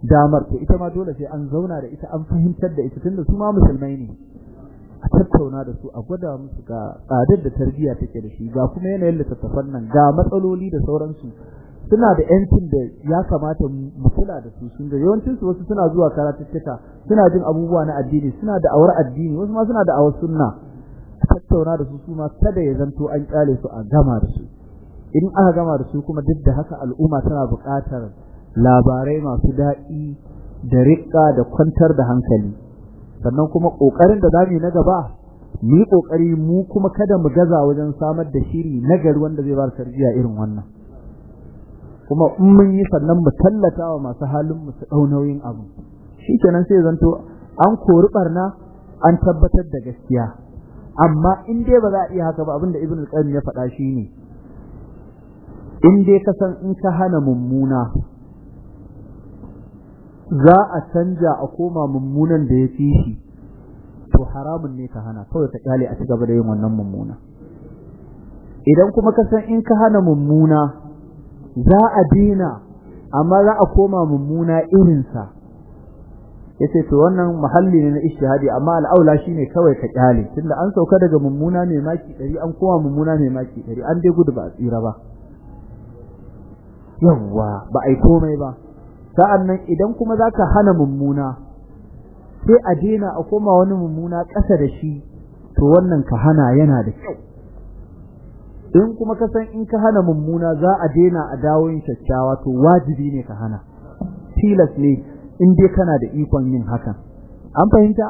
damar to ita ma dole sai an zauna da ita an fahimtar da ita tunda su ma musulmai ne a tattauna da su a gwada musu ga tsadar da tarbiyya take da shi ga kuma yanayin littattafan nan ga matsaloli da sauransu suna da yancin da ya kamata mu kula da su sun ga yawancin wasu suna zuwa karatuttuka suna jin abubuwa na addini suna da awar addini wasu ma suna da awar sunna tattauna da su su ma kada ya zanto an kyale su a gama da su in aka gama da su kuma duk da haka al'umma tana buƙatar labarai masu daɗi da riƙa da kwantar da hankali sannan kuma ƙoƙarin da mu yi na gaba mu yi ƙoƙari mu kuma kada mu gaza wajen samar da shiri na gari wanda zai ba tarbiyya irin wannan kuma in mun yi sannan mu tallata wa masu halin mu su dau nauyin abu shi kenan sai zanto an kori barna an tabbatar da gaskiya amma in dai ba za a iya haka ba abinda ibn al-qayyim ya faɗa shi ne in dai ka san in ka hana mummuna za a canja a koma mummunan da ya fi shi to haramun ne ka hana kawai ka kyale a ci gaba da yin wannan mummuna idan kuma ka san in ka hana mummuna za a dina amma za a koma mummuna irinsa Ya ce to wannan muhalli ne na ishtihadi amma al'aula shi ne kawai ka kyale tunda an sauka daga mummuna mai maki dari an koma mummuna mai maki dari an dai gudu ba a tsira ba yawwa ba a yi komai ba sa'annan idan kuma za ka hana mummuna sai a dina a koma wani mummuna ƙasa da shi to wannan ka hana yana da kyau in kuma ka san in ka hana mummuna za a daina a dawo yin kyakkyawa to wajibi ne ka hana tilas ne in dai kana da ikon yin hakan an fahimta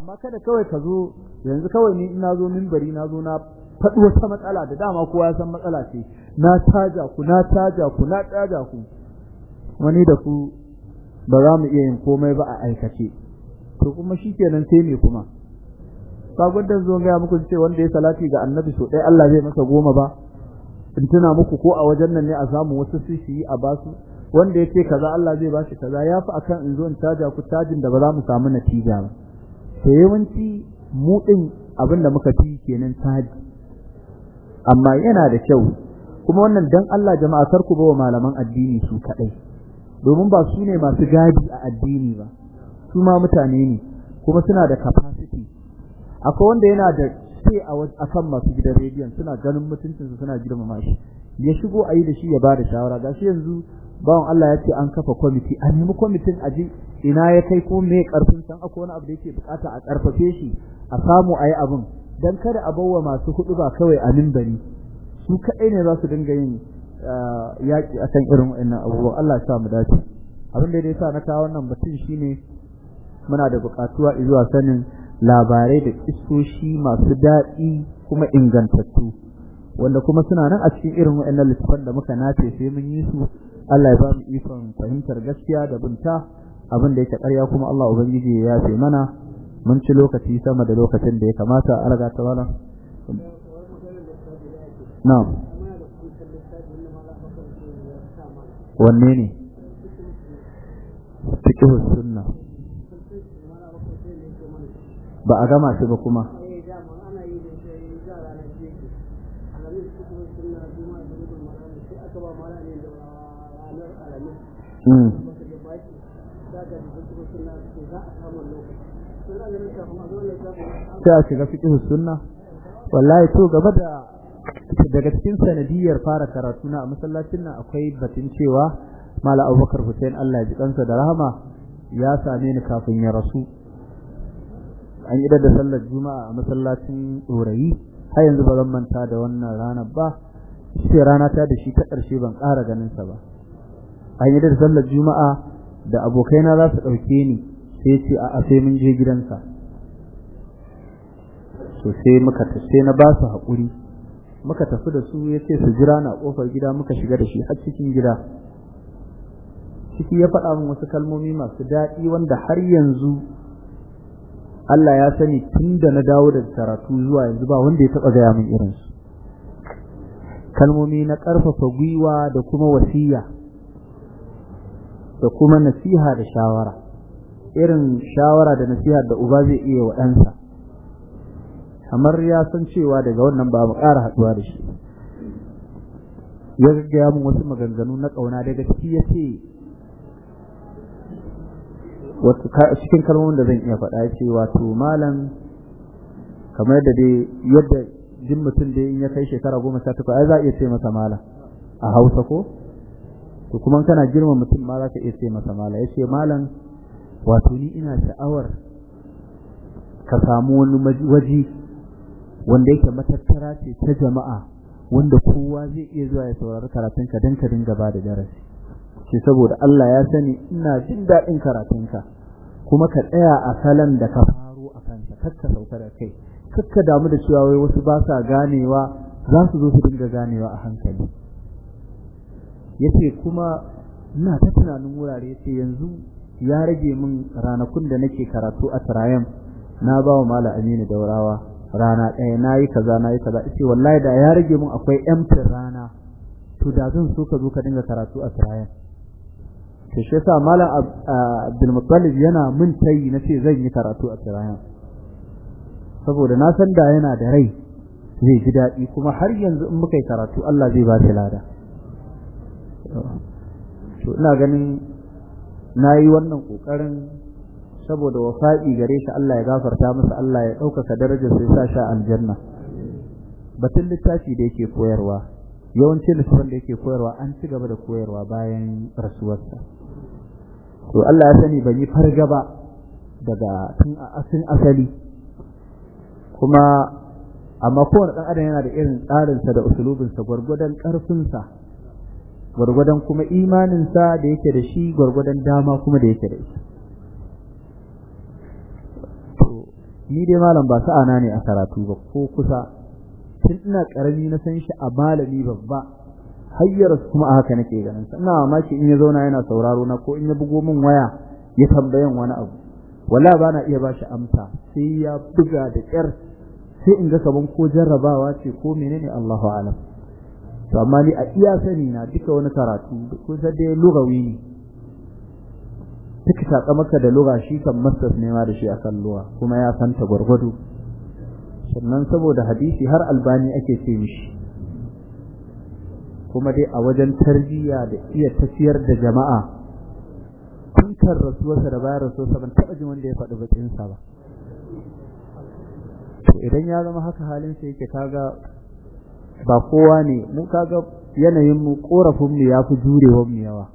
amma kada kawai ka zo yanzu kawai ni ina zo minbari na zo na faɗi wata matsala da dama kowa ya san matsala ce na taja ku na taja ku na taja ku wani da ku ba za mu iya yin komai ba a aikace to kuma shi shikenan sai me kuma ba gudun zo ga muku ce wanda ya salati ga annabi so ɗaya Allah zai masa goma ba in tuna muku ko a wajen nan ne a samu wasu su shi a basu wanda yake kaza Allah zai bashi kaza ya a akan in zo in caja ku cajin da ba za mu samu natija ba to yawanci mu din abin da muka fi kenan caji amma yana da kyau kuma wannan dan Allah jama'a kar ba bawa malaman addini su kadai domin ba su ne masu gadi a addini ba su ma mutane ne kuma suna da capacity akwai wanda yana da ce a kan masu gidan rediyon suna ganin mutuncinsu suna girmama shi ya shigo a yi da shi ya ba da shawara ga shi yanzu bawan Allah ya ce an kafa kwamiti a nemi kwamitin a ji ina ya kai ko me karfin san akwai wani abu da yake bukata a karfafe shi a samu a yi abin don kada a bawa masu hudu ba kawai a mimbari su kaɗai ne za su dinga yin eh, yaƙi a kan irin wannan abubuwa Allah ya sa mu dace abin da ya sa na kawo wannan batun shine muna da bukatuwa zuwa sanin labarai da kisoshi masu daɗi kuma ingantattu wanda kuma suna nan a cikin irin waɗannan littafan da muka nace sai mun yi su Allah ya ba mu ikon fahimtar gaskiya da binta abin da yake ƙarya kuma Allah ubangiji ya yafe mana mun ci lokaci sama da lokacin da ya kamata a raga ta wanne ne fiqh sunna ba a gama shi ba kuma hmm. sai a shiga fiƙihu sunna wallahi to gaba da daga cikin sanadiyar fara karatu na a masallacin nan akwai batun cewa mala abubakar hussein allah ji kansa da rahama ya same ni kafin ya rasu an idar da sallar juma'a a masallacin ɗorayi har yanzu ba zan manta da wannan ranar ba sai rana ta da shi ta ƙarshe ban ƙara ganin sa ba an idar da sallar juma'a da abokaina za su ɗauke ni sai ce a sai mun je gidansa to sai muka tafi na ba su haƙuri muka tafi da su ya ce su jira na ƙofar gida muka shiga da shi har cikin gida ciki ya faɗa min wasu kalmomi masu daɗi wanda har yanzu Allah ya sani tun da na dawo da karatu zuwa yanzu ba wanda ya taɓa gaya min su. kalmomi na ƙarfafa gwiwa da kuma wasiya da kuma nasiha da shawara irin shawara da nasiha da uba zai iya wa kamar ya san cewa daga wannan ba mu ƙara haɗuwa da shi ya gaggaya min wasu maganganu na ƙauna daga ciki ya ce wato cikin kalmomin da zan iya faɗa ce wato malam kamar da dai yadda jin mutum dai in ya kai shekara goma sha takwas ai za a iya ce masa malam a hausa ko to kuma kana girma mutum ma za ka iya ce masa malam ya ce malam wato ni ina sha'awar ka samu wani waje wanda yake matattara ce ta jama'a wanda kowa zai iya zuwa ya saurari karatunka don ka dinga ba da darasi shi saboda Allah ya sani ina jin daɗin karatunka kuma ka tsaya a salon da ka faro a kansa kakka sauka da kai kakka damu da cewa wai wasu ba sa ganewa za su zo su dinga ganewa a hankali Ya ce kuma ina ta tunanin wurare ya ce yanzu ya rage min ranakun da nake karatu a tarayen na ba wa Malam Aminu Daurawa rana ɗaya na nayi kaza nayi kaza yace wallahi da ya rage min akwai empty rana to da zan so ka zo ka dinga karatu a tarayen to shi yasa malam Abdul Muttalib yana min tayi ce zan yi karatu a Tirana saboda na san da yana da rai zai ji daɗi kuma har yanzu in muka yi karatu Allah zai ba shi lada to ina ganin na yi wannan kokarin saboda wafa'i gare shi Allah ya gafarta masa Allah ya ɗaukaka darajar sai sa sha aljanna batun littafi da yake koyarwa yawancin littafin da yake koyarwa an ci gaba da koyarwa bayan rasuwarsa to Allah ya sani ban yi farga ba daga tun asin asali kuma amma kowane ɗan adam yana da irin tsarinsa da usulubinsa gwargwadon ƙarfinsa gwargwadon kuma imaninsa da yake da shi gwargwadon dama kuma da yake da ita ni dai malam ba sa'ana ne a karatu ba ko kusa tun ina ƙarami na san shi a malami babba hayyar kuma a haka nake ganin sa ina mamaki in ya zauna yana sauraro na ko in ya bugo min waya ya tambayan wani abu wala ba na iya bashi amsa sai ya buga da kyar sai in ga kaman ko jarrabawa ce ko menene Allahu alam to amma ni a iya sani na duka wani karatu ko sai dai lugawi ne take saka da lugawa shi kan masters ne ma da shi akan lugha kuma ya santa gwargwado sannan saboda hadisi har albani ake ce mishi kuma dai a wajen tarbiyya da iya tafiyar da jama'a tun kan rasuwarsa da bayan rasuwarsa ban taɓa jin wanda ya faɗi batsinsa ba to idan ya zama haka halin sa yake kaga ba kowa ne mu kaga yanayin mu korafin mu yafi jurewar mu yawa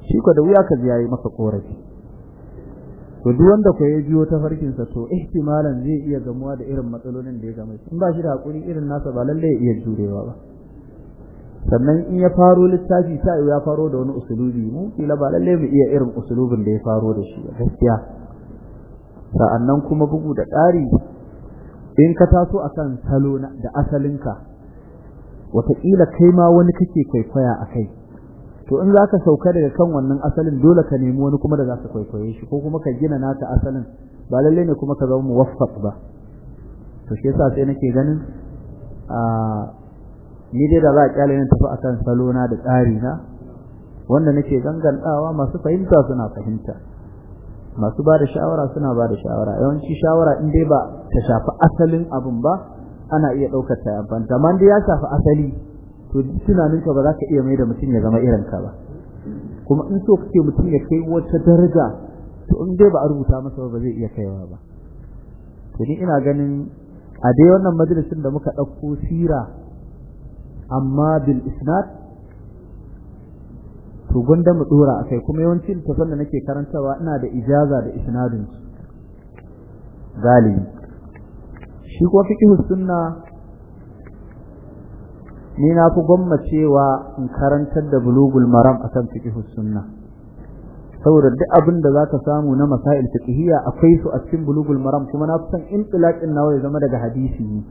shi ko da wuya ka ji yayi maka korafi to duk wanda ko ya jiyo ta farkin sa to ihtimalan zai iya gamuwa da irin matsalolin da ya gama in ba shi da hakuri irin nasa ba lalle ya iya jurewa ba sannan in ya faro littafi ta ya faro da wani usulubi mu kila ba lalle mu iya irin usulubin da ya faro da shi gaskiya sa'annan kuma bugu da ƙari in ka taso akan salo na da asalinka wataƙila kai ma wani kake kwaikwaya a kai to in zaka sauka daga kan wannan asalin dole ka nemi wani kuma da zaka kwaikwaye shi ko kuma ka gina naka asalin ba lalle ne kuma ka zama muwaffaq ba to shi yasa sai nake ganin a ah, ni dai da za a kyale ne tafi akan salona da tsari na wanda nake gangantawa masu fahimta suna fahimta masu ba da shawara suna ba da shawara yawanci shawara in dai ba ta shafi asalin abin ba ana iya ɗaukar ta amfani amma dai ya shafi asali to nan ka ba za ka iya mai da mutum ya zama irin ka ba kuma in so kake mutum ya kai wata daraja to in dai ba a rubuta masa ba zai iya kaiwa ba to ni ina ganin a dai wannan majalisin da muka ɗauko sira amma bil isnad to gunda mu dora akai kuma yawanci littafan da nake karantawa ina da ijaza da isnadin galibi shi ko fiqh sunna ni na fi cewa in karantar da bulugul maram akan fiqh sunna saboda duk abin da zaka samu na masail fiqhiyya akwai su a cikin bulugul maram kuma na fi son intilaqin nawa ya zama daga hadisi ne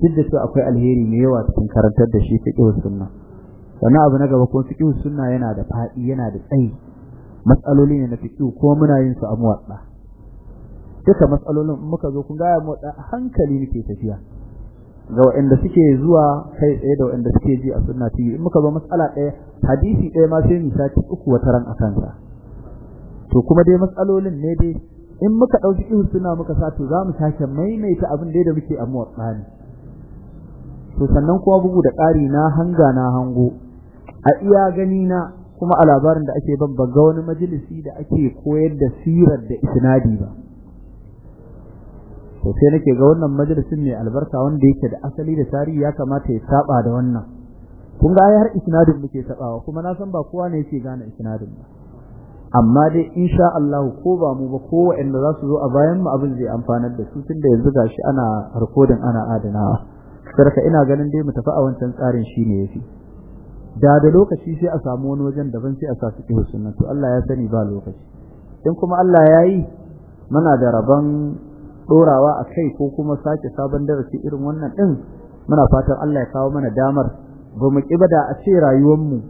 duk da cewa akwai alheri mai yawa cikin karantar da shi fiqh sunna sannan abu na gaba ko fiqh sunna yana da fadi yana da tsayi matsaloli ne na fiqh ko muna yin su a muwadda duka matsalolin muka zo kun ga a hankali muke tafiya ga waɗanda suke zuwa kai tsaye da waɗanda suke ji a sunna TV in muka zo matsala ɗaya hadisi ɗaya ma sai misali uku wata ran akan sa to kuma dai matsalolin ne dai in muka ɗauki ihu suna muka sa to za mu sake maimaita abin da muke a muwaɗa ne to sannan kuwa bugu da ƙari na hanga na hango a iya gani na kuma a labarin da ake ban ga wani majalisi da ake koyar da sirar da isnadi ba to sai nake ga wannan majalisin mai albarka wanda yake da asali da tarihi ya kamata ya saba da wannan kun ga har isnadin muke sabawa kuma na san ba kowa ne yake gane isnadin ba amma dai insha Allah ko ba mu ba ko inda za su zo a bayan mu abin zai amfanar da su tun tunda yanzu gashi ana recording ana adanawa sarka ina ganin dai mu tafi a wancan tsarin shine yafi da da lokaci sai a samu wani wajen daban sai a sa su kihu sunna to Allah ya sani ba lokaci in kuma Allah ya yi muna da rabon dorawa a kai ko kuma sake sabon darasi irin wannan ɗin, muna fatan Allah ya kawo mana damar ba mu kiba da a ce rayuwar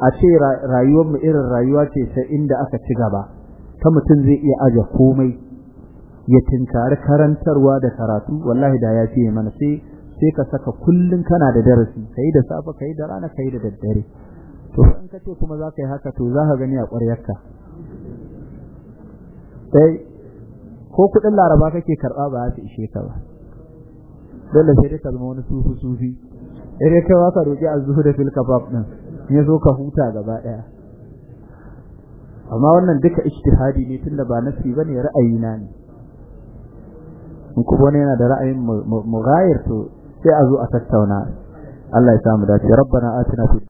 a ce irin rayuwa ce ta inda aka ci gaba ta mutum zai iya aje komai ya tinkari karantarwa da karatu wallahi da ya ya mana sai sai ka saka kullun kana da darasi kai da safa kai da rana kai da daddare to in ka ce kuma za ka yi haka to za ka gani a ƙwaryarka sai ko kuɗin laraba kake karɓa ba su ishe ka ba dole sai dai ka zama wani sufi sufi ire kai ba ka a zuhu da fil bab din ne zo ka huta gaba ɗaya amma wannan duka ijtihadi ne tunda ba nasi bane ra'ayi na ne in kuma wani yana da ra'ayin mughayir to sai a zo a tattauna Allah ya samu dace rabbana atina fid